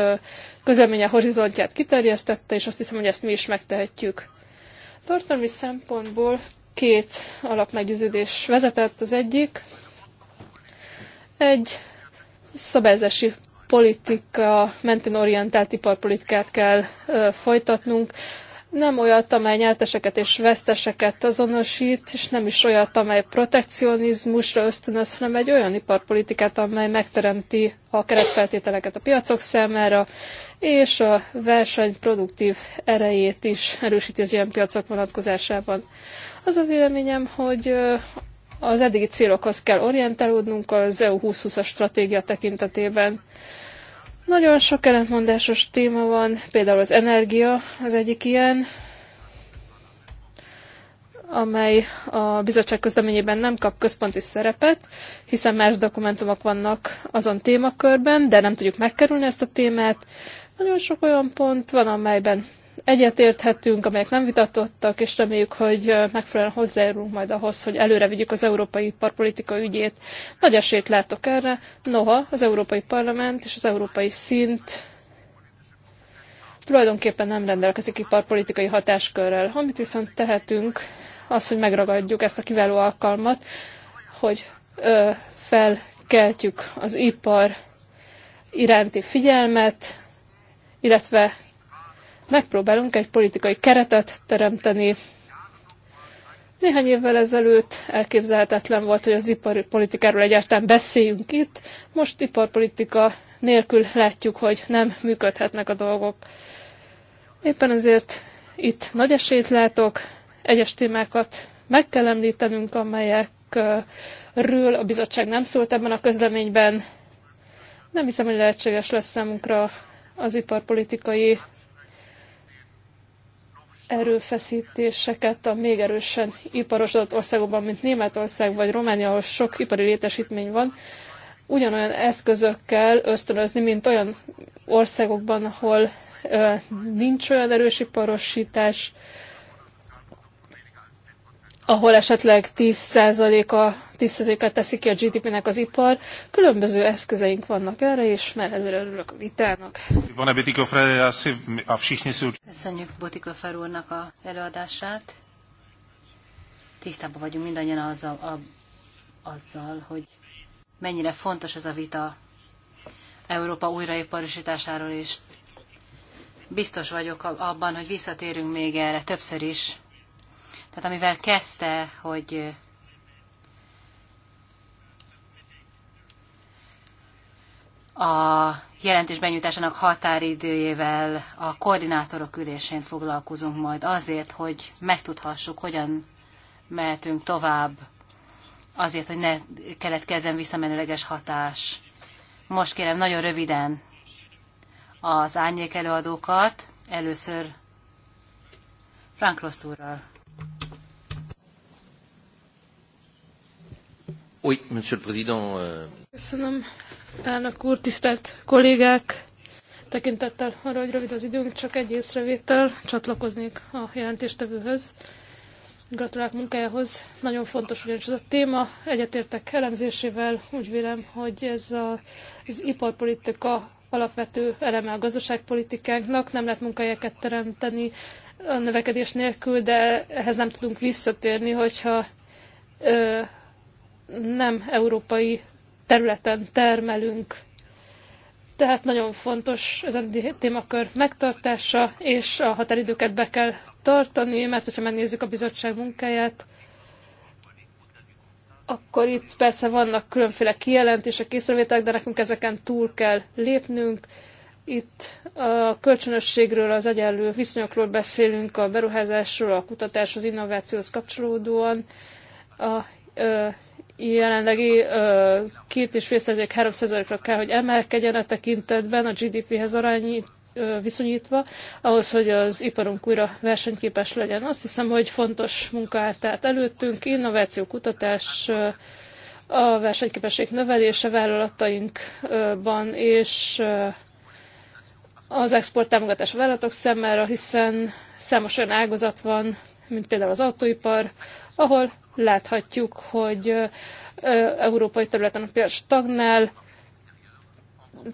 közleménye horizontját kiterjesztette, és azt hiszem, hogy ezt mi is megtehetjük. Tartalmi szempontból két alapmeggyőződés vezetett. Az egyik egy szabályzási politika mentén orientált iparpolitikát kell folytatnunk, nem olyat, amely nyerteseket és veszteseket azonosít, és nem is olyat, amely protekcionizmusra ösztönöz, hanem egy olyan iparpolitikát, amely megteremti a keretfeltételeket a piacok számára, és a verseny produktív erejét is erősíti az ilyen piacok vonatkozásában. Az a véleményem, hogy az eddigi célokhoz kell orientálódnunk az EU 2020-as stratégia tekintetében. Nagyon sok ellentmondásos téma van, például az energia az egyik ilyen, amely a bizottság közleményében nem kap központi szerepet, hiszen más dokumentumok vannak azon témakörben, de nem tudjuk megkerülni ezt a témát. Nagyon sok olyan pont van, amelyben egyetérthetünk, amelyek nem vitatottak, és reméljük, hogy megfelelően hozzájárulunk majd ahhoz, hogy előre vigyük az európai iparpolitika ügyét. Nagy esélyt látok erre, noha az Európai Parlament és az európai szint tulajdonképpen nem rendelkezik iparpolitikai hatáskörrel. Amit viszont tehetünk, az, hogy megragadjuk ezt a kiváló alkalmat, hogy ö, felkeltjük az ipar iránti figyelmet, illetve Megpróbálunk egy politikai keretet teremteni. Néhány évvel ezelőtt elképzelhetetlen volt, hogy az iparpolitikáról egyáltalán beszéljünk itt. Most iparpolitika nélkül látjuk, hogy nem működhetnek a dolgok. Éppen ezért itt nagy esélyt látok, egyes témákat meg kell említenünk, amelyekről a bizottság nem szólt ebben a közleményben. Nem hiszem, hogy lehetséges lesz számunkra az iparpolitikai erőfeszítéseket a még erősen iparosodott országokban, mint Németország vagy Románia, ahol sok ipari létesítmény van, ugyanolyan eszközökkel ösztönözni, mint olyan országokban, ahol ö, nincs olyan erős iparosítás, ahol esetleg 10%-a 10%-át teszi ki a GDP-nek az ipar. Különböző eszközeink vannak erre, és már előre örülök a vitának. Köszönjük Botikofer úrnak az előadását. Tisztában vagyunk mindannyian azzal, a, azzal, hogy mennyire fontos ez a vita Európa újraiparosításáról, és biztos vagyok abban, hogy visszatérünk még erre többször is, tehát amivel kezdte, hogy a jelentés benyújtásának határidőjével a koordinátorok ülésén foglalkozunk majd azért, hogy megtudhassuk, hogyan mehetünk tovább, azért, hogy ne keletkezzen visszamenőleges hatás. Most kérem nagyon röviden az árnyék előadókat, először Frank Rossz úrral. Oui, monsieur le président. Euh, Köszönöm, elnök úr, tisztelt kollégák! Tekintettel arra, hogy rövid az időnk, csak egy észrevétel, csatlakoznék a jelentéstevőhöz. Gratulálok munkájához. Nagyon fontos ugyanis ez a téma. Egyetértek elemzésével. Úgy vélem, hogy ez a, az iparpolitika alapvető eleme a gazdaságpolitikánknak. Nem lehet munkahelyeket teremteni a növekedés nélkül, de ehhez nem tudunk visszatérni, hogyha ö, nem európai területen termelünk. Tehát nagyon fontos ez a témakör megtartása, és a határidőket be kell tartani, mert hogyha megnézzük a bizottság munkáját, akkor itt persze vannak különféle kijelentések, észrevételek, de nekünk ezeken túl kell lépnünk. Itt a kölcsönösségről, az egyenlő viszonyokról beszélünk, a beruházásról, a kutatáshoz, innovációhoz kapcsolódóan. A jelenlegi ö, két és fél százalék, három százalékra kell, hogy emelkedjen a tekintetben a GDP-hez arányi viszonyítva, ahhoz, hogy az iparunk újra versenyképes legyen. Azt hiszem, hogy fontos munka állt tehát előttünk, innováció, kutatás, a versenyképesség növelése vállalatainkban és az export támogatás a vállalatok számára, hiszen számos olyan ágazat van, mint például az autóipar, ahol Láthatjuk, hogy európai területen a piac stagnál,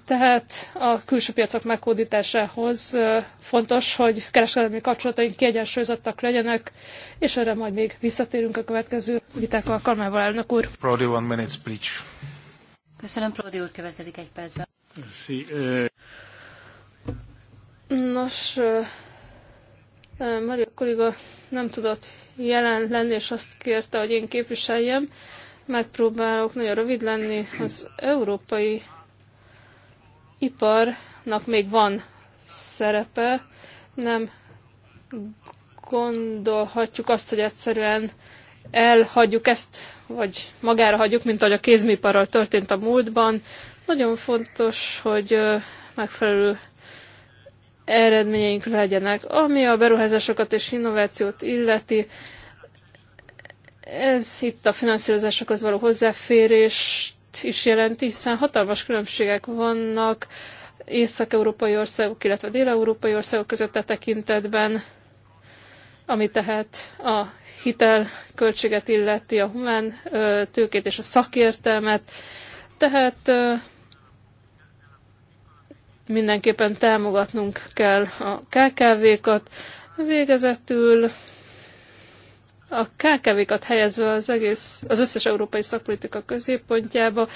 tehát a külső piacok megkódításához fontos, hogy kereskedelmi kapcsolataink kiegyensúlyozottak legyenek, és erre majd még visszatérünk a következő viták alkalmával, elnök úr. Prodi, one minute speech. Köszönöm, Prodi úr, következik egy percben. Eh. Nos, Mario kolléga nem tudott jelen lenni, és azt kérte, hogy én képviseljem. Megpróbálok nagyon rövid lenni. Az európai iparnak még van szerepe. Nem gondolhatjuk azt, hogy egyszerűen elhagyjuk ezt, vagy magára hagyjuk, mint ahogy a kézmiparral történt a múltban. Nagyon fontos, hogy megfelelő eredményeink legyenek. Ami a beruházásokat és innovációt illeti, ez itt a finanszírozásokhoz való hozzáférést is jelenti, hiszen hatalmas különbségek vannak észak-európai országok, illetve dél-európai országok között a e tekintetben, ami tehát a hitel költséget illeti, a humán tőkét és a szakértelmet. Tehát Mindenképpen támogatnunk kell a KKV-kat. Végezetül a KKV-kat helyezve az egész, az összes európai szakpolitika középpontjába.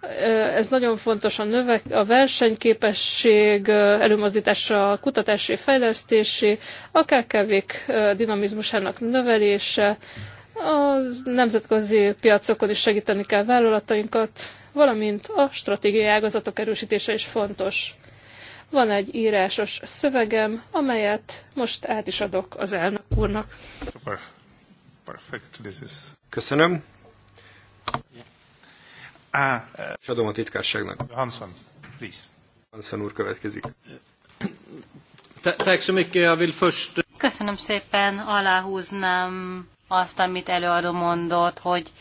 Eh, ez nagyon fontos a, növek, a versenyképesség eh, előmozdítása, a kutatási fejlesztési, a kkv eh, dinamizmusának növelése, a nemzetközi piacokon is segíteni kell vállalatainkat, valamint a stratégiai ágazatok erősítése is fontos. Van egy írásos szövegem, amelyet most át is adok az elnök úrnak. Köszönöm. Ah, És eh, adom a titkárságnak. Hansen, please. Hansen úr következik. Köszönöm szépen, aláhúznám azt, amit előadó mondott, hogy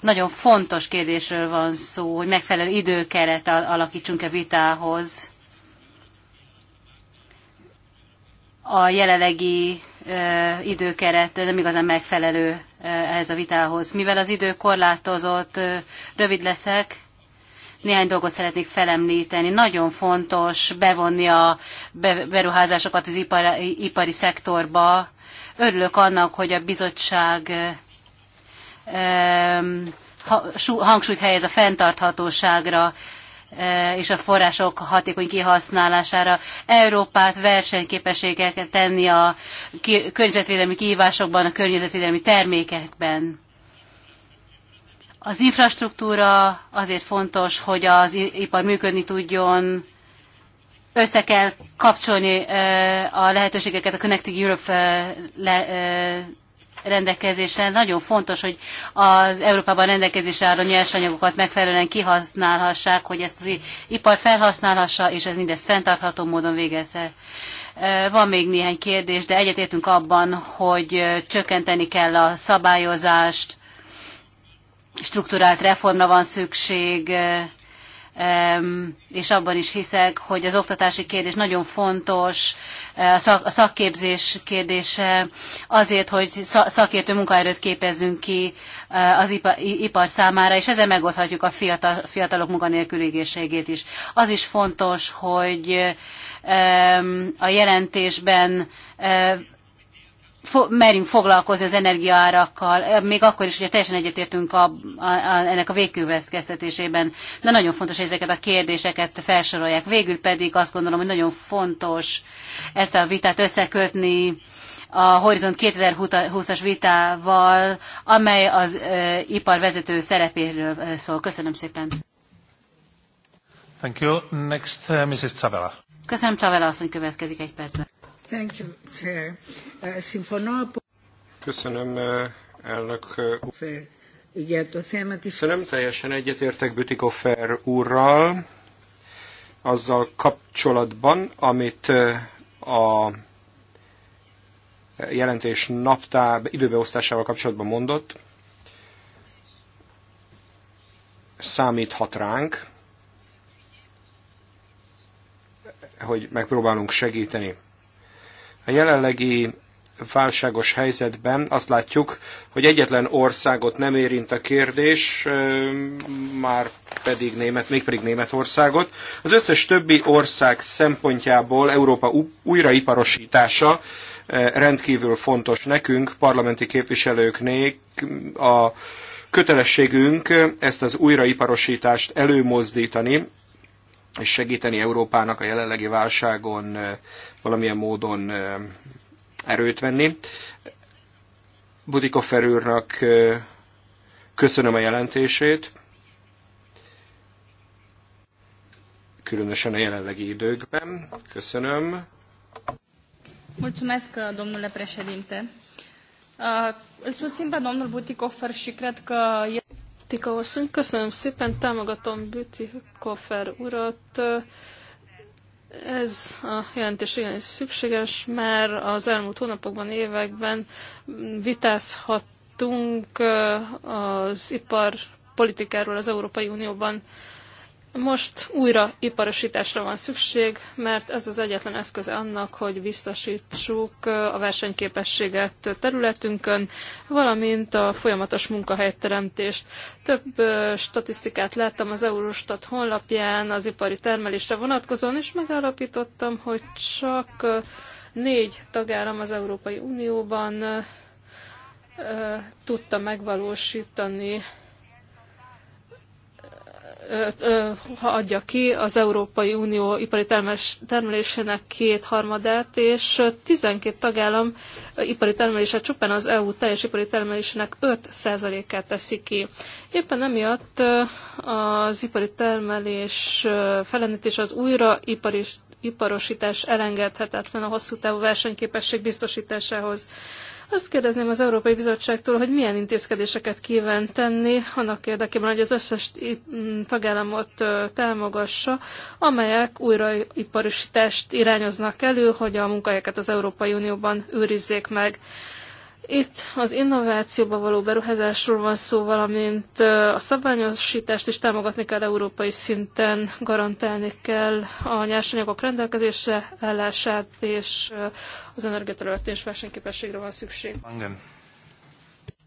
nagyon fontos kérdésről van szó, hogy megfelelő időkeret alakítsunk a vitához. a jelenlegi időkeret nem igazán megfelelő ehhez a vitához. Mivel az idő korlátozott, rövid leszek, néhány dolgot szeretnék felemlíteni. Nagyon fontos bevonni a beruházásokat az ipari ipari szektorba. Örülök annak, hogy a bizottság hangsúlyt helyez a fenntarthatóságra, Eh, és a források hatékony kihasználására Európát versenyképességek tenni a környezetvédelmi kihívásokban, a környezetvédelmi termékekben. Az infrastruktúra azért fontos, hogy az ipar működni tudjon, össze kell kapcsolni eh, a lehetőségeket a Connecting Europe eh, rendelkezésre. Nagyon fontos, hogy az Európában rendelkezésre álló nyersanyagokat megfelelően kihasználhassák, hogy ezt az ipar felhasználhassa, és ez mindezt fenntartható módon végezze. Van még néhány kérdés, de egyetértünk abban, hogy csökkenteni kell a szabályozást, strukturált reformra van szükség, és abban is hiszek, hogy az oktatási kérdés nagyon fontos, e, a szakképzés kérdése azért, hogy szakértő munkaerőt képezzünk ki e, az ipar számára, és ezzel megoldhatjuk a fiatalok munkanélküligészségét is. Az is fontos, hogy a jelentésben e, fo- merjünk foglalkozni az energiaárakkal, eh, még akkor is, hogy teljesen egyetértünk a, a, a, ennek a végkövetkeztetésében, de nagyon fontos, hogy ezeket a kérdéseket felsorolják. Végül pedig azt gondolom, hogy nagyon fontos ezt a vitát összekötni a Horizont 2020-as vitával, amely az ö, eh, ipar vezető szerepéről eh, szól. Köszönöm szépen. Thank you. Next, uh, Mrs. Cavella. Köszönöm, Cavella asszony következik egy percben. Thank you, Chair. Συμφωνώ uh, Köszönöm, uh, elnök uh, úr. Köszönöm, teljesen egyetértek Bütikofer úrral azzal kapcsolatban, amit a jelentés naptár időbeosztásával kapcsolatban mondott, számíthat ránk, hogy megpróbálunk segíteni. A jelenlegi válságos helyzetben azt látjuk, hogy egyetlen országot nem érint a kérdés, már pedig német, mégpedig Németországot. Az összes többi ország szempontjából Európa újraiparosítása rendkívül fontos nekünk, parlamenti képviselőknek a kötelességünk ezt az újraiparosítást előmozdítani, és segíteni Európának a jelenlegi válságon valamilyen módon erőt venni. Budiko Ferőrnak köszönöm a jelentését, különösen a jelenlegi időkben. Köszönöm. Mulțumesc, domnule președinte. Îl susțin pe domnul Buticofer și cred că... E Tika asszony, köszönöm szépen, támogatom Büti Koffer urat. Ez a jelentés igenis szükséges, mert az elmúlt hónapokban, években vitázhattunk az iparpolitikáról az Európai Unióban. Most újra iparosításra van szükség, mert ez az egyetlen eszköze annak, hogy biztosítsuk a versenyképességet területünkön, valamint a folyamatos munkahelyteremtést. Több statisztikát láttam az Eurostat honlapján az ipari termelésre vonatkozóan, és megállapítottam, hogy csak négy tagállam az Európai Unióban tudta megvalósítani adja ki az Európai Unió ipari termelés, termelésének kétharmadát, és 12 tagállam ipari termelése csupán az EU teljes ipari termelésének 5%-át teszi ki. Éppen emiatt az ipari termelés és az ipari, iparosítás elengedhetetlen a hosszú távú versenyképesség biztosításához. Azt kérdezném az Európai Bizottságtól, hogy milyen intézkedéseket kíván tenni annak érdekében, hogy az összes tagállamot támogassa, amelyek újraiparosítást irányoznak elő, hogy a munkahelyeket az Európai Unióban őrizzék meg. Itt az innovációba való beruházásról van szó, valamint a szabványosítást is támogatni kell európai szinten, garantálni kell a nyersanyagok rendelkezésre állását, és az energiaterületén és versenyképességre van szükség. Langen.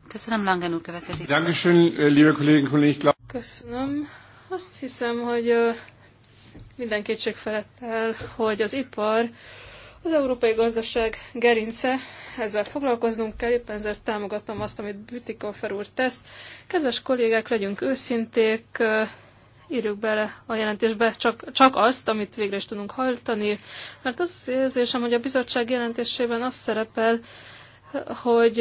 Köszönöm, Langen úr következik. Äh, Köszönöm. Azt hiszem, hogy minden kétség felett el, hogy az ipar az európai gazdaság gerince, ezzel foglalkoznunk kell, éppen ezért támogatom azt, amit Bütikofer úr tesz. Kedves kollégák, legyünk őszinték, írjuk bele a jelentésbe csak, csak azt, amit végre is tudunk hajtani, mert az, az érzésem, hogy a bizottság jelentésében az szerepel, hogy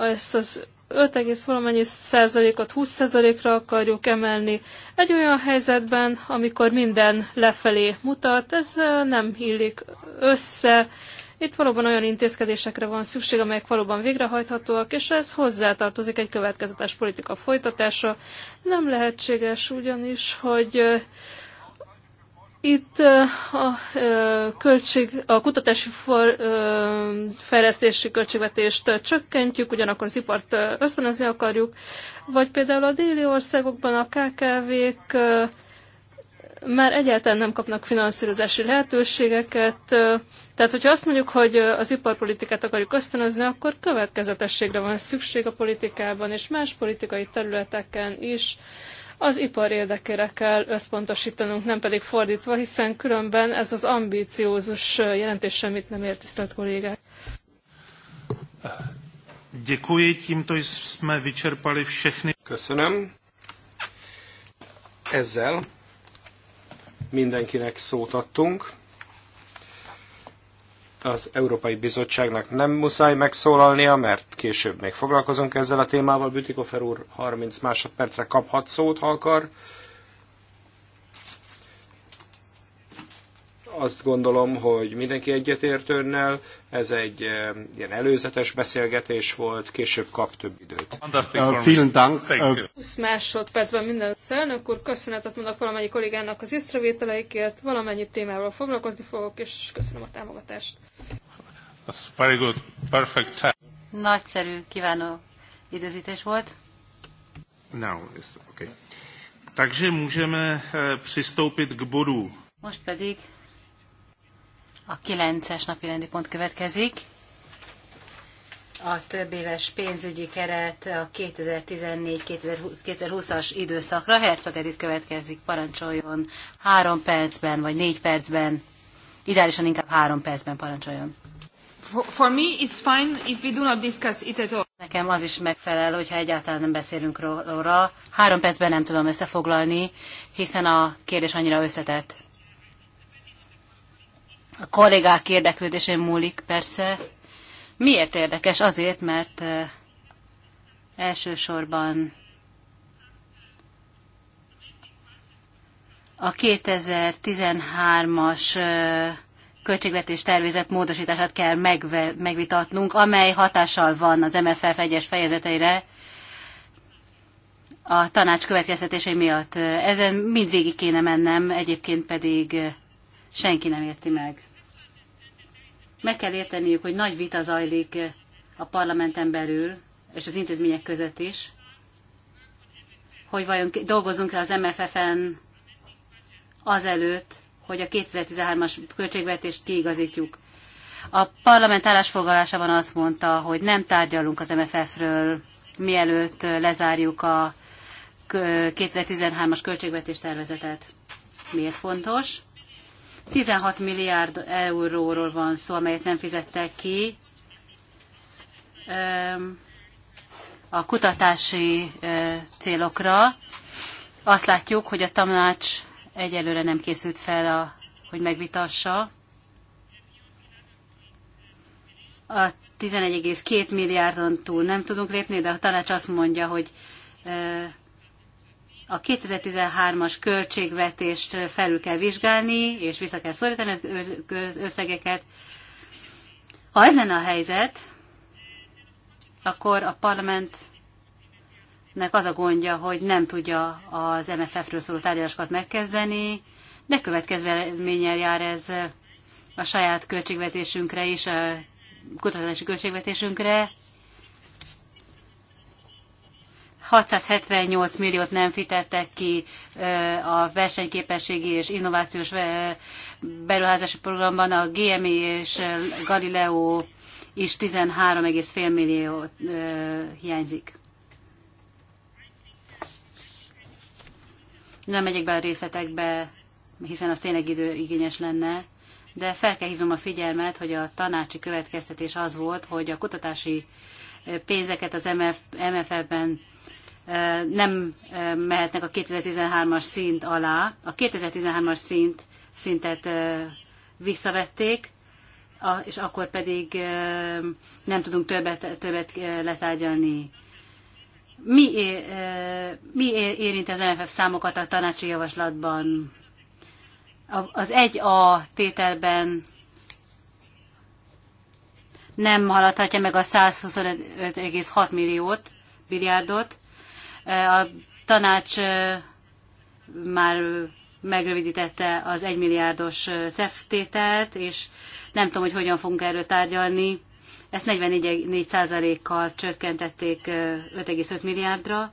ezt az 5, valamennyi százalékot 20 százalékra akarjuk emelni. Egy olyan helyzetben, amikor minden lefelé mutat, ez nem illik össze, itt valóban olyan intézkedésekre van szükség, amelyek valóban végrehajthatóak, és ez hozzátartozik egy következetes politika folytatása. Nem lehetséges ugyanis, hogy itt a, költség, a kutatási for, fejlesztési költségvetést csökkentjük, ugyanakkor az ipart ösztönözni akarjuk, vagy például a déli országokban a KKV-k már egyáltalán nem kapnak finanszírozási lehetőségeket. Tehát, hogyha azt mondjuk, hogy az iparpolitikát akarjuk ösztönözni, akkor következetességre van szükség a politikában és más politikai területeken is. Az ipar érdekére kell összpontosítanunk, nem pedig fordítva, hiszen különben ez az ambíciózus jelentés semmit nem ért, tisztelt kollégák. Köszönöm. Ezzel mindenkinek szót adtunk. Az Európai Bizottságnak nem muszáj megszólalnia, mert később még foglalkozunk ezzel a témával. Bütikofer úr 30 másodperccel kaphat szót, ha akar. azt gondolom, hogy mindenki egyetért önnel. Ez egy eh, ilyen előzetes beszélgetés volt, később kap több időt. Uh, vielen Dank. 20 uh, másodpercben minden szelnök úr, köszönetet mondok valamennyi kollégának az észrevételeikért, valamennyi témával foglalkozni fogok, és köszönöm a támogatást. That's very good. Perfect time. Nagyszerű, kívánó időzítés volt. Now, okay. Takže můžeme eh, přistoupit k bodu. Most pedig a kilences napi rendi pont következik. A több éves pénzügyi keret a 2014-2020-as időszakra. Herceg Edith következik, parancsoljon három percben, vagy négy percben. Ideálisan inkább három percben parancsoljon. For me it's fine if we do not discuss it at all. Nekem az is megfelel, hogyha egyáltalán nem beszélünk róla. Három percben nem tudom összefoglalni, hiszen a kérdés annyira összetett. A kollégák érdeklődésén múlik persze. Miért érdekes? Azért, mert elsősorban a 2013-as költségvetés tervezet módosítását kell megvitatnunk, amely hatással van az MFF egyes fejezeteire a tanács következtetései miatt. Ezen mindvégig kéne mennem, egyébként pedig senki nem érti meg. Meg kell érteniük, hogy nagy vita zajlik a parlamenten belül, és az intézmények között is, hogy vajon dolgozunk-e az MFF-en azelőtt, hogy a 2013-as költségvetést kiigazítjuk. A parlament állásfoglalásában azt mondta, hogy nem tárgyalunk az MFF-ről, mielőtt lezárjuk a 2013-as költségvetés tervezetet. Miért fontos? 16 milliárd euróról van szó, amelyet nem fizettek ki. A kutatási célokra azt látjuk, hogy a tanács egyelőre nem készült fel, a, hogy megvitassa. A 11,2 milliárdon túl nem tudunk lépni, de a tanács azt mondja, hogy a 2013-as költségvetést felül kell vizsgálni, és vissza kell szorítani az összegeket. Ha ez lenne a helyzet, akkor a parlamentnek az a gondja, hogy nem tudja az MFF-ről szóló tárgyalásokat megkezdeni, de következménnyel jár ez a saját költségvetésünkre is, a kutatási költségvetésünkre, 678 milliót nem fitettek ki a versenyképességi és innovációs beruházási programban, a GME és Galileo is 13,5 millió hiányzik. Nem megyek be a részletekbe, hiszen az tényleg időigényes lenne, de fel kell hívnom a figyelmet, hogy a tanácsi következtetés az volt, hogy a kutatási pénzeket az MFF-ben nem mehetnek a 2013-as szint alá. A 2013-as szint, szintet visszavették, és akkor pedig nem tudunk többet, többet letárgyalni. Mi, mi érint az MFF számokat a tanácsi javaslatban? Az 1A tételben nem haladhatja meg a 125,6 milliót, milliárdot, Eh, a tanács eh, már megrövidítette az egymilliárdos eh, ceftételt, és nem tudom, hogy hogyan fogunk erről tárgyalni. Ezt 44%-kal csökkentették 5,5 milliárdra.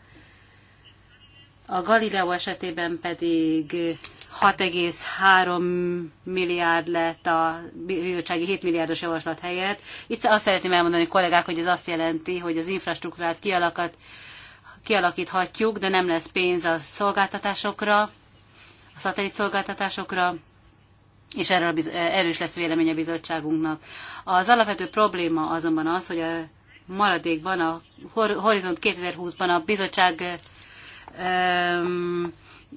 A Galileo esetében pedig 6,3 milliárd lett a bizottsági 7 milliárdos javaslat helyett. Itt azt szeretném elmondani kollégák, hogy ez azt jelenti, hogy az infrastruktúrát kialakat kialakíthatjuk, de nem lesz pénz a szolgáltatásokra, a szatellit szolgáltatásokra, és erről, erős lesz vélemény a bizottságunknak. Az alapvető probléma azonban az, hogy a maradékban, a Horizont 2020-ban a bizottság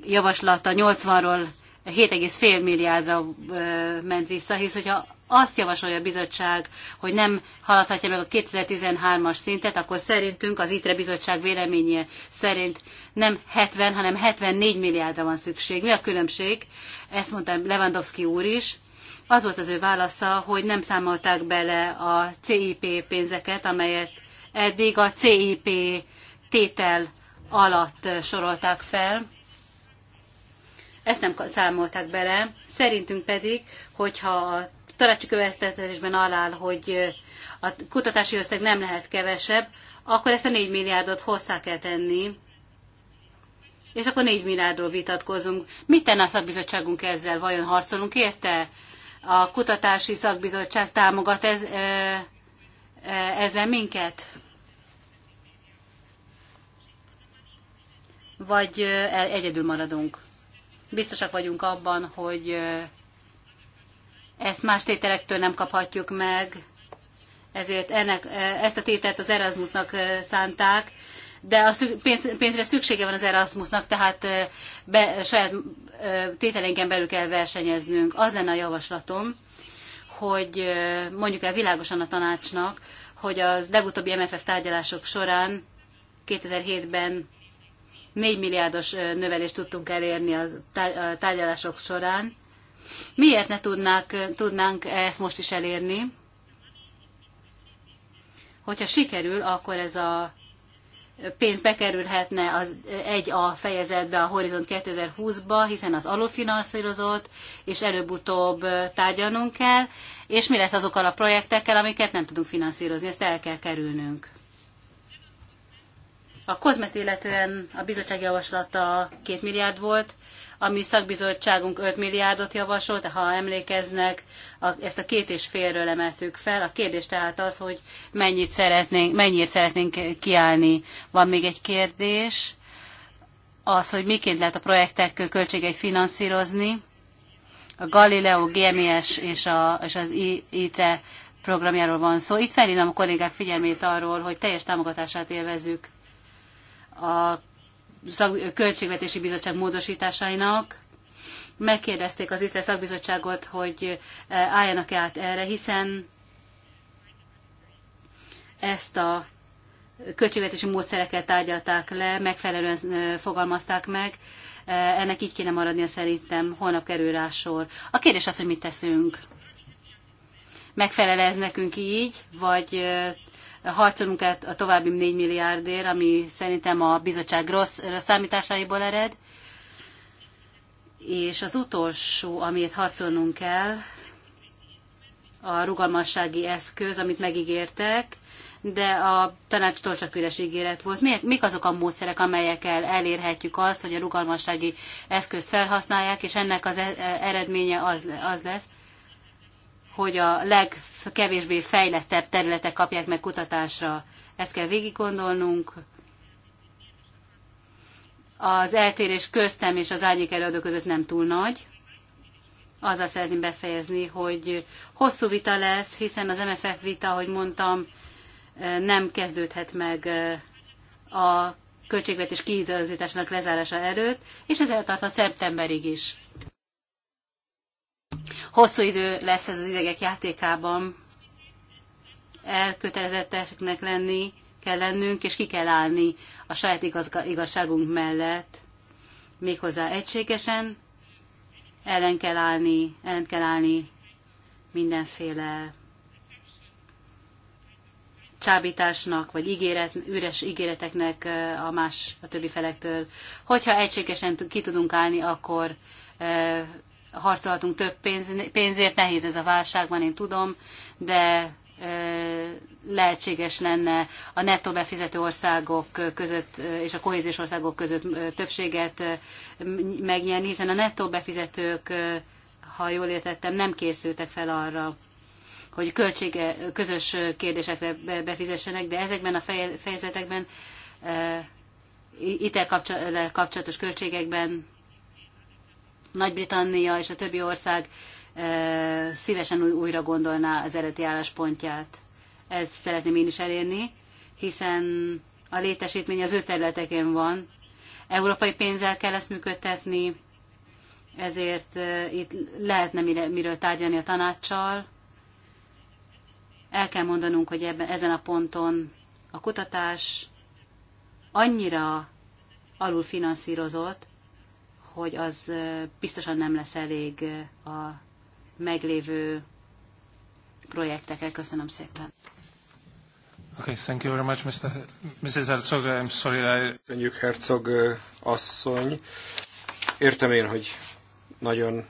javaslata 80-ról 7,5 milliárdra ment vissza, hisz hogyha azt javasolja a bizottság, hogy nem haladhatja meg a 2013-as szintet, akkor szerintünk az ITRE bizottság véleménye szerint nem 70, hanem 74 milliárdra van szükség. Mi a különbség? Ezt mondta Lewandowski úr is. Az volt az ő válasza, hogy nem számolták bele a CIP pénzeket, amelyet eddig a CIP tétel alatt sorolták fel. Ezt nem számolták bele. Szerintünk pedig, hogyha a tanácsi következtetésben áll, hogy a kutatási összeg nem lehet kevesebb, akkor ezt a 4 milliárdot hozzá kell tenni, és akkor 4 milliárdról vitatkozunk. Mit tenne a szakbizottságunk ezzel? Vajon harcolunk érte? A kutatási szakbizottság támogat ez, e, ezzel minket? Vagy egyedül maradunk? Biztosak vagyunk abban, hogy ezt más tételektől nem kaphatjuk meg, ezért ennek, ezt a tételt az Erasmusnak szánták, de a szük, pénz, pénzre szüksége van az Erasmusnak, tehát be, saját tételénken belül kell versenyeznünk. Az lenne a javaslatom, hogy mondjuk el világosan a tanácsnak, hogy az legutóbbi MFF tárgyalások során 2007-ben 4 milliárdos növelést tudtunk elérni a tárgyalások során, Miért ne tudnák, tudnánk ezt most is elérni? Hogyha sikerül, akkor ez a pénz bekerülhetne az egy a fejezetbe a Horizont 2020-ba, hiszen az alulfinanszírozott, és előbb-utóbb tárgyalnunk kell, és mi lesz azokkal a projektekkel, amiket nem tudunk finanszírozni, ezt el kell kerülnünk. A kozmet illetően a bizottság javaslata két milliárd volt, a mi szakbizottságunk 5 milliárdot javasolt, ha emlékeznek, a, ezt a két és félről emeltük fel. A kérdés tehát az, hogy mennyit szeretnénk, mennyit szeretnénk kiállni. Van még egy kérdés, az, hogy miként lehet a projektek költségeit finanszírozni. A Galileo, GMS és, a, és az ITRE programjáról van szó. Itt felhívnám a kollégák figyelmét arról, hogy teljes támogatását élvezzük a Költségvetési Bizottság módosításainak. Megkérdezték az ITRE szakbizottságot, hogy álljanak -e át erre, hiszen ezt a költségvetési módszereket tárgyalták le, megfelelően e, fogalmazták meg. E, ennek így kéne maradnia szerintem, holnap kerül rá sor. A kérdés az, hogy mit teszünk. Megfelel ez nekünk így, vagy e, harcolunk a további 4 milliárdért, ami szerintem a bizottság rossz számításaiból ered. És az utolsó, amit harcolnunk kell, a rugalmassági eszköz, amit megígértek, de a tanácstól csak üres ígéret volt. Mik azok a módszerek, amelyekkel elérhetjük azt, hogy a rugalmassági eszközt felhasználják, és ennek az e- e- eredménye az, az lesz, hogy a legkevésbé fejlettebb területek kapják meg kutatásra. Ezt kell végig gondolnunk. Az eltérés köztem és az árnyék előadó között nem túl nagy. Azzal szeretném befejezni, hogy hosszú vita lesz, hiszen az MFF vita, ahogy mondtam, nem kezdődhet meg a költségvetés kiidőzításnak lezárása előtt, és ez a szeptemberig is. Hosszú idő lesz ez az idegek játékában, elkötelezetteknek lenni kell lennünk, és ki kell állni a saját igazságunk mellett, méghozzá egységesen, ellen kell állni, ellen kell állni mindenféle csábításnak, vagy ígéret, üres ígéreteknek a más, a többi felektől. Hogyha egységesen ki tudunk állni, akkor harcolhatunk több pénz, pénzért, nehéz ez a válságban, én tudom, de lehetséges lenne a nettó befizető országok között és a kohéziós országok között többséget megnyerni, hiszen a nettó befizetők, ha jól értettem, nem készültek fel arra, hogy költsége, közös kérdésekre befizessenek, de ezekben a fejezetekben, itt kapcsolatos költségekben nagy-Britannia és a többi ország szívesen újra gondolná az eredeti álláspontját. Ezt szeretném én is elérni, hiszen a létesítmény az ő területeken van. Európai pénzzel kell ezt működtetni, ezért itt lehetne miről tárgyalni a tanácssal. El kell mondanunk, hogy ebben, ezen a ponton a kutatás annyira alulfinanszírozott, hogy az biztosan nem lesz elég a meglévő projektekkel. Köszönöm szépen. Okay, thank you very much, Mr. Mrs. Herzog. I'm sorry. I... Köszönjük, Herzog asszony. Értem én, hogy nagyon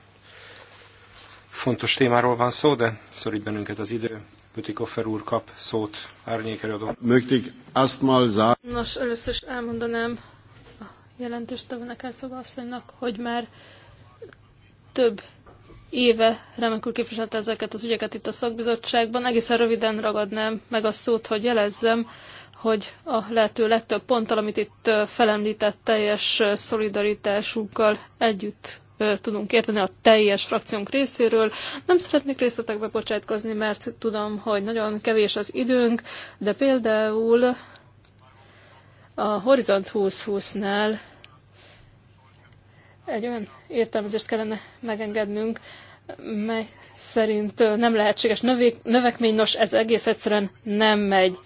fontos témáról van szó, de szorít bennünket az idő. Pütikoffer úr kap szót, árnyékelőadó. Mögtig azt mal Nos, először is elmondanám, jelentéstevőnek, Hercoga asszonynak, hogy már több éve remekül képviselte ezeket az ügyeket itt a szakbizottságban. Egészen röviden ragadnám meg a szót, hogy jelezzem, hogy a lehető legtöbb ponttal, amit itt felemlített teljes szolidaritásunkkal együtt tudunk érteni a teljes frakciónk részéről. Nem szeretnék részletekbe bocsátkozni, mert tudom, hogy nagyon kevés az időnk, de például a Horizont 2020-nál egy olyan értelmezést kellene megengednünk, mely szerint nem lehetséges növekmény, nos ez egész egyszerűen nem megy.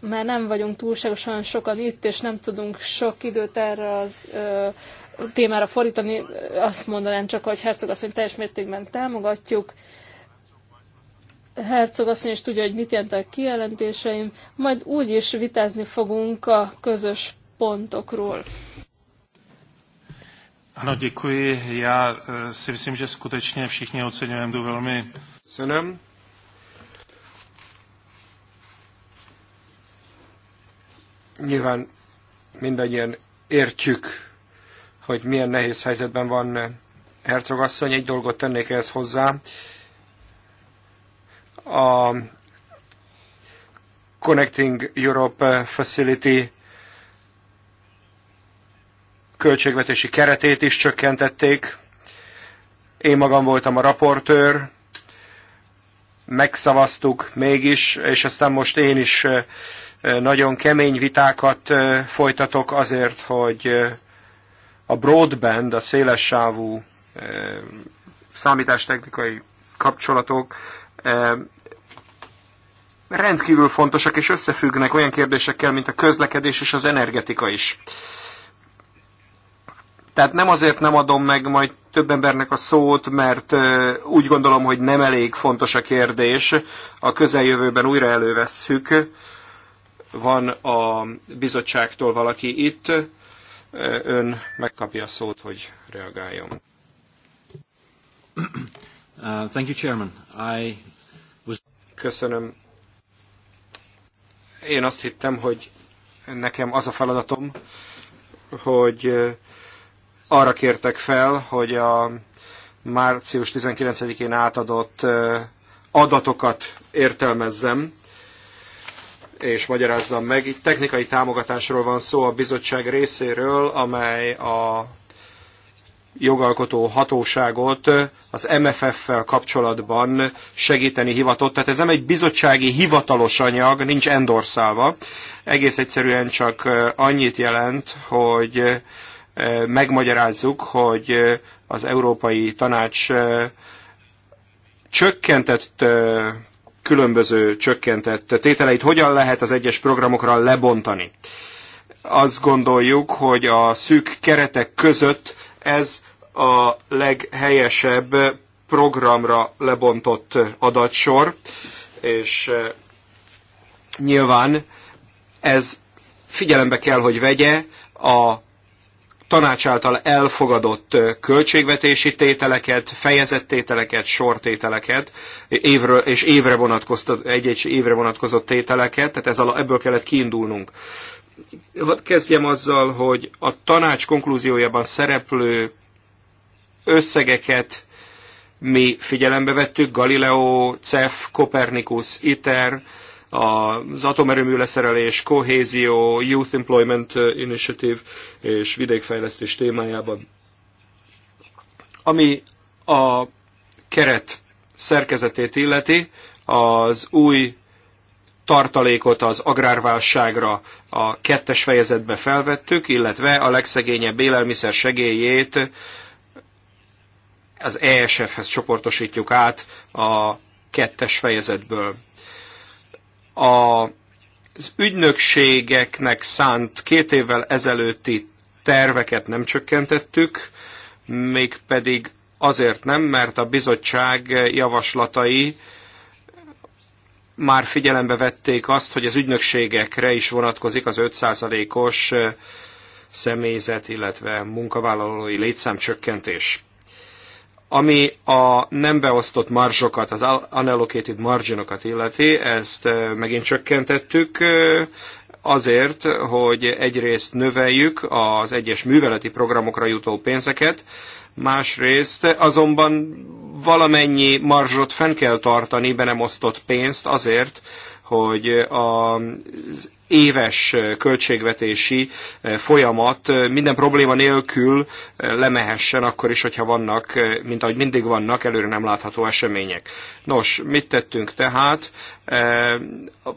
mert nem vagyunk túlságosan sokan itt, és nem tudunk sok időt erre az ö, témára fordítani. Azt mondanám csak, hogy Herzog azt, hogy teljes mértékben támogatjuk. Ö, Herzog asszony is tudja, hogy mit jelentek kijelentéseim, majd úgy is vitázni fogunk a közös pontokról. Ano, děkuji. Já eh, si myslím, že skutečně všichni oceňujeme tu velmi... Senem. Nyilván mindannyian értjük, hogy milyen nehéz helyzetben van Herzog asszony. Egy dolgot tennék ehhez hozzá a Connecting Europe Facility költségvetési keretét is csökkentették. Én magam voltam a raportőr, megszavaztuk mégis, és aztán most én is nagyon kemény vitákat folytatok azért, hogy a broadband, a szélessávú számítástechnikai kapcsolatok rendkívül fontosak és összefüggnek olyan kérdésekkel, mint a közlekedés és az energetika is. Tehát nem azért nem adom meg majd több embernek a szót, mert úgy gondolom, hogy nem elég fontos a kérdés. A közeljövőben újra elővesszük. Van a bizottságtól valaki itt. Ön megkapja a szót, hogy reagáljon. Uh, thank you, Chairman. I was... Köszönöm, én azt hittem, hogy nekem az a feladatom, hogy arra kértek fel, hogy a március 19-én átadott adatokat értelmezzem, és magyarázzam meg. Itt technikai támogatásról van szó a bizottság részéről, amely a jogalkotó hatóságot az MFF-fel kapcsolatban segíteni hivatott. Tehát ez nem egy bizottsági hivatalos anyag, nincs endorszálva. Egész egyszerűen csak annyit jelent, hogy megmagyarázzuk, hogy az Európai Tanács csökkentett különböző csökkentett tételeit hogyan lehet az egyes programokra lebontani. Azt gondoljuk, hogy a szűk keretek között ez a leghelyesebb programra lebontott adatsor, és eh, nyilván ez figyelembe kell, hogy vegye a tanács által elfogadott eh, költségvetési tételeket, fejezettételeket, sortételeket, évről, és évre vonatkozott egy-egy évre vonatkozott tételeket, tehát ez, ebből kellett kiindulnunk hadd kezdjem azzal, hogy a tanács konklúziójában szereplő összegeket mi figyelembe vettük, Galileo, CEF, Copernicus, ITER, az atomerőmű leszerelés, kohézió, Youth Employment Initiative és vidékfejlesztés témájában. Ami a keret szerkezetét illeti, az új tartalékot az agrárválságra a kettes fejezetbe felvettük, illetve a legszegényebb élelmiszer segélyét az ESF-hez csoportosítjuk át a kettes fejezetből. A, az ügynökségeknek szánt két évvel ezelőtti terveket nem csökkentettük, mégpedig azért nem, mert a bizottság javaslatai már figyelembe vették azt, hogy az ügynökségekre is vonatkozik az 5%-os személyzet, illetve munkavállalói létszámcsökkentés. Ami a nem beosztott marzsokat, az unallocated marginokat illeti, ezt megint csökkentettük, azért, hogy egyrészt növeljük az egyes műveleti programokra jutó pénzeket, másrészt azonban valamennyi marzsot fenn kell tartani, be nem osztott pénzt azért, hogy az éves költségvetési folyamat minden probléma nélkül lemehessen, akkor is, hogyha vannak, mint ahogy mindig vannak, előre nem látható események. Nos, mit tettünk tehát, eh,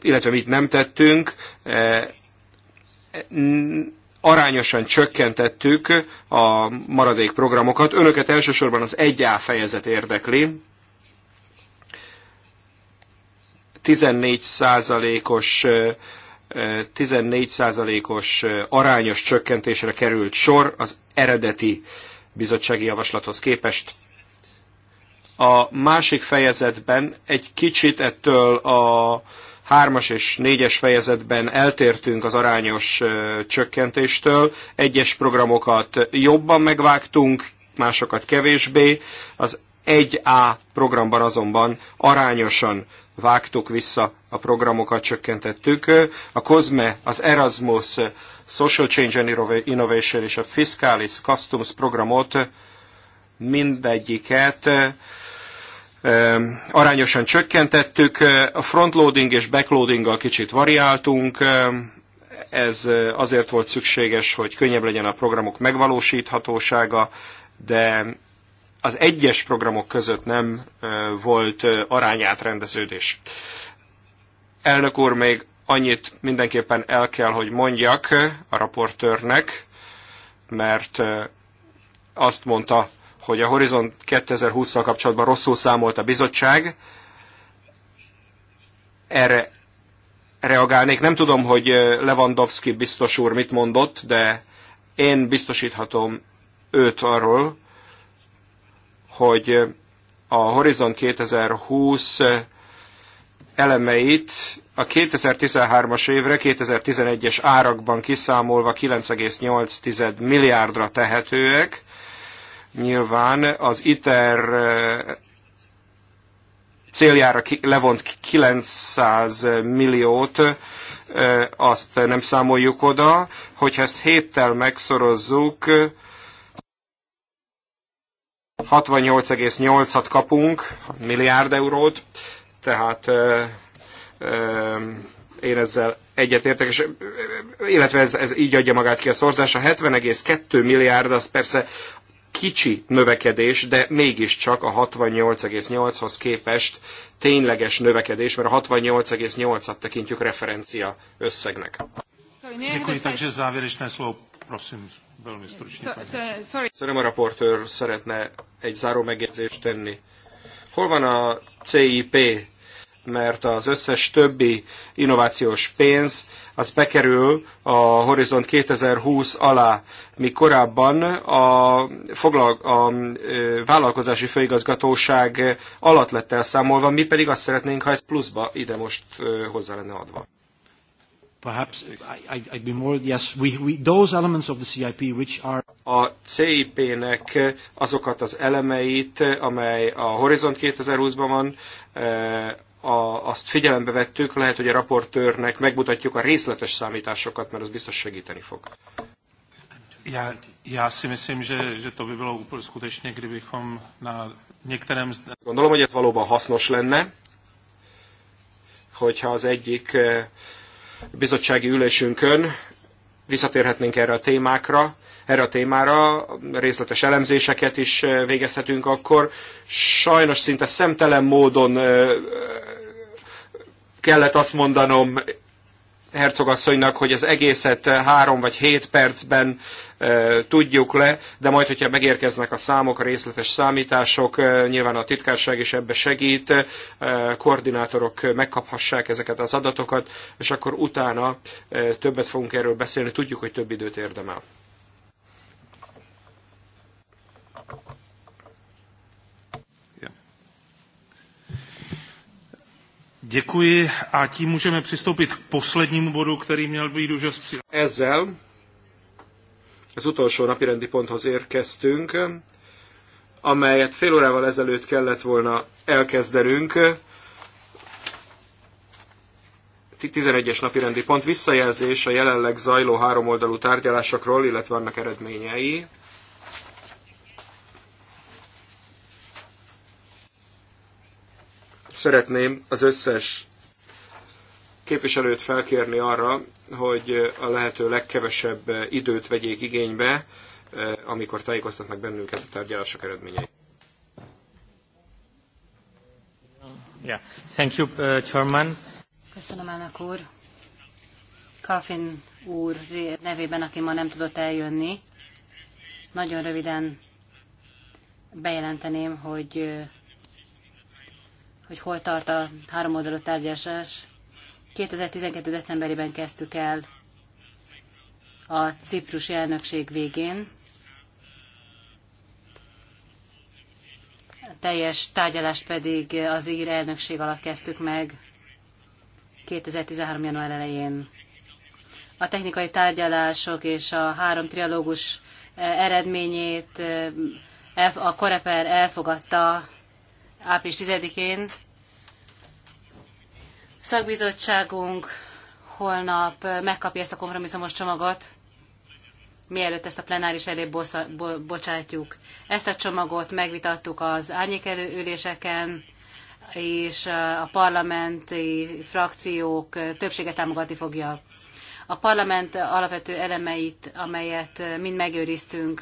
illetve mit nem tettünk, eh, arányosan csökkentettük a maradék programokat. Önöket elsősorban az 1A fejezet érdekli. 14%-os 14%-os arányos csökkentésre került sor az eredeti bizottsági javaslathoz képest. A másik fejezetben egy kicsit ettől a hármas és négyes fejezetben eltértünk az arányos csökkentéstől, egyes programokat jobban megvágtunk, másokat kevésbé, az 1A programban azonban arányosan vágtuk vissza a programokat, csökkentettük. A COSME, az Erasmus, Social Change and Innovation és a Fiscalis Customs programot mindegyiket arányosan csökkentettük, a frontloading és backloadinggal kicsit variáltunk, ez azért volt szükséges, hogy könnyebb legyen a programok megvalósíthatósága, de az egyes programok között nem volt arányátrendeződés. Elnök úr, még annyit mindenképpen el kell, hogy mondjak a raportőrnek, mert azt mondta, hogy a Horizont 2020-szal kapcsolatban rosszul számolt a bizottság. Erre reagálnék. Nem tudom, hogy Lewandowski biztos úr mit mondott, de én biztosíthatom őt arról, hogy a Horizon 2020 elemeit a 2013-as évre 2011-es árakban kiszámolva 9,8 milliárdra tehetőek, Nyilván az ITER eh, céljára levont 900 milliót, eh, azt nem számoljuk oda, hogyha ezt héttel megszorozzuk, 68,8-at kapunk, milliárd eurót, tehát eh, én ezzel egyetértek, és, illetve ez, ez így adja magát ki a szorzás. A 70,2 milliárd az persze kicsi növekedés, de mégiscsak a 68,8-hoz képest tényleges növekedés, mert a 68,8-at tekintjük referencia összegnek. Szerintem a raportőr szeretne egy záró megjegyzést tenni. Hol van a CIP mert az összes többi innovációs pénz az bekerül a Horizont 2020 alá, mi korábban a, foglal a vállalkozási főigazgatóság alatt lett elszámolva, mi pedig azt szeretnénk, ha ez pluszba ide most hozzá lenne adva. Perhaps I, I, I'd be more, yes, we, we, those elements of the CIP which are... A CIP-nek azokat az elemeit, amely a Horizont 2020-ban van, a, azt figyelembe vettük, lehet, hogy a raportőrnek megmutatjuk a részletes számításokat, mert az biztos segíteni fog. Já, já si myslím, že, že to by bylo skutečně, kdybychom na některém... Gondolom, hogy ez valóban hasznos lenne, hogyha az egyik eh, bizottsági ülésünkön visszatérhetnénk erre a témákra, erre a témára, részletes elemzéseket is eh, végezhetünk akkor. Sajnos szinte szemtelen módon eh, kellett azt mondanom hercogasszonynak, hogy az egészet három vagy hét percben tudjuk le, de majd, hogyha megérkeznek a számok, a részletes számítások, nyilván a titkárság is ebbe segít, koordinátorok megkaphassák ezeket az adatokat, és akkor utána többet fogunk erről beszélni, tudjuk, hogy több időt érdemel. Děkuji a tím můžeme přistoupit k poslednímu bodu, který měl být už Ezzel az utolsó napirendi ponthoz érkeztünk, amelyet fél órával ezelőtt kellett volna elkezdenünk. 11-es napirendi pont visszajelzés a jelenleg zajló háromoldalú tárgyalásokról, illetve annak eredményei. Szeretném az összes képviselőt felkérni arra, hogy a lehető legkevesebb időt vegyék igénybe, eh, amikor tájékoztatnak bennünket a tárgyalások eredményei. Yeah. Thank you, uh, Chairman. Köszönöm, elnök úr. Kalfin úr nevében, aki ma nem tudott eljönni, nagyon röviden bejelenteném, hogy hogy hol tart a oldalú tárgyalás. 2012. decemberében kezdtük el a ciprusi elnökség végén. A teljes tárgyalást pedig az ír elnökség alatt kezdtük meg 2013. január elején. A technikai tárgyalások és a három trialógus eh, eredményét eh, a Koreper elfogadta április 10-én. Szakbizottságunk holnap megkapja ezt a kompromisszumos csomagot, mielőtt ezt a plenáris elé bosza, bo, bocsátjuk. Ezt a csomagot megvitattuk az árnyékelő üléseken, és a parlamenti frakciók többsége támogatni fogja. A parlament alapvető elemeit, amelyet mind megőriztünk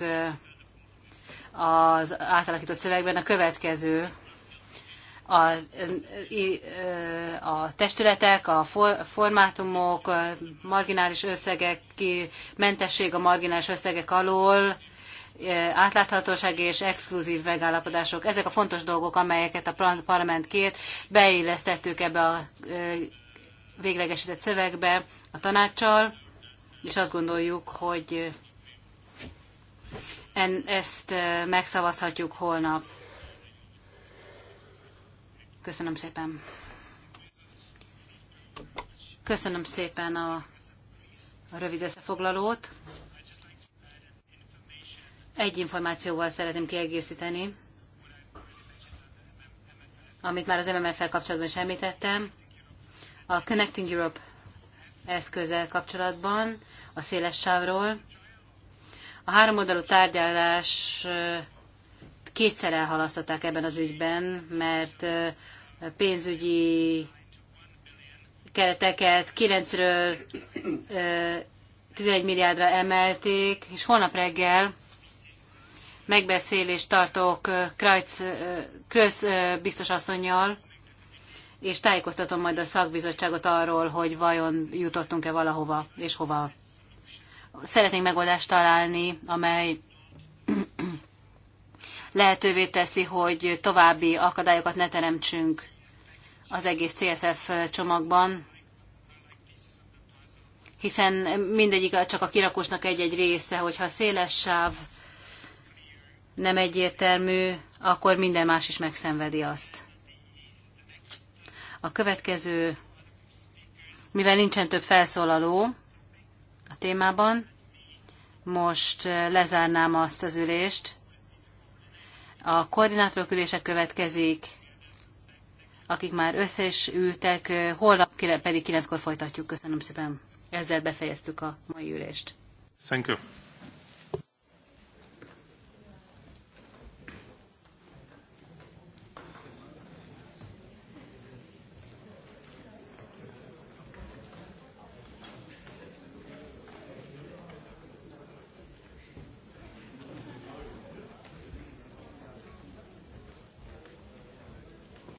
az átalakított szövegben, a következő a, a testületek, a formátumok, marginális összegek, ki mentesség a marginális összegek alól, e, átláthatóság és exkluzív megállapodások. Ezek a fontos dolgok, amelyeket a parlament kért, beillesztettük ebbe a e, véglegesített szövegbe a tanácssal, és azt gondoljuk, hogy en, ezt e, megszavazhatjuk holnap. Köszönöm szépen. Köszönöm szépen a rövid összefoglalót. Egy információval szeretném kiegészíteni, amit már az MMF-fel kapcsolatban is említettem. A Connecting Europe eszközzel kapcsolatban, a széles sávról. A oldalú tárgyalás kétszer elhalasztották ebben az ügyben, mert pénzügyi kereteket 9-ről 11 milliárdra emelték, és holnap reggel megbeszélést tartok Krajc, Krösz biztosasszonynal, és tájékoztatom majd a szakbizottságot arról, hogy vajon jutottunk-e valahova és hova. Szeretnénk megoldást találni, amely lehetővé teszi, hogy további akadályokat ne teremtsünk az egész CSF csomagban, hiszen mindegyik csak a kirakósnak egy-egy része, hogyha a széles sáv nem egyértelmű, akkor minden más is megszenvedi azt. A következő, mivel nincsen több felszólaló a témában, most lezárnám azt az ülést, a koordinátorok ülése következik, akik már össze is ültek, holnap pedig kilenckor folytatjuk. Köszönöm szépen. Ezzel befejeztük a mai ülést. Thank you.